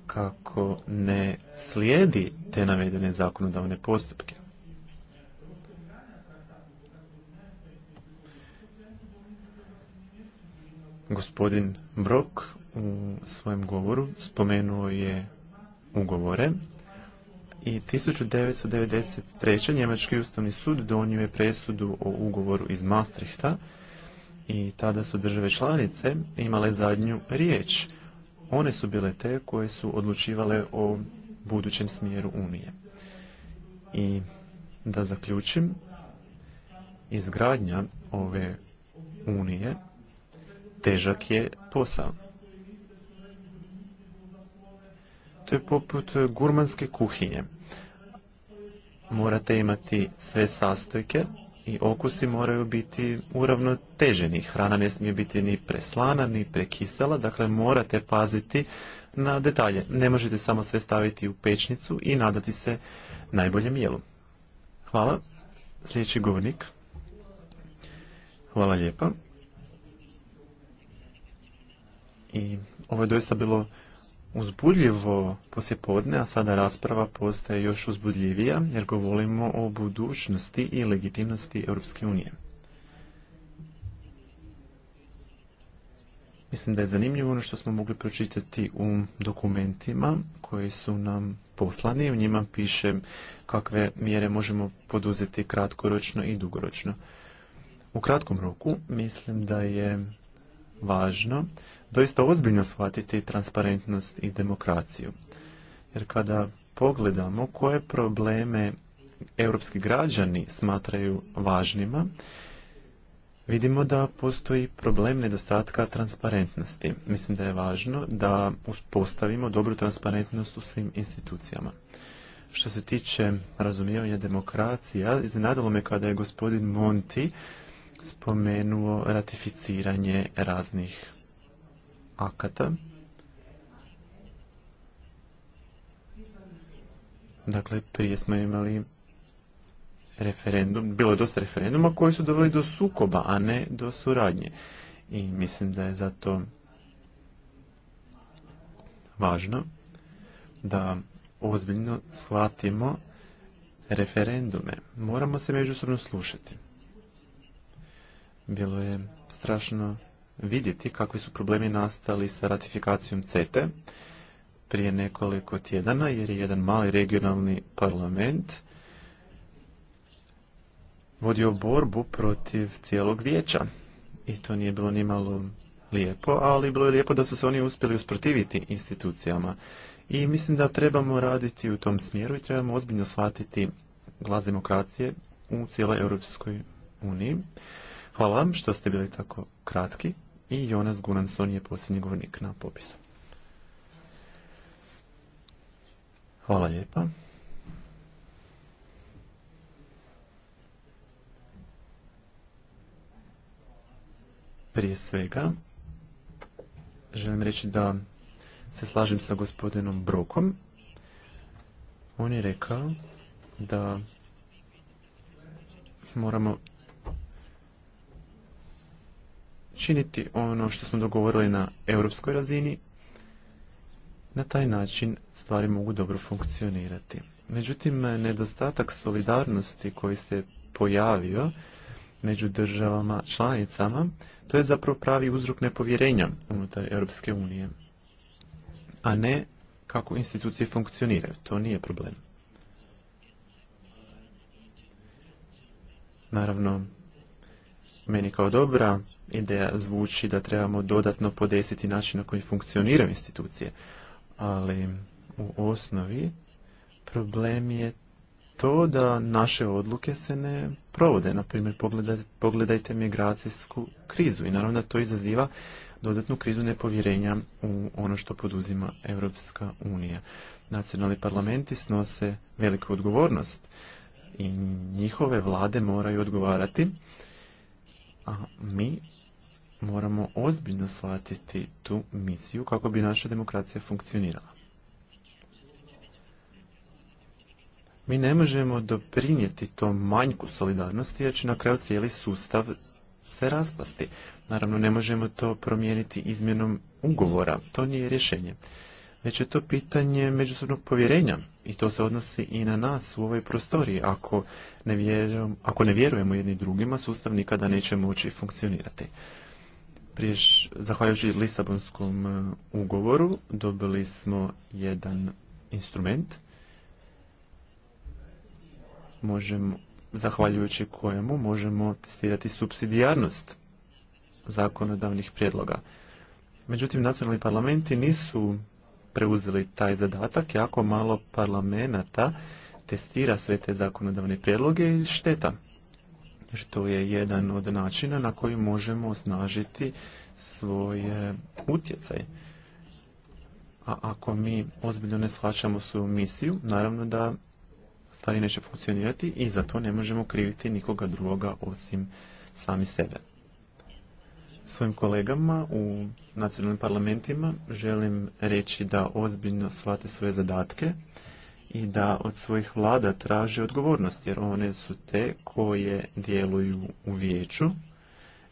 Speaker 2: Kako ne slijedi te navedene zakonodavne postupke. Gospodin Brok u svojem govoru spomenuo je ugovore i 1993. Njemački ustavni sud donio je presudu o ugovoru iz Maastrichta i tada su države članice imale zadnju riječ. One su bile te koje su odlučivale o budućem smjeru Unije. I da zaključim, izgradnja ove Unije težak je posao. To je poput e, gurmanske kuhinje. Morate imati sve sastojke i okusi moraju biti uravnoteženi. Hrana ne smije biti ni preslana, ni prekisela, dakle morate paziti na detalje. Ne možete samo sve staviti u pečnicu i nadati se najboljem jelu. Hvala. Sljedeći govornik. Hvala lijepa. I ovo je doista bilo uzbudljivo poslijepodne, a sada rasprava postaje još uzbudljivija jer govorimo o budućnosti i legitimnosti Europske unije. Mislim da je zanimljivo ono što smo mogli pročitati u dokumentima koji su nam poslani. U njima piše kakve mjere možemo poduzeti kratkoročno i dugoročno. U kratkom roku mislim da je važno doista ozbiljno shvatiti transparentnost i demokraciju. Jer kada pogledamo koje probleme europski građani smatraju važnima, vidimo da postoji problem nedostatka transparentnosti. Mislim da je važno da uspostavimo dobru transparentnost u svim institucijama. Što se tiče razumijevanja demokracija, iznenadilo me kada je gospodin Monti spomenuo ratificiranje raznih akata. Dakle, prije smo imali referendum, bilo je dosta referenduma koji su doveli do sukoba, a ne do suradnje. I mislim da je zato važno da ozbiljno shvatimo referendume. Moramo se međusobno slušati. Bilo je strašno vidjeti kakvi su problemi nastali sa ratifikacijom CETE prije nekoliko tjedana, jer je jedan mali regionalni parlament vodio borbu protiv cijelog vijeća. I to nije bilo ni malo lijepo, ali bilo je lijepo da su se oni uspjeli usprotiviti institucijama. I mislim da trebamo raditi u tom smjeru i trebamo ozbiljno shvatiti glas demokracije u cijeloj Europskoj uniji. Hvala vam što ste bili tako kratki i Jonas Gunanson je posljednji govornik na popisu. Hvala lijepa. Prije svega, želim reći da se slažem sa gospodinom Brokom. On je rekao da moramo činiti ono što smo dogovorili na europskoj razini, na taj način stvari mogu dobro funkcionirati. Međutim, nedostatak solidarnosti koji se pojavio među državama članicama, to je zapravo pravi uzrok nepovjerenja unutar Europske unije, a ne kako institucije funkcioniraju. To nije problem. Naravno, meni kao dobra ideja zvuči da trebamo dodatno podesiti način na koji funkcioniraju institucije, ali u osnovi problem je to da naše odluke se ne provode. Na pogledajte, pogledajte migracijsku krizu i naravno da to izaziva dodatnu krizu nepovjerenja u ono što poduzima Europska unija. Nacionalni parlamenti snose veliku odgovornost i njihove vlade moraju odgovarati a mi moramo ozbiljno shvatiti tu misiju kako bi naša demokracija funkcionirala. Mi ne možemo doprinijeti to manjku solidarnosti jer će na kraju cijeli sustav se raspasti. Naravno, ne možemo to promijeniti izmjenom ugovora. To nije rješenje već je to pitanje međusobnog povjerenja i to se odnosi i na nas u ovoj prostoriji. Ako ne, ako ne vjerujemo jedni drugima, sustav nikada neće moći funkcionirati. Prije, zahvaljujući Lisabonskom e, ugovoru, dobili smo jedan instrument. Možemo, zahvaljujući kojemu možemo testirati subsidijarnost zakonodavnih prijedloga. Međutim, nacionalni parlamenti nisu preuzeli taj zadatak, jako malo parlamenta testira sve te zakonodavne prijedloge i šteta. Jer to je jedan od načina na koji možemo osnažiti svoje utjecaj. A ako mi ozbiljno ne shvaćamo svoju misiju, naravno da stvari neće funkcionirati i za to ne možemo kriviti nikoga drugoga osim sami sebe svojim kolegama u nacionalnim parlamentima želim reći da ozbiljno shvate svoje zadatke i da od svojih vlada traže odgovornost, jer one su te koje djeluju u vijeću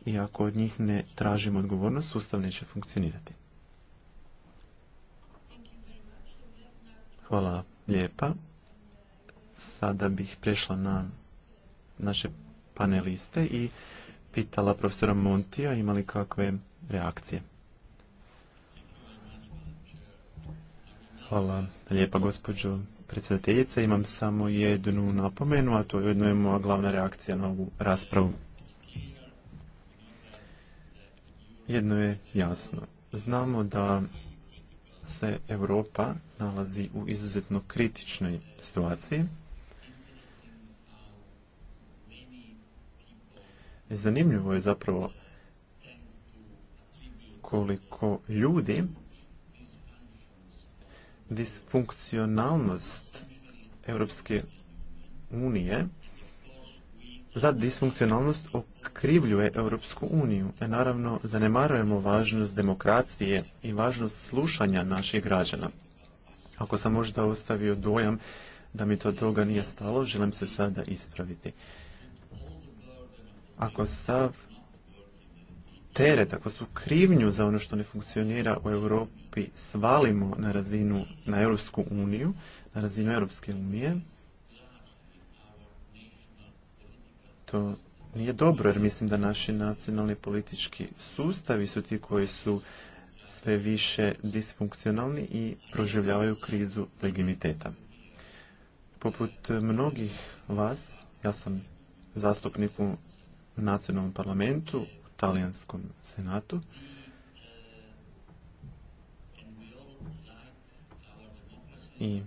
Speaker 2: i ako od njih ne tražimo odgovornost, sustav neće funkcionirati. Hvala lijepa. Sada bih prešla na naše paneliste i pitala profesora Montija imali kakve reakcije. Hvala lijepa gospođo predsjedateljice. Imam samo jednu napomenu, a to je jedno je moja glavna reakcija na ovu raspravu. Jedno je jasno. Znamo da se Europa nalazi u izuzetno kritičnoj situaciji Zanimljivo je zapravo koliko ljudi disfunkcionalnost Europske unije za disfunkcionalnost okrivljuje Europsku uniju. E naravno, zanemarujemo važnost demokracije i važnost slušanja naših građana. Ako sam možda ostavio dojam da mi to toga nije stalo, želim se sada ispraviti ako sav teret, ako su krivnju za ono što ne funkcionira u Europi svalimo na razinu, na Europsku uniju, na razinu Europske unije, to nije dobro jer mislim da naši nacionalni politički sustavi su ti koji su sve više disfunkcionalni i proživljavaju krizu legitimiteta. Poput mnogih vas, ja sam zastupnik u nacionalnom parlamentu, talijanskom senatu. I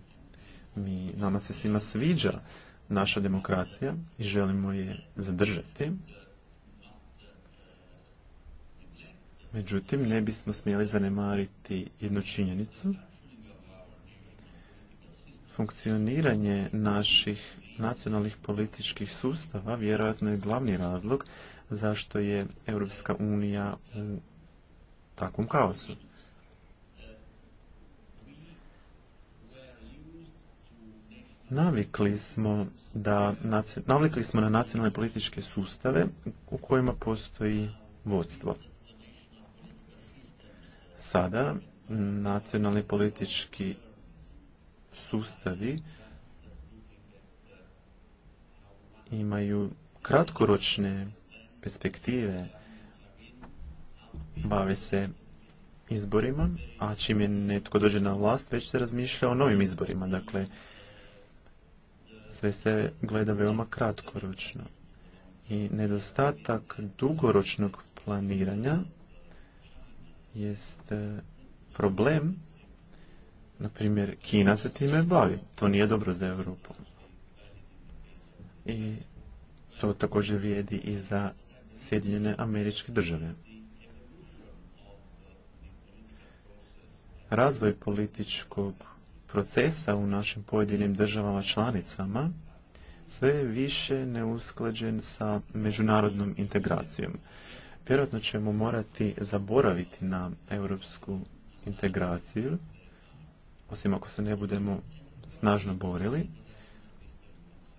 Speaker 2: mi, nama se svima sviđa naša demokracija i želimo je zadržati. Međutim, ne bismo smjeli zanemariti jednu činjenicu. Funkcioniranje naših nacionalnih političkih sustava vjerojatno je glavni razlog zašto je Europska unija u takvom kaosu. Navikli smo, da, navikli smo na nacionalne političke sustave u kojima postoji vodstvo. Sada nacionalni politički sustavi imaju kratkoročne perspektive, bave se izborima, a čim je netko dođe na vlast, već se razmišlja o novim izborima. Dakle, sve se gleda veoma kratkoročno. I nedostatak dugoročnog planiranja jest e, problem. Na primjer, Kina se time bavi. To nije dobro za Europu i to također vrijedi i za Sjedinjene američke države. Razvoj političkog procesa u našim pojedinim državama članicama sve je više neusklađen sa međunarodnom integracijom. Vjerojatno ćemo morati zaboraviti na europsku integraciju, osim ako se ne budemo snažno borili,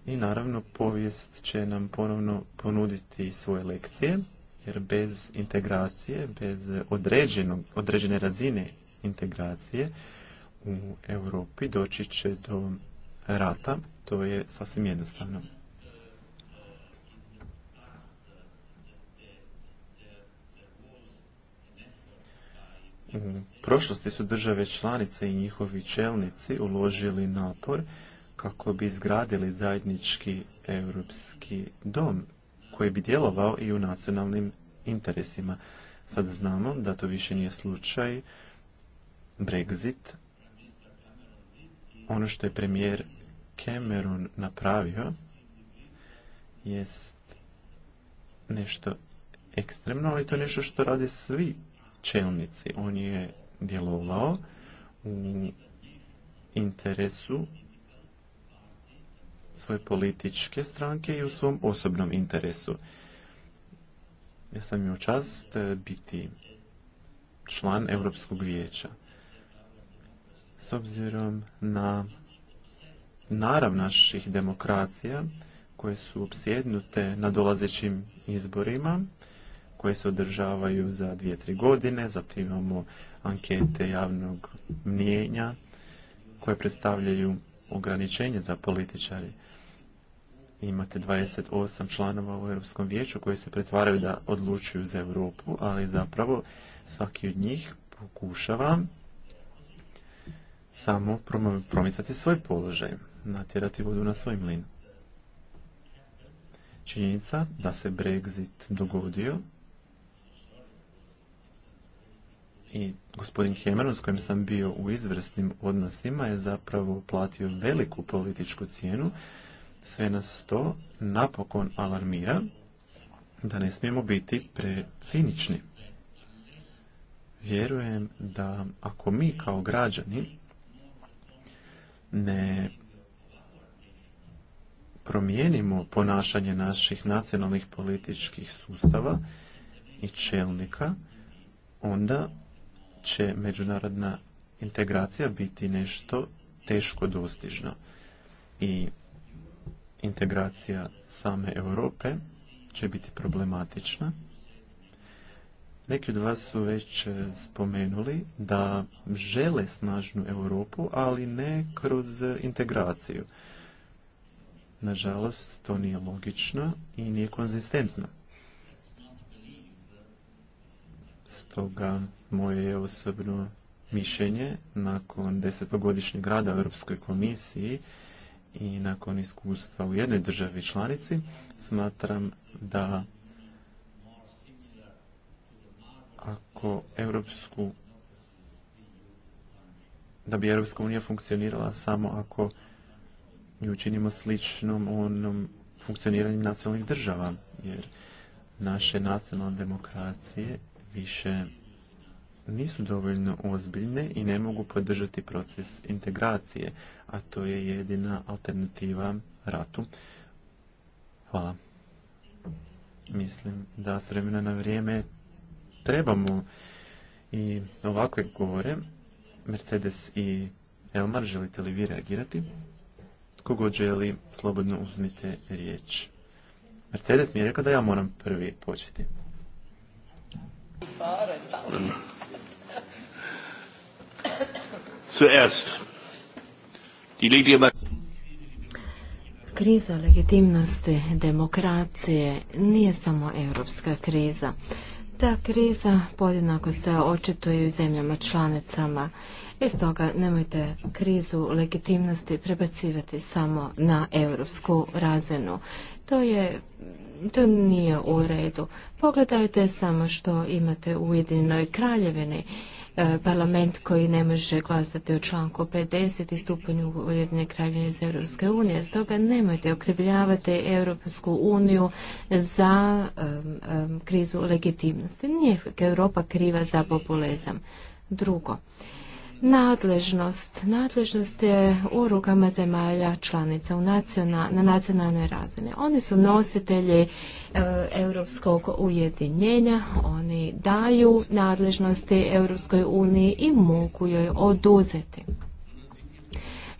Speaker 2: i naravno povijest će nam ponovno ponuditi svoje lekcije, jer bez integracije, bez određene razine integracije u Europi doći će do rata, to je sasvim jednostavno. U prošlosti su države članice i njihovi čelnici uložili napor kako bi izgradili zajednički europski dom koji bi djelovao i u nacionalnim interesima. Sada znamo da to više nije slučaj. Brexit, ono što je premijer Cameron napravio, jest nešto ekstremno, ali to je nešto što rade svi čelnici. On je djelovao u interesu svoje političke stranke i u svom osobnom interesu. Ja sam imao čast e, biti član Europskog vijeća. S obzirom na narav naših demokracija koje su obsjednute na dolazećim izborima, koje se održavaju za dvije, tri godine, zatim imamo ankete javnog mnijenja koje predstavljaju ograničenje za političari. Imate 28 članova u Europskom vijeću koji se pretvaraju da odlučuju za Europu, ali zapravo svaki od njih pokušava samo promicati svoj položaj, natjerati vodu na svoj mlin. Činjenica da se Brexit dogodio i gospodin Hemeron s kojim sam bio u izvrsnim odnosima, je zapravo platio veliku političku cijenu. Sve nas to napokon alarmira da ne smijemo biti precinični. Vjerujem da ako mi kao građani ne promijenimo ponašanje naših nacionalnih političkih sustava i čelnika, onda će međunarodna integracija biti nešto teško dostižno i integracija same Europe će biti problematična. Neki od vas su već e, spomenuli da žele snažnu Europu, ali ne kroz integraciju. Nažalost, to nije logično i nije konzistentno. Stoga moje je osobno mišljenje nakon desetogodišnjeg rada u Europskoj komisiji i nakon iskustva u jednoj državi članici smatram da ako Europsku da bi Europska unija funkcionirala samo ako ju učinimo sličnom onom funkcioniranju nacionalnih država jer naše nacionalne demokracije više nisu dovoljno ozbiljne i ne mogu podržati proces integracije, a to je jedina alternativa ratu. Hvala. Mislim da s vremena na vrijeme trebamo i ovakve govore. Mercedes i Elmar, želite li vi reagirati? Tko želi, slobodno uzmite riječ. Mercedes mi je rekao da ja moram prvi početi. Zuerst.
Speaker 4: Kriza legitimnosti demokracije nije samo europska kriza. Ta kriza podjednako se očituje u zemljama članicama. iz toga nemojte krizu legitimnosti prebacivati samo na europsku razinu. To je to nije u redu. Pogledajte samo što imate u Ujedinjenoj kraljevini e, parlament koji ne može glasati o članku 50 i stupanju Ujedinjene kraljevine iz Europske unije. Stoga nemojte okrivljavati Europsku uniju za krizu legitimnosti. Nije Europa kriva za populizam. Drugo, Nadležnost. Nadležnost je u rukama zemalja članica na nacionalnoj razini. Oni su nositelji e, europskog ujedinjenja, oni daju nadležnosti Europskoj uniji i mogu joj oduzeti.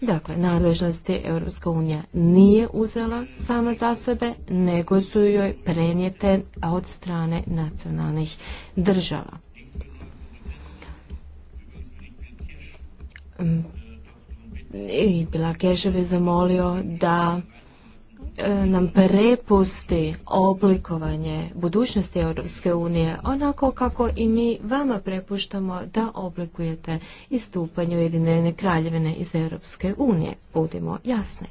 Speaker 4: Dakle, nadležnosti Europska unija nije uzela sama za sebe, nego su joj prenijete od strane nacionalnih država. i Bilakešev je zamolio da e, nam prepusti oblikovanje budućnosti Europske unije onako kako i mi vama prepuštamo da oblikujete istupanje Ujedinjene kraljevine iz Europske unije. Budimo jasni.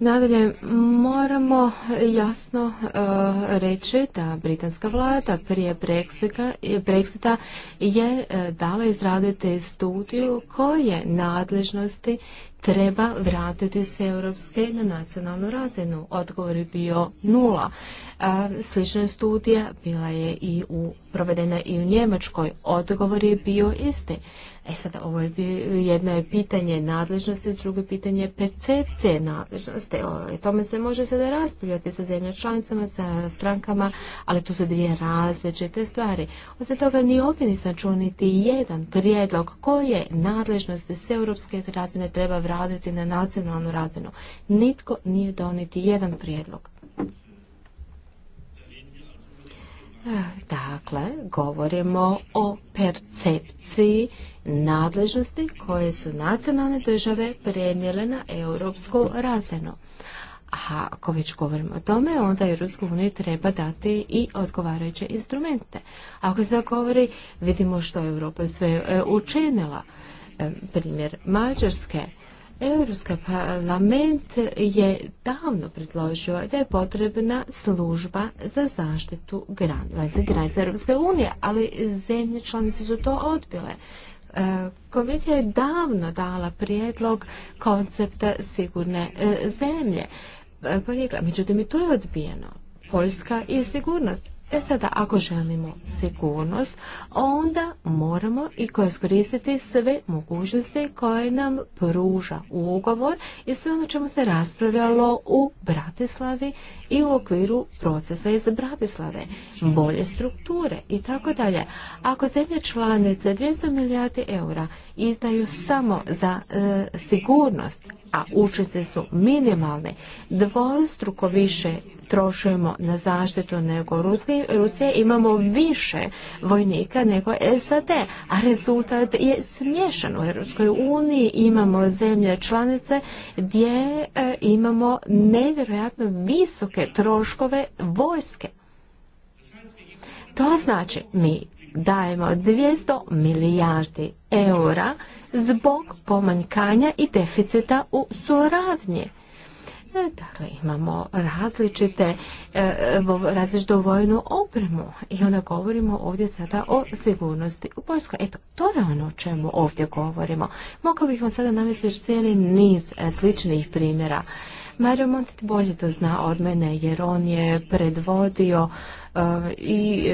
Speaker 4: Nadalje, moramo jasno e, reći da britanska vlada prije Brexita je e, dala izraditi studiju koje nadležnosti treba vratiti s europske na nacionalnu razinu. Odgovor je bio nula. Slična studija bila je i u, provedena i u Njemačkoj. Odgovor je bio isti. E sad, ovo je jedno je pitanje nadležnosti, drugo pitanje percepcije nadležnosti. O tome se može sada raspravljati sa zemljama članicama, sa strankama, ali tu su dvije različite stvari. Osim toga, ni ovdje nisam čuo niti jedan prijedlog koje nadležnosti s europske razine treba raditi na nacionalnu razinu. Nitko nije dao jedan prijedlog. E, dakle, govorimo o percepciji nadležnosti koje su nacionalne države prenijele na europsku razinu. A ako već govorimo o tome, onda rusko unije treba dati i odgovarajuće instrumente. Ako se da govori, vidimo što je Europa sve e, učinila. E, primjer Mađarske Europska parlament je davno predložio da je potrebna služba za zaštitu granica granica Europske unije, ali zemlje članice su to odbile. E, komisija je davno dala prijedlog koncepta sigurne e, zemlje. E, pa međutim, i to je odbijeno. Poljska i sigurnost. E sada, ako želimo sigurnost, onda moramo i koristiti sve mogućnosti koje nam pruža ugovor i sve ono čemu se raspravljalo u Bratislavi i u okviru procesa iz Bratislave, bolje strukture i tako dalje. Ako zemlje članice 200 milijardi eura izdaju samo za e, sigurnost, a učnice su minimalne, dvostruko više Trošujemo na zaštitu nego Rusije, imamo više vojnika nego SAD, a rezultat je smješan. U Europskoj uniji imamo zemlje članice gdje e, imamo nevjerojatno visoke troškove vojske. To znači mi dajemo 200 milijardi eura zbog pomanjkanja i deficita u suradnji. E, dakle, imamo različite, e, različitu vojnu opremu i onda govorimo ovdje sada o sigurnosti u Poljskoj. Eto, to je ono o čemu ovdje govorimo. Mogao bih vam sada navesti cijeli niz e, sličnih primjera. Mario Montet bolje to zna od mene jer on je predvodio e, i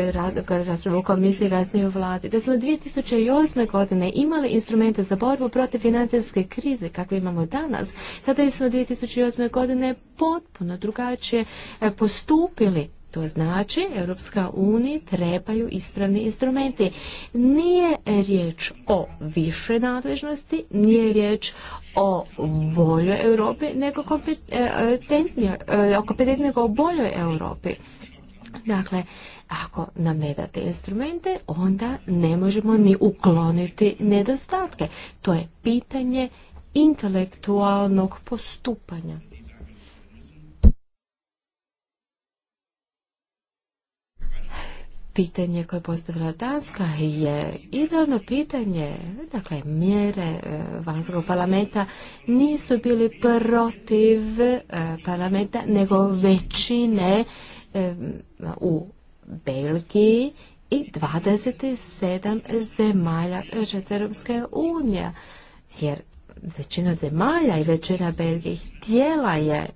Speaker 4: raspravu komisije kasnije u vladi. Da smo 2008. godine imali instrumente za borbu protiv financijske krize kakve imamo danas, tada smo 2008. godine potpuno drugačije e, postupili to znači, Europska unija trebaju ispravni instrumenti. Nije riječ o više nadležnosti, nije riječ o boljoj Europi, nego e, kompetentnije, o boljoj Europi. Dakle, ako nam ne date instrumente, onda ne možemo ni ukloniti nedostatke. To je pitanje intelektualnog postupanja. pitanje koje je postavila Danska je idealno pitanje, dakle mjere e, Vanjskog parlamenta nisu bili protiv e, parlamenta nego većine e, u Belgiji i 27 zemalja Europske unije. Jer većina zemalja i većina Belgijih tijela je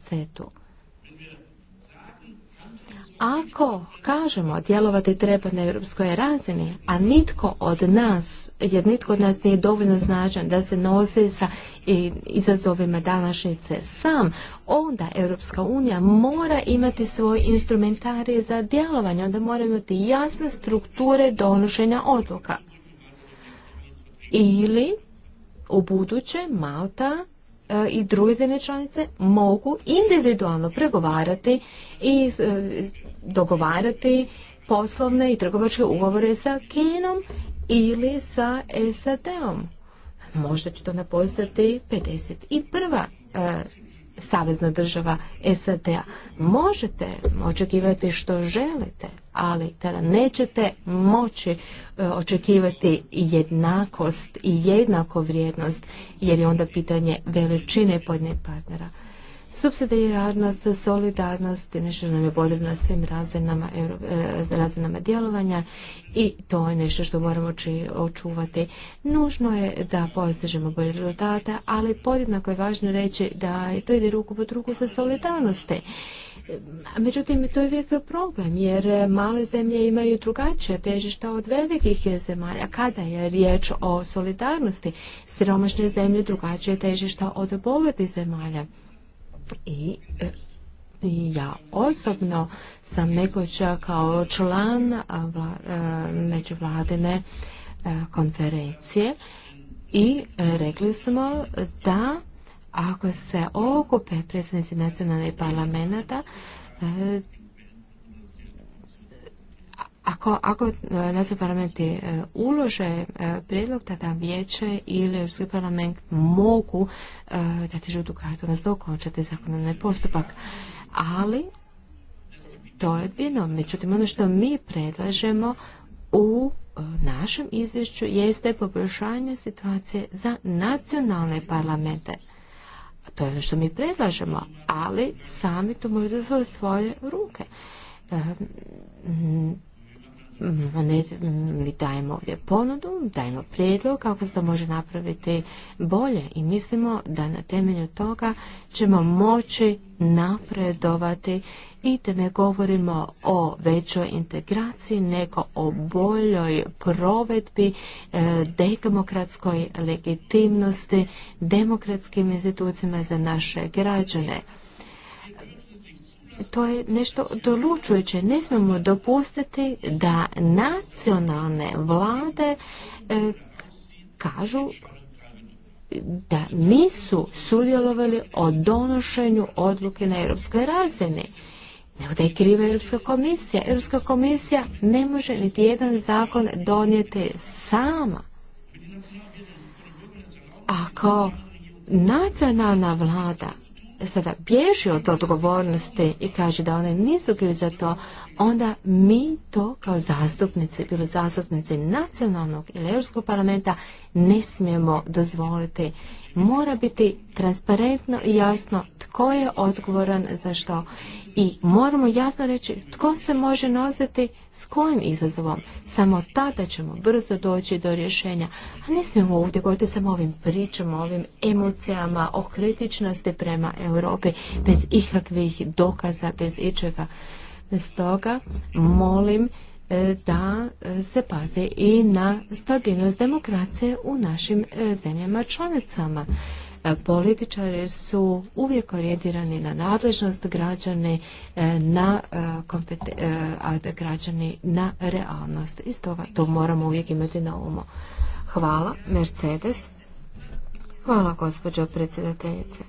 Speaker 4: CETU. Ako kažemo djelovati treba na europskoj razini, a nitko od nas, jer nitko od nas nije dovoljno značan da se nosi sa izazovima današnjice sam, onda Europska unija mora imati svoj instrumentarije za djelovanje, onda mora imati jasne strukture donošenja odluka. Ili u buduće Malta E, i druge zemlje članice mogu individualno pregovarati i e, dogovarati poslovne i trgovačke ugovore sa Kinom ili sa SAD-om. Možda će to napostati 51 savezna država SAD-a. Možete očekivati što želite, ali tada nećete moći e, očekivati jednakost i jednako vrijednost, jer je onda pitanje veličine podnijeg partnera. Subsidijarnost, solidarnost, nešto nam je potrebno na svim razinama, e, razinama djelovanja i to je nešto što moramo očuvati. Nužno je da postižemo bolje rezultate, ali podjednako je važno reći da to ide ruku pod ruku sa solidarnosti. Međutim, to je uvijek problem, jer male zemlje imaju drugačije težišta od velikih zemalja. Kada je riječ o solidarnosti, siromašne zemlje drugačije težišta od bogatih zemalja. E, i ja osobno sam nekoća kao član e, međuvladine e, konferencije i rekli smo da ako se okupe predsjednici nacionalnih parlamenta ako, ako e, nacionalni parlamenti e, ulože e, prijedlog, tada vijeće ili Europski parlament mogu dati žutu kartu, nas dokončati zakonodavni postupak. Ali to je odbijeno. Međutim, ono što mi predlažemo u našem izvješću jeste poboljšanje situacije za nacionalne parlamente. To je ono što mi predlažemo, ali sami to možete svoje ruke mi mhm, mm, dajemo ovdje ponudu, dajemo prijedlog kako se to može napraviti bolje i mislimo da na temelju toga ćemo moći napredovati i da ne govorimo o većoj integraciji nego o boljoj provedbi e, demokratskoj legitimnosti demokratskim institucijama za naše građane to je nešto dolučujuće. Ne smemo dopustiti da nacionalne vlade e, kažu da nisu sudjelovali o donošenju odluke na europskoj razini. Nego da je kriva Europska komisija. Europska komisija ne može niti jedan zakon donijeti sama. Ako nacionalna vlada sada bježi od odgovornosti i kaže da one nisu krivi za to, onda mi to kao zastupnici, bilo zastupnici nacionalnog ili europskog parlamenta, ne smijemo dozvoliti mora biti transparentno i jasno tko je odgovoran za što. I moramo jasno reći tko se može nositi s kojim izazovom. Samo tada ćemo brzo doći do rješenja. A ne smijemo ovdje govoriti samo ovim pričama, ovim emocijama, o kritičnosti prema Europi, bez ikakvih dokaza, bez ičega. Stoga molim E, da se paze i na stabilnost demokracije u našim e, zemljama članicama. E, političari su uvijek orijentirani na nadležnost građane, na građani na realnost. I stoga to moramo uvijek imati na umu. Hvala, Mercedes. Hvala, gospođo predsjedateljice.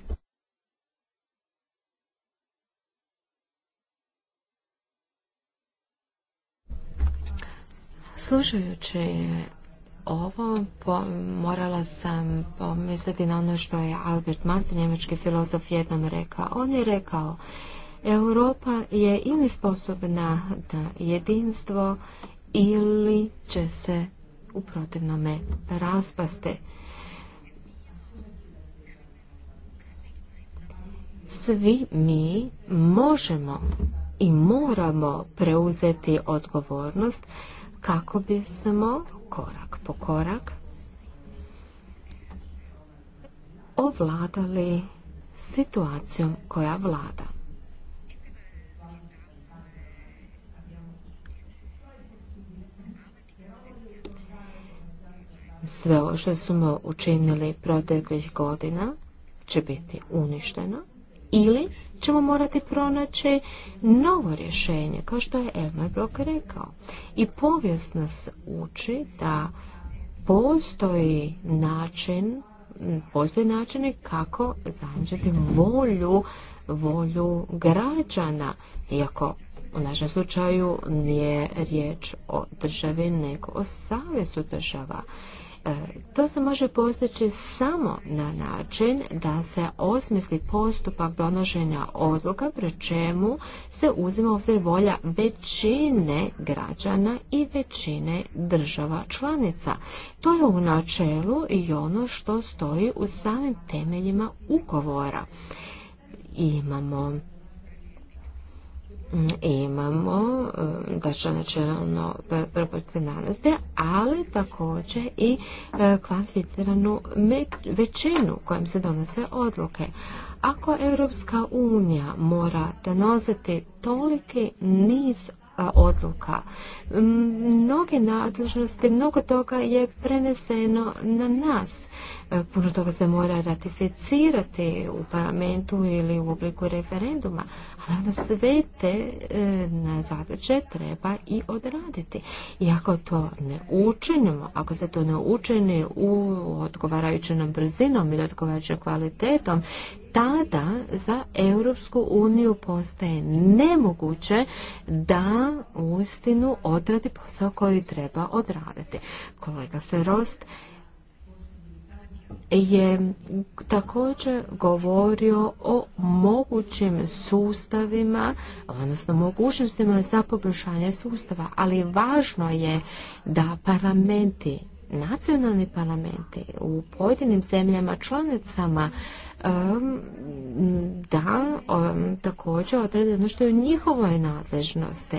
Speaker 4: Slušajući ovo morala sam pomisliti na ono što je Albert Master, njemački filozof, jednom rekao. On je rekao, Europa je ili sposobna na jedinstvo ili će se u protivnome raspasti. Svi mi možemo i moramo preuzeti odgovornost kako bismo korak po korak ovladali situacijom koja vlada. Sve ovo što smo učinili proteklih godina će biti uništeno ili ćemo morati pronaći novo rješenje, kao što je Elmar Brok rekao. I povijest nas uči da postoji način, postoje načini kako zajamčiti volju, volju građana, iako u našem slučaju nije riječ o državi, nego o savezu država. E, to se može postići samo na način da se osmisli postupak donošenja odluka pri čemu se uzima obzir volja većine građana i većine država članica. To je u načelu i ono što stoji u samim temeljima ugovora. Imamo imamo eh, će načelno proporcionalnosti, ali također i eh, kvantificiranu većinu kojom se donose odluke. Ako Europska unija mora donositi toliki niz odluka. Mnoge nadležnosti, mnogo toga je preneseno na nas. E, puno toga se mora ratificirati u parlamentu ili u obliku referenduma, ali onda sve te e, na zadaće treba i odraditi. I ako to ne učinimo, ako se to ne učini u odgovarajućom brzinom ili odgovarajućom kvalitetom tada za Europsku uniju postaje nemoguće da uistinu odradi posao koji treba odraditi. Kolega Ferost je također govorio o mogućim sustavima, odnosno mogućnostima za poboljšanje sustava, ali važno je da parlamenti nacionalni parlamenti u pojedinim zemljama članicama da također odrede ono što je u njihovoj nadležnosti.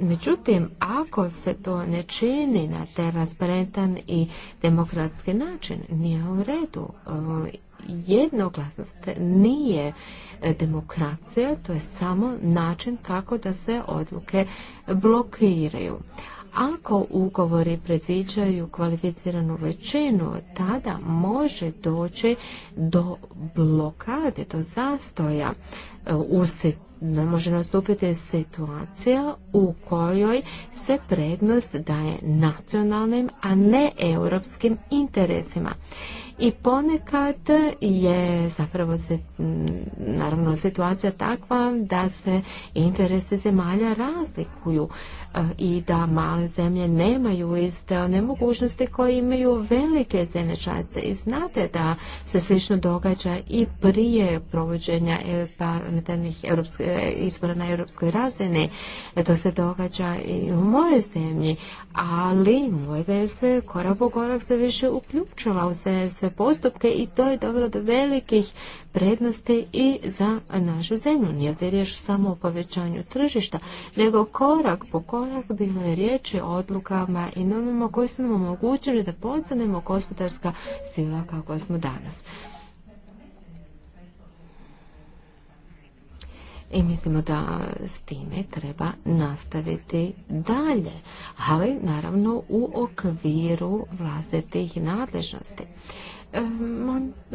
Speaker 4: Međutim, ako se to ne čini na transparentan i demokratski način, nije u redu. Jednoglasnost nije demokracija, to je samo način kako da se odluke blokiraju. Ako ugovori predviđaju kvalificiranu većinu, tada može doći do blokade, do zastoja e, u može nastupiti situacija u kojoj se prednost daje nacionalnim, a ne europskim interesima. I ponekad je zapravo se, naravno situacija takva da se interese zemalja razlikuju i da male zemlje nemaju iste one mogućnosti koje imaju velike zemlje članice. I znate da se slično događa i prije provođenja e, parlamentarnih izbora na europskoj razini. E, to se događa i u mojoj zemlji, ali moja zemlja se korak po korak sve više uključila u sve, postupke i to je dobro do velikih prednosti i za našu zemlju. Nije riječ samo o povećanju tržišta, nego korak po korak bilo je riječ o odlukama i normama koje su nam omogućili da postanemo gospodarska sila kako smo danas. i mislimo da s time treba nastaviti dalje, ali naravno u okviru vlastitih nadležnosti. E,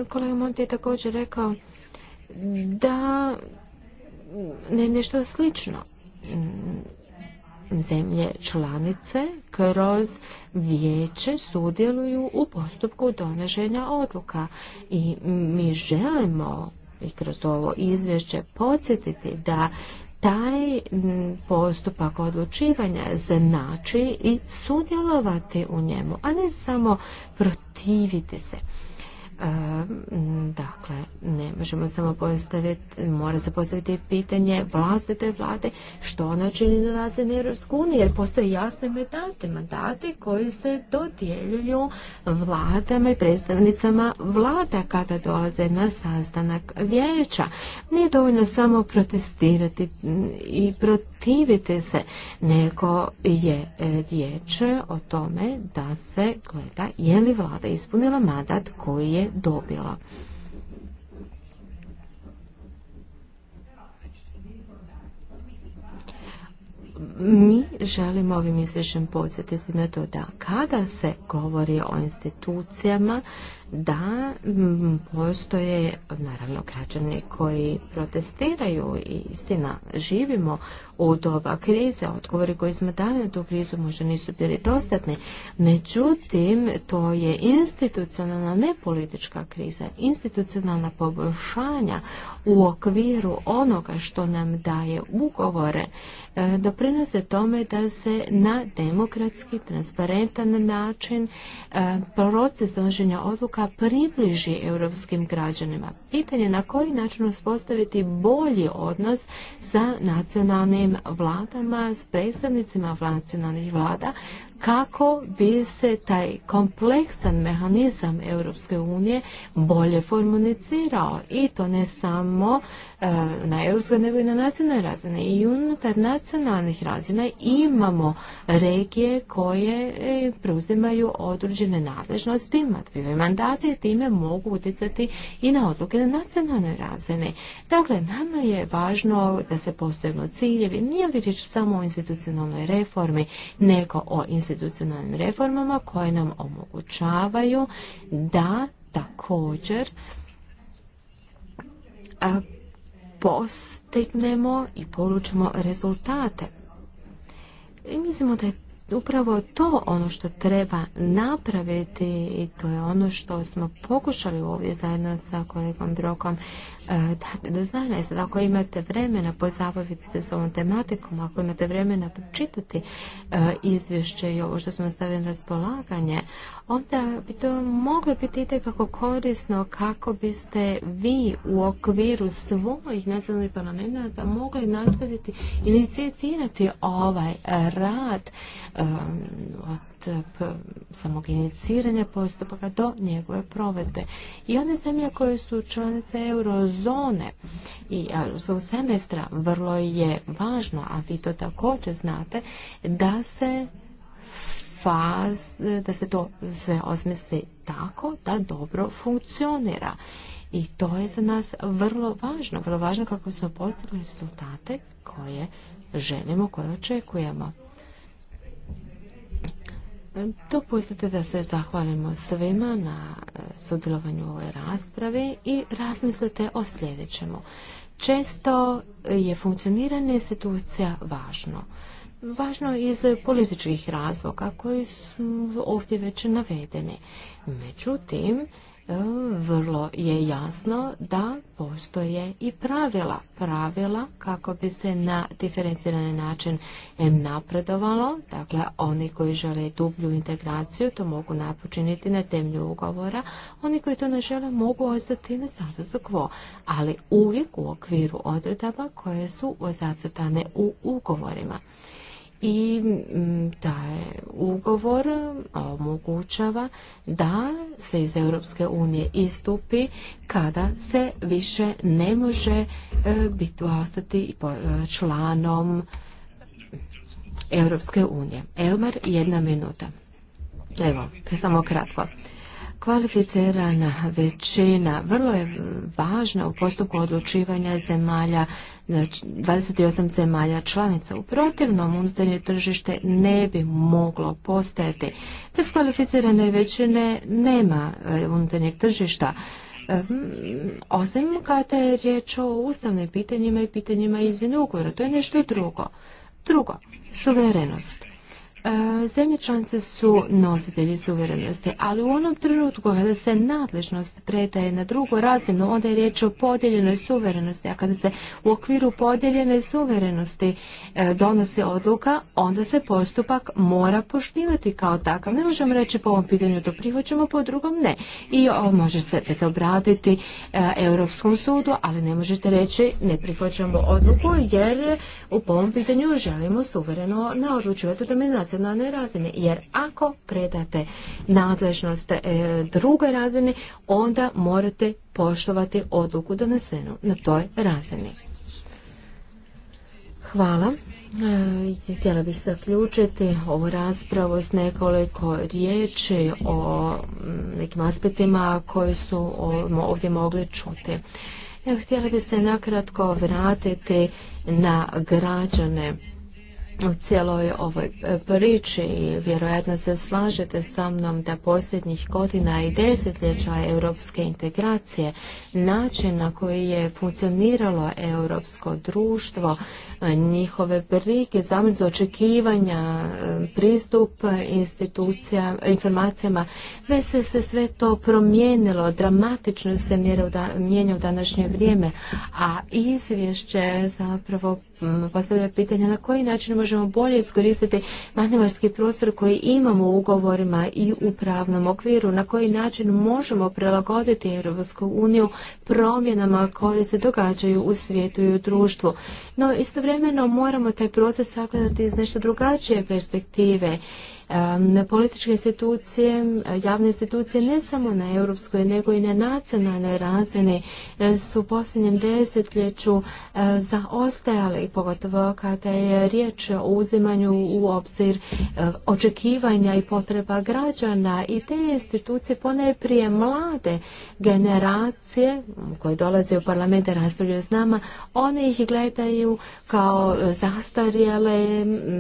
Speaker 4: kolega Monti je također rekao da ne nešto slično zemlje članice kroz vijeće sudjeluju u postupku donošenja odluka i mi želimo i kroz ovo izvješće podsjetiti da taj postupak odlučivanja znači i sudjelovati u njemu, a ne samo protiviti se. Dakle, ne možemo samo postaviti, mora se postaviti pitanje vlastite vlade što ona čini na unije, jer postoje jasne mandate, mandate koji se dodjeljuju vladama i predstavnicama vlada kada dolaze na sastanak vijeća. Nije dovoljno samo protestirati i protiviti se, nego je e, riječ o tome da se gleda je li vlada ispunila mandat koji je dobila. mi želimo ovim izvješćem podsjetiti na to da kada se govori o institucijama, da postoje naravno građani koji protestiraju i istina živimo u doba krize, odgovori koji smo dali na tu krizu možda nisu bili dostatni, međutim to je institucionalna, ne politička kriza, institucionalna poboljšanja u okviru onoga što nam daje ugovore E, doprinose tome da se na demokratski, transparentan način e, proces donošenja odluka približi europskim građanima. Pitanje na koji način uspostaviti bolji odnos sa nacionalnim vladama, s predstavnicima nacionalnih vlada, kako bi se taj kompleksan mehanizam Europske unije bolje formunicirao i to ne samo E, na europskoj nego i na nacionalnoj razini. I unutar nacionalnih razina imamo regije koje e, preuzimaju određene nadležnosti, imaju mandate i time mogu utjecati i na odluke na nacionalnoj razini. Dakle, nama je važno da se postojimo ciljevi. Nije li riječ samo o institucionalnoj reformi, nego o institucionalnim reformama koje nam omogućavaju da također postignemo i polučimo rezultate. I mislimo da je upravo to ono što treba napraviti i to je ono što smo pokušali ovdje zajedno sa kolegom Brokom E, da, znane se, ako imate vremena pozabaviti se s ovom tematikom, ako imate vremena pročitati e, izvješće i ovo što smo stavili na raspolaganje, onda bi to moglo biti itekako korisno kako biste vi u okviru svojih nacionalnih parlamenta mogli nastaviti inicijatirati ovaj rad e, samog iniciranja postupaka do njegove provedbe. I one zemlje koje su članice eurozone i europskog semestra vrlo je važno, a vi to također znate, da se faz, da se to sve osmisli tako da dobro funkcionira. I to je za nas vrlo važno, vrlo važno kako smo postigli rezultate koje želimo, koje očekujemo. Dopustite da se zahvalimo svima na e, sudjelovanju u ovoj raspravi i razmislite o sljedećemu. Često je funkcioniranje institucija važno. Važno iz političkih razloga koji su ovdje već navedeni. Međutim, E, vrlo je jasno da postoje i pravila. Pravila kako bi se na diferencirani način napredovalo. Dakle, oni koji žele dublju integraciju to mogu napočiniti na temelju ugovora. Oni koji to ne žele mogu ostati na status quo. Ali uvijek u okviru odredaba koje su zacrtane u ugovorima i mm, taj ugovor omogućava da se iz Europske unije istupi kada se više ne može e, biti ostati e, članom Europske unije. Elmar, jedna minuta. Evo, samo kratko. Kvalificirana većina vrlo je važna u postupku odlučivanja zemalja, 28 znači, zemalja članica. U protivnom, unutarnje tržište ne bi moglo postojati. Bez kvalificirane većine nema e, unutarnjeg tržišta. E, osim kada je riječ o ustavnim pitanjima i pitanjima izmjene ugovora, to je nešto drugo. Drugo, suverenost. E, zemlje članice su nositelji suverenosti, ali u onom trenutku kada se nadležnost pretaje na drugu razinu, onda je riječ o podijeljenoj suverenosti, a kada se u okviru podijeljene suverenosti e, donosi odluka, onda se postupak mora poštivati kao takav. Ne možemo reći po ovom pitanju to prihvaćamo, po drugom ne. I ovo može se zaobratiti e, Europskom sudu, ali ne možete reći ne prihvaćamo odluku jer u ovom pitanju želimo suvereno da nacionalno nacionalne razini. Jer ako predate nadležnost e, druge drugoj razini, onda morate poštovati odluku donesenu na toj razini. Hvala. E, htjela bih zaključiti ovu raspravu s nekoliko riječi o mm, nekim aspektima koje su ovdje mogli čuti. E, htjela bih se nakratko vratiti na građane u cijeloj ovoj priči i vjerojatno se slažete sa mnom da posljednjih godina i desetljeća europske integracije, način na koji je funkcioniralo europsko društvo, njihove prilike, zamrzu očekivanja, pristup institucijama, informacijama, već se, se sve to promijenilo, dramatično se mijenja u današnje vrijeme, a izvješće zapravo Mm, postavlja pitanje na koji način možemo bolje iskoristiti manevarski prostor koji imamo u ugovorima i u pravnom okviru, na koji način možemo prilagoditi Europsku uniju promjenama koje se događaju u svijetu i u društvu. No istovremeno moramo taj proces sagledati iz nešto drugačije perspektive Političke institucije, javne institucije ne samo na europskoj nego i na nacionalnoj razini e, su u posljednjem desetljeću e, zaostajali, pogotovo kada je riječ o uzimanju u obzir e, očekivanja i potreba građana i te institucije ponajprije mlade generacije koje dolaze u parlamente raspravljaju s nama, one ih gledaju kao zastarjele,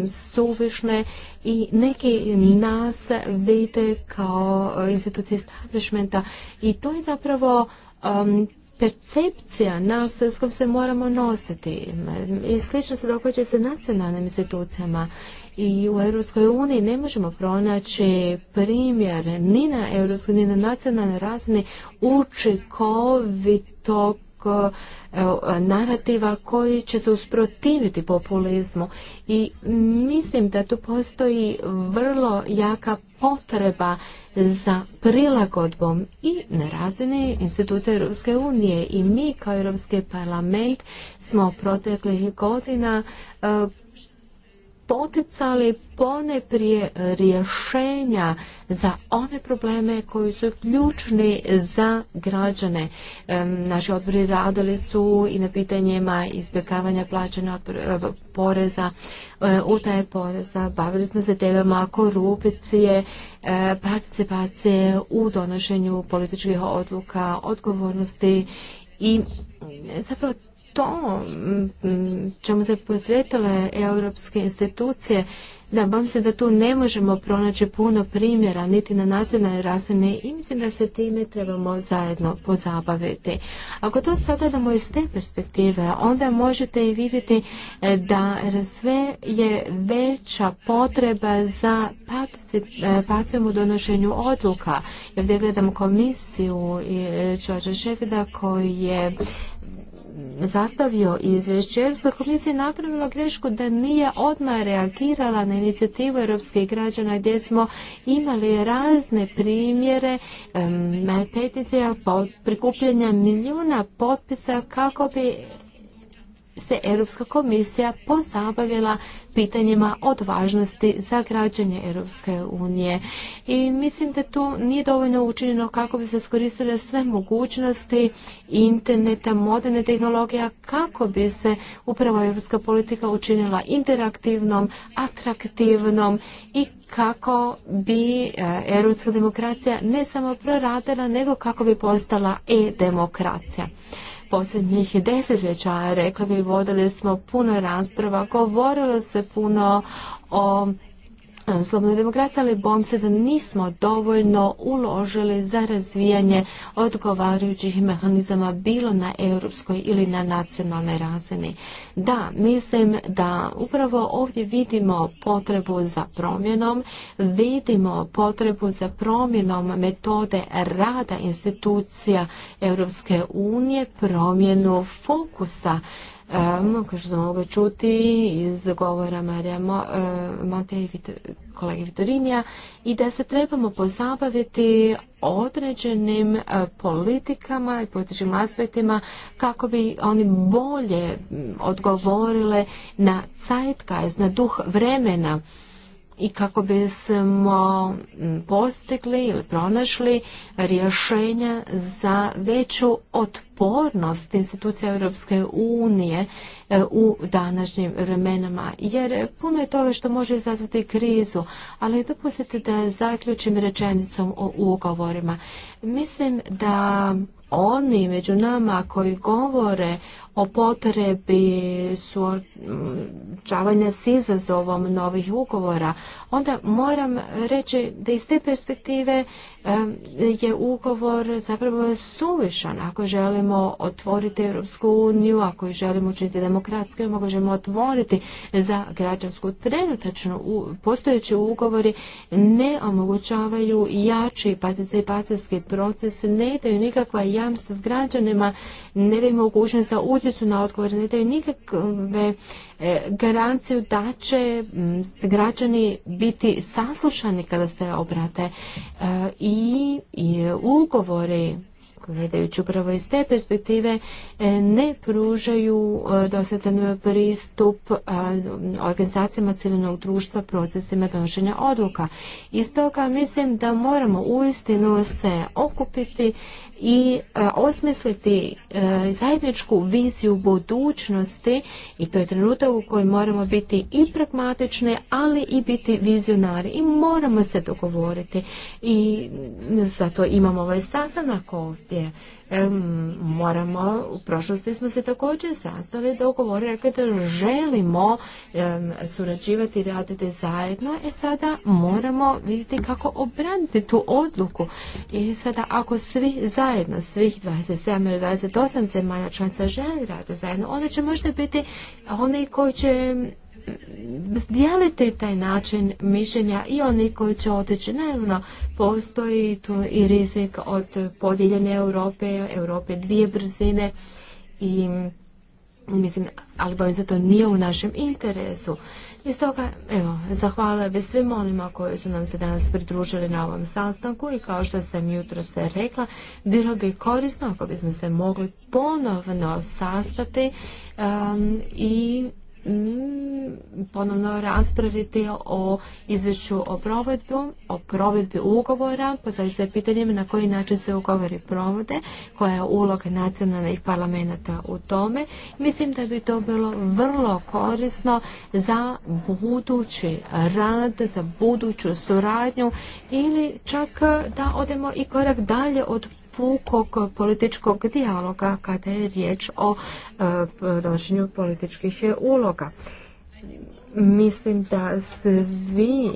Speaker 4: suvišne i neki nas vide kao institucije establishmenta i to je zapravo um, percepcija nas s kojom se moramo nositi. I slično se događa sa nacionalnim institucijama. I u Europskoj uniji ne možemo pronaći primjer ni na europskoj ni na nacionalnoj razini učinkovitog narativa koji će se usprotiviti populizmu i mislim da tu postoji vrlo jaka potreba za prilagodbom i na razini institucija Europske unije i mi kao Europski parlament smo proteklih godina poticali pone prije rješenja za one probleme koji su ključni za građane. Naši odbori radili su i na pitanjima izbjegavanja plaćanja e, poreza, e, utaje poreza, bavili smo se temama korupcije, e, participacije u donošenju političkih odluka, odgovornosti i zapravo to mm, čemu se posvetile europske institucije, da se da tu ne možemo pronaći puno primjera niti na nacionalnoj razini i mislim da se time trebamo zajedno pozabaviti. Ako to sagledamo iz te perspektive, onda možete i vidjeti e, da sve je veća potreba za e, participacijom u donošenju odluka. Ovdje gledam komisiju i e, Šefida koji je zastavio izvješće, Europska komisija je napravila grešku da nije odmah reagirala na inicijativu europskih građana gdje smo imali razne primjere um, peticija prikupljanja milijuna potpisa kako bi se Europska komisija pozabavila pitanjima od važnosti za građanje Europske unije. I mislim da tu nije dovoljno učinjeno kako bi se skoristile sve mogućnosti interneta, moderne tehnologija, kako bi se upravo europska politika učinila interaktivnom, atraktivnom i kako bi e, europska demokracija ne samo proradila, nego kako bi postala e-demokracija posljednjih desetljeća, rekla bi, vodili smo puno rasprava, govorilo se puno o E, slobodne demokracije, ali bom se da nismo dovoljno uložili za razvijanje odgovarajućih mehanizama bilo na europskoj ili na nacionalnoj razini. Da, mislim da upravo ovdje vidimo potrebu za promjenom, vidimo potrebu za promjenom metode rada institucija Europske unije, promjenu fokusa Um, kao što smo mogli čuti iz govora Marija Mo, e, Monte i kolege Vitorinija i da se trebamo pozabaviti određenim e, politikama i političkim aspektima kako bi oni bolje odgovorile na zeitgeist, na duh vremena i kako bismo postigli ili pronašli rješenja za veću otpornost institucija Europske unije e, u današnjim vremenama. Jer puno je toga što može izazvati krizu, ali dopustite da zaključim rečenicom o ugovorima. Mislim da oni među nama koji govore o potrebi suočavanja s izazovom novih ugovora, onda moram reći da iz te perspektive je ugovor zapravo suvišan. Ako želimo otvoriti Europsku uniju, ako želimo učiniti demokratske, želimo otvoriti za građansku trenutačno postojeći ugovori ne omogućavaju jači participacijski proces, ne daju nikakva jamstva građanima, ne daju mogućnost da utjecu na odgovor, ne daju nikakve E, garanciju da će građani biti saslušani kada se obrate e, i ugovori gledajući upravo iz te perspektive, e, ne pružaju e, dosadan pristup e, organizacijama civilnog društva procesima donošenja odluka. I stoga mislim da moramo uistinu se okupiti i osmisliti zajedničku viziju budućnosti i to je trenutak u kojem moramo biti i pragmatični, ali i biti vizionari i moramo se dogovoriti i zato imamo ovaj sastanak ovdje Moramo, u prošlosti smo se također sastali, dogovore rekli želimo surađivati, raditi zajedno, e sada moramo vidjeti kako obraniti tu odluku. I sada ako svi zajedno, svih 27 ili 28 zemalja članica želi raditi zajedno, onda će možda biti oni koji će dijelite taj način mišljenja i oni koji će otići. Naravno, postoji tu i rizik od podijeljene Europe, Europe dvije brzine i mislim, ali bojim se to nije u našem interesu. I stoga, evo, zahvalila bi svim onima koji su nam se danas pridružili na ovom sastanku i kao što sam jutro se rekla, bilo bi korisno ako bismo se mogli ponovno sastati i Mm, ponovno raspraviti o izvješću o provedbu, o provedbi ugovora, postaviti se pitanjem na koji način se ugovori provode, koja je uloga nacionalnih parlamenta u tome. Mislim da bi to bilo vrlo korisno za budući rad, za buduću suradnju ili čak da odemo i korak dalje od pukog političkog dijaloga kada je riječ o e, donošenju političkih uloga. Mislim da svi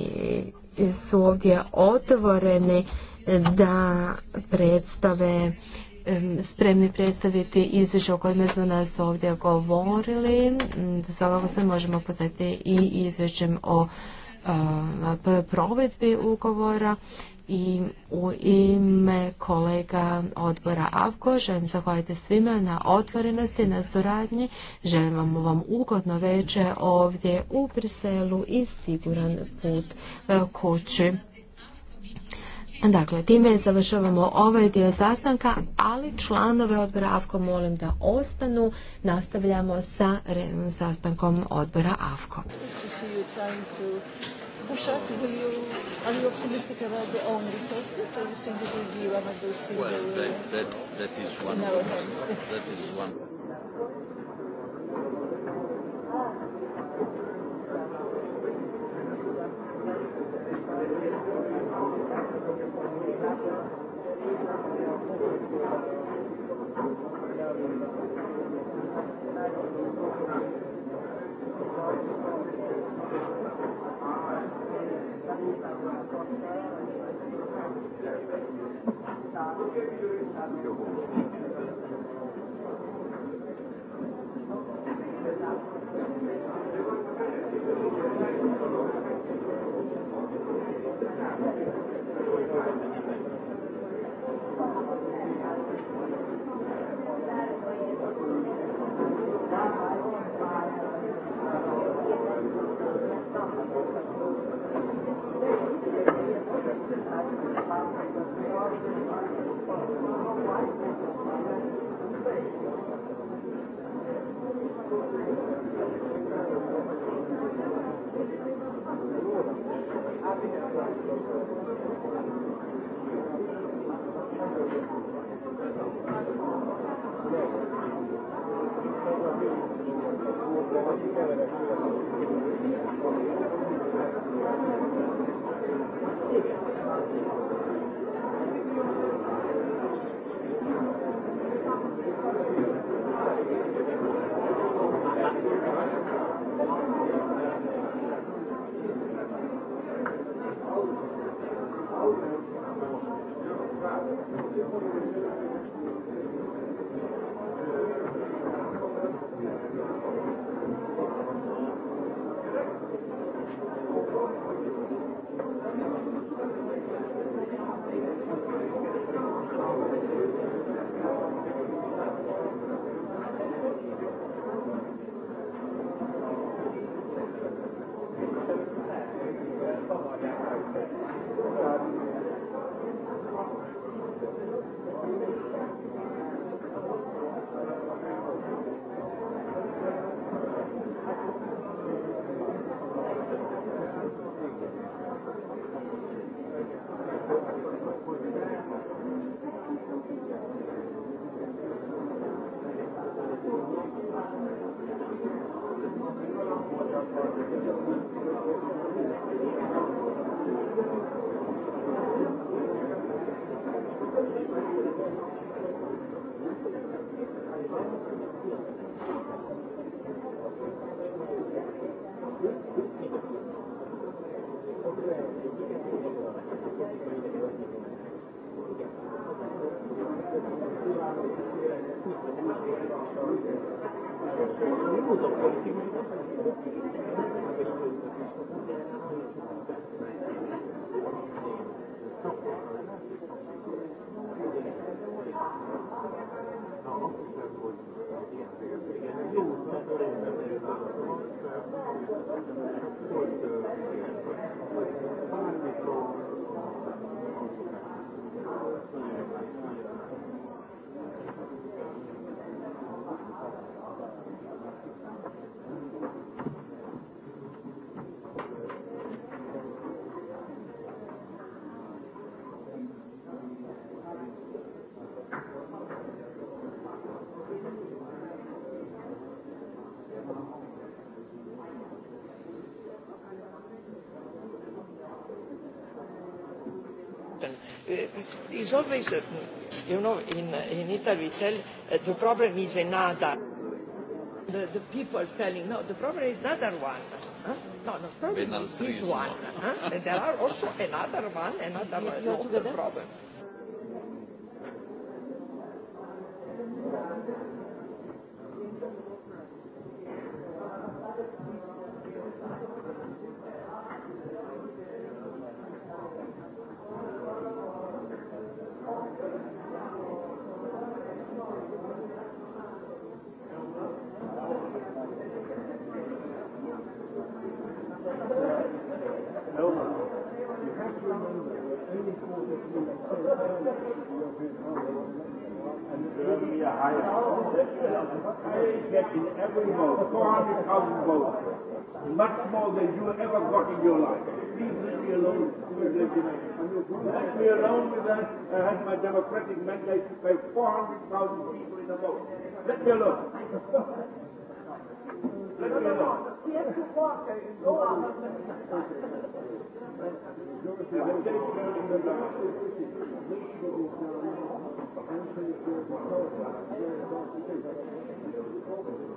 Speaker 4: su ovdje otvoreni da predstave e, spremni predstaviti izvješće o kojima su nas ovdje govorili. Svakako se možemo poznati i izvješćem o e, provedbi ugovora i u ime kolega odbora AVKO želim zahvaliti svima na otvorenosti, na suradnji. Želim vam, vam ugodno večer ovdje u Briselu i siguran put e, kući. Dakle, time završavamo ovaj dio sastanka, ali članove odbora AFKO molim da ostanu. Nastavljamo sa sastankom odbora AFKO
Speaker 1: push us? Will you, are you optimistic about the own resources, or you think it will be one of those? Well, that, that, that is one. Of the, that is one. Hvala is always, uh, you know, in, in Italy we tell uh, the problem is another. The, the people telling, no, the problem is another one. Huh? No, the problem is this one. Huh? and there are also another one, another one. not the problem. of how you Much more than you ever got in your life. Please leave me alone with the Let me alone with that. I had my democratic mandate pay 400,000 people in the vote. Let me alone. Let me alone. Thank you.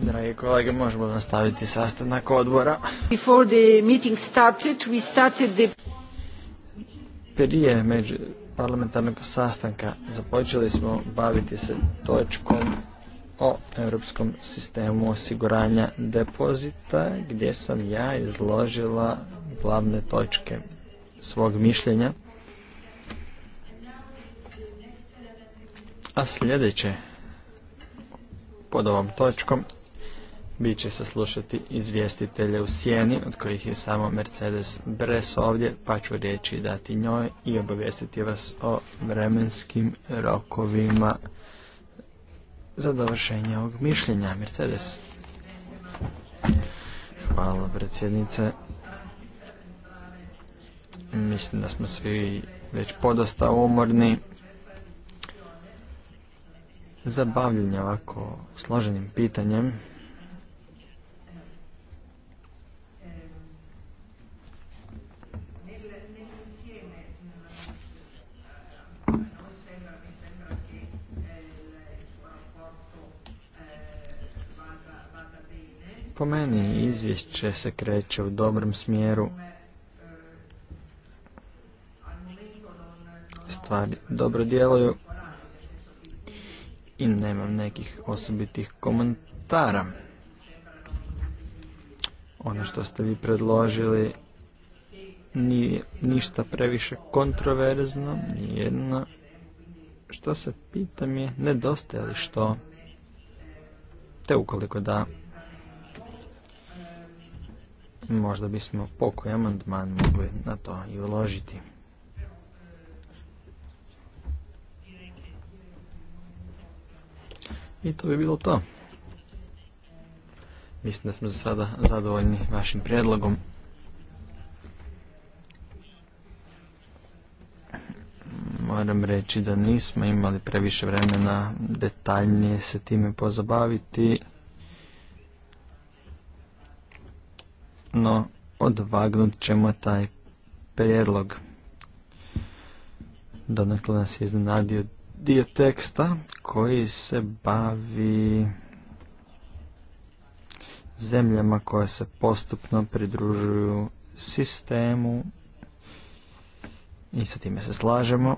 Speaker 3: Drage kolege, možemo nastaviti sastanak odbora. Prije među parlamentarnog sastanka započeli smo baviti se točkom o europskom sistemu osiguranja depozita gdje sam ja izložila glavne točke svog mišljenja. A sljedeće pod ovom točkom bit će saslušati izvjestitelje u sjeni, od kojih je samo Mercedes Bres ovdje, pa ću riječi dati njoj i obavijestiti vas o vremenskim rokovima za dovršenje ovog mišljenja. Mercedes. Hvala predsjednice. Mislim da smo svi već podosta umorni za bavljenje ovako složenim pitanjem. Po meni izvješće se kreće u dobrom smjeru. Stvari dobro djeluju i nemam nekih osobitih komentara. Ono što ste vi predložili nije ništa previše kontroverzno, nijedno. Što se pitam je, nedostaje li što? Te ukoliko da, možda bismo pokoj amandman mogli na to i uložiti. I to bi bilo to. Mislim da smo za sada zadovoljni vašim prijedlogom. Moram reći da nismo imali previše vremena detaljnije se time pozabaviti. No, odvagnut ćemo taj prijedlog. Donekle nas je iznenadio dio teksta koji se bavi zemljama koje se postupno pridružuju sistemu i sa time se slažemo.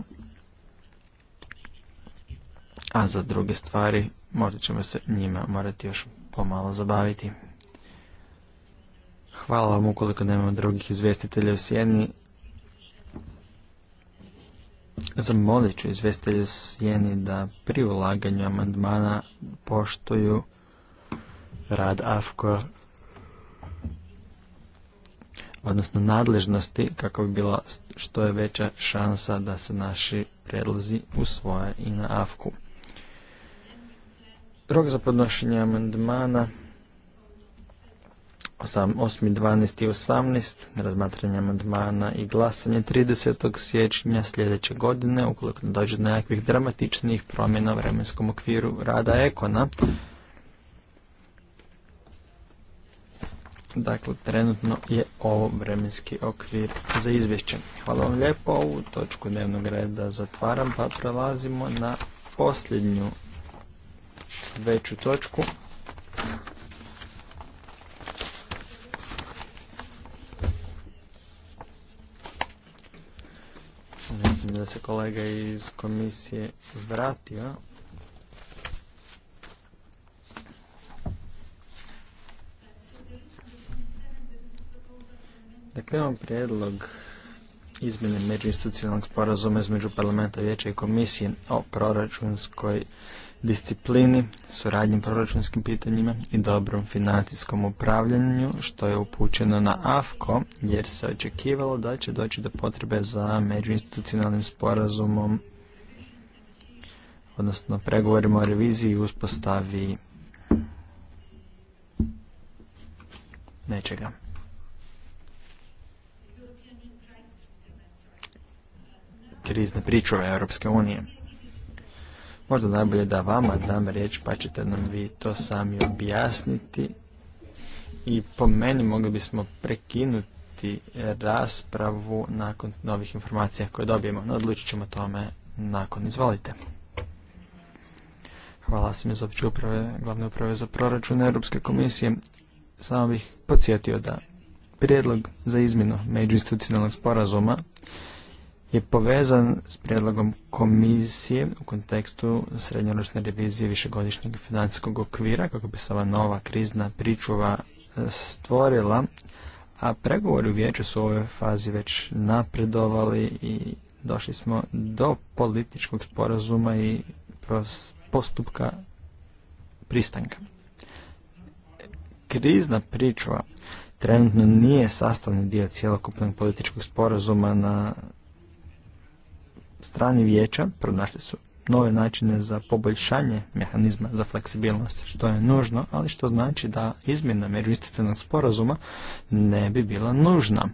Speaker 3: A za druge stvari možda ćemo se njima morati još pomalo zabaviti. Hvala vam ukoliko nemamo drugih izvjestitelja u sjeni. Zamolit ću izvestelje sjeni da pri ulaganju amandmana poštuju rad AFKO odnosno nadležnosti kako bi bila što je veća šansa da se naši predlozi usvoje i na AFKU. Rok za podnošenje amandmana 8.12. i 18. razmatranje amandmana i glasanje 30. siječnja sljedeće godine ukoliko ne dođe do nekakvih dramatičnih promjena u vremenskom okviru rada Ekona. Dakle, trenutno je ovo vremenski okvir za izvješće. Hvala vam lijepo, ovu točku dnevnog reda zatvaram pa prelazimo na posljednju veću točku. da se kolega iz komisije vratio. Dakle, imam prijedlog izmjene međuinstitucionalnog sporazuma između parlamenta vijeća i komisije o proračunskoj disciplini, suradnjim proračunskim pitanjima i dobrom financijskom upravljanju, što je upućeno na AFKO, jer se očekivalo da će doći do potrebe za međuinstitucionalnim sporazumom, odnosno pregovorima o reviziji i uspostavi nečega. krizne pričuve Europske unije. Možda najbolje da vama dam riječ pa ćete nam vi to sami objasniti. I po meni mogli bismo prekinuti raspravu nakon novih informacija koje dobijemo. No, odlučit ćemo tome nakon. Izvolite. Hvala sam iz opće uprave, glavne uprave za proračun Europske komisije. Samo bih podsjetio da prijedlog za izmjenu međuinstitucionalnog sporazuma je povezan s prijedlogom komisije u kontekstu srednjoročne revizije višegodišnjeg financijskog okvira kako bi se ova nova krizna pričuva e, stvorila, a pregovori u vijeću su u ovoj fazi već napredovali i došli smo do političkog sporazuma i postupka pristanka. Krizna pričuva trenutno nije sastavni dio cjelokupnog političkog sporazuma na strani vijeća pronašli su nove načine za poboljšanje mehanizma za fleksibilnost, što je nužno, ali što znači da izmjena međuinstitucionalnog sporazuma ne bi bila nužna.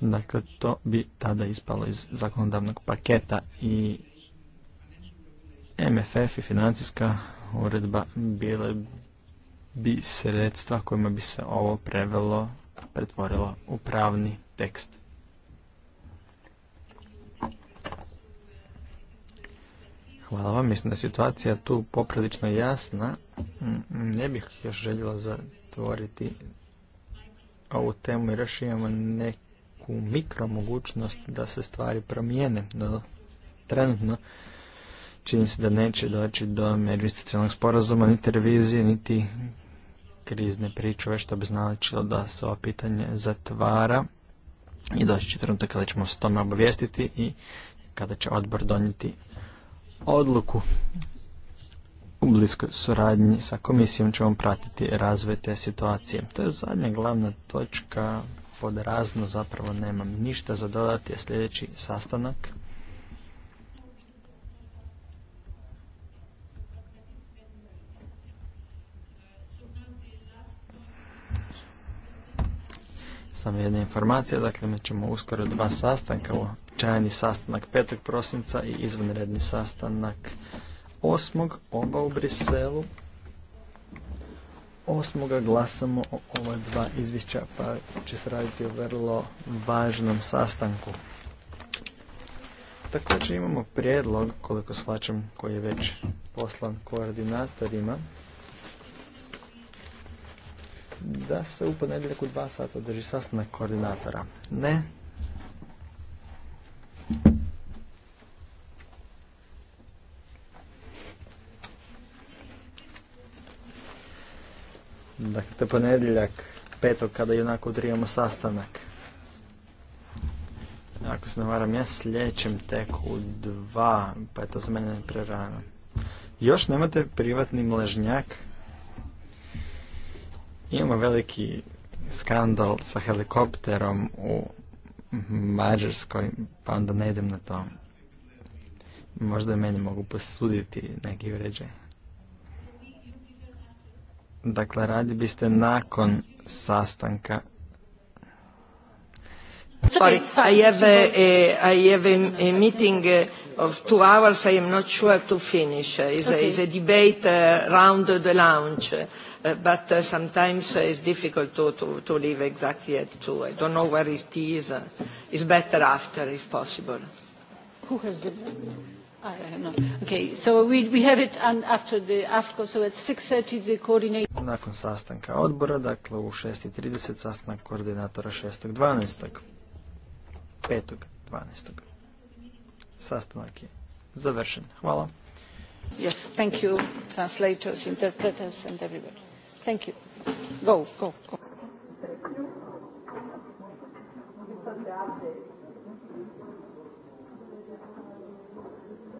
Speaker 3: Dakle, to bi tada ispalo iz zakonodavnog paketa i MFF i financijska uredba bile bi sredstva kojima bi se ovo prevelo, pretvorilo u pravni tekst. Hvala vam, mislim da je situacija tu poprilično jasna. Mm, ne bih još željela zatvoriti ovu temu jer još imamo neku mikro mogućnost da se stvari promijene. trenutno čini se da neće doći do međuinstitucionalnog sporazuma, niti revizije, niti krizne pričove, što bi značilo da se ovo pitanje zatvara i doći će trenutak kada ćemo s tome obavijestiti i kada će odbor donijeti odluku. U bliskoj suradnji sa komisijom ćemo pratiti razvoj te situacije. To je zadnja glavna točka pod razno, zapravo nemam ništa za dodati, je sljedeći sastanak Samo jedna informacija, dakle mi ćemo uskoro dva sastanka, čajni sastanak 5. prosinca i izvanredni sastanak 8. oba u Briselu. 8. glasamo o ova dva izvješća pa će se raditi o vrlo važnom sastanku. Također imamo prijedlog, koliko shvaćam, koji je već poslan koordinatorima da se u ponedjeljak u dva sata održi sastanak koordinatora? Ne. Dakle, to je ponedjeljak, petog, kada i onako odrijemo sastanak. Ako se ne varam, ja sljedećem tek u dva, pa je to za mene prerano. Još nemate privatni mležnjak? Imamo veliki skandal sa helikopterom u Mađarskoj, pa onda ne idem na to. Možda meni mogu posuditi neki uređaj. Dakle, radi biste nakon sastanka.
Speaker 2: Sorry,
Speaker 4: I have a, a, I have a, meeting uh, of two hours. I am not sure to finish. It's, okay. a, a debate uh, round the lounge. Uh, but uh, sometimes uh, it's difficult to, to, leave exactly at two. I don't know where his tea is. it's better after, if possible.
Speaker 1: Who has the... I don't know.
Speaker 4: Okay, so
Speaker 1: we, we have it after the AFCO, so at 6.30 the coordinator... Nakon
Speaker 4: sastanka
Speaker 3: odbora, dakle u 6.30 sastanak koordinatora 6.12. 5.12. Sastanak je završen. Hvala.
Speaker 1: Yes, thank you, translators, interpreters and everybody. Thank you. Go, go, go.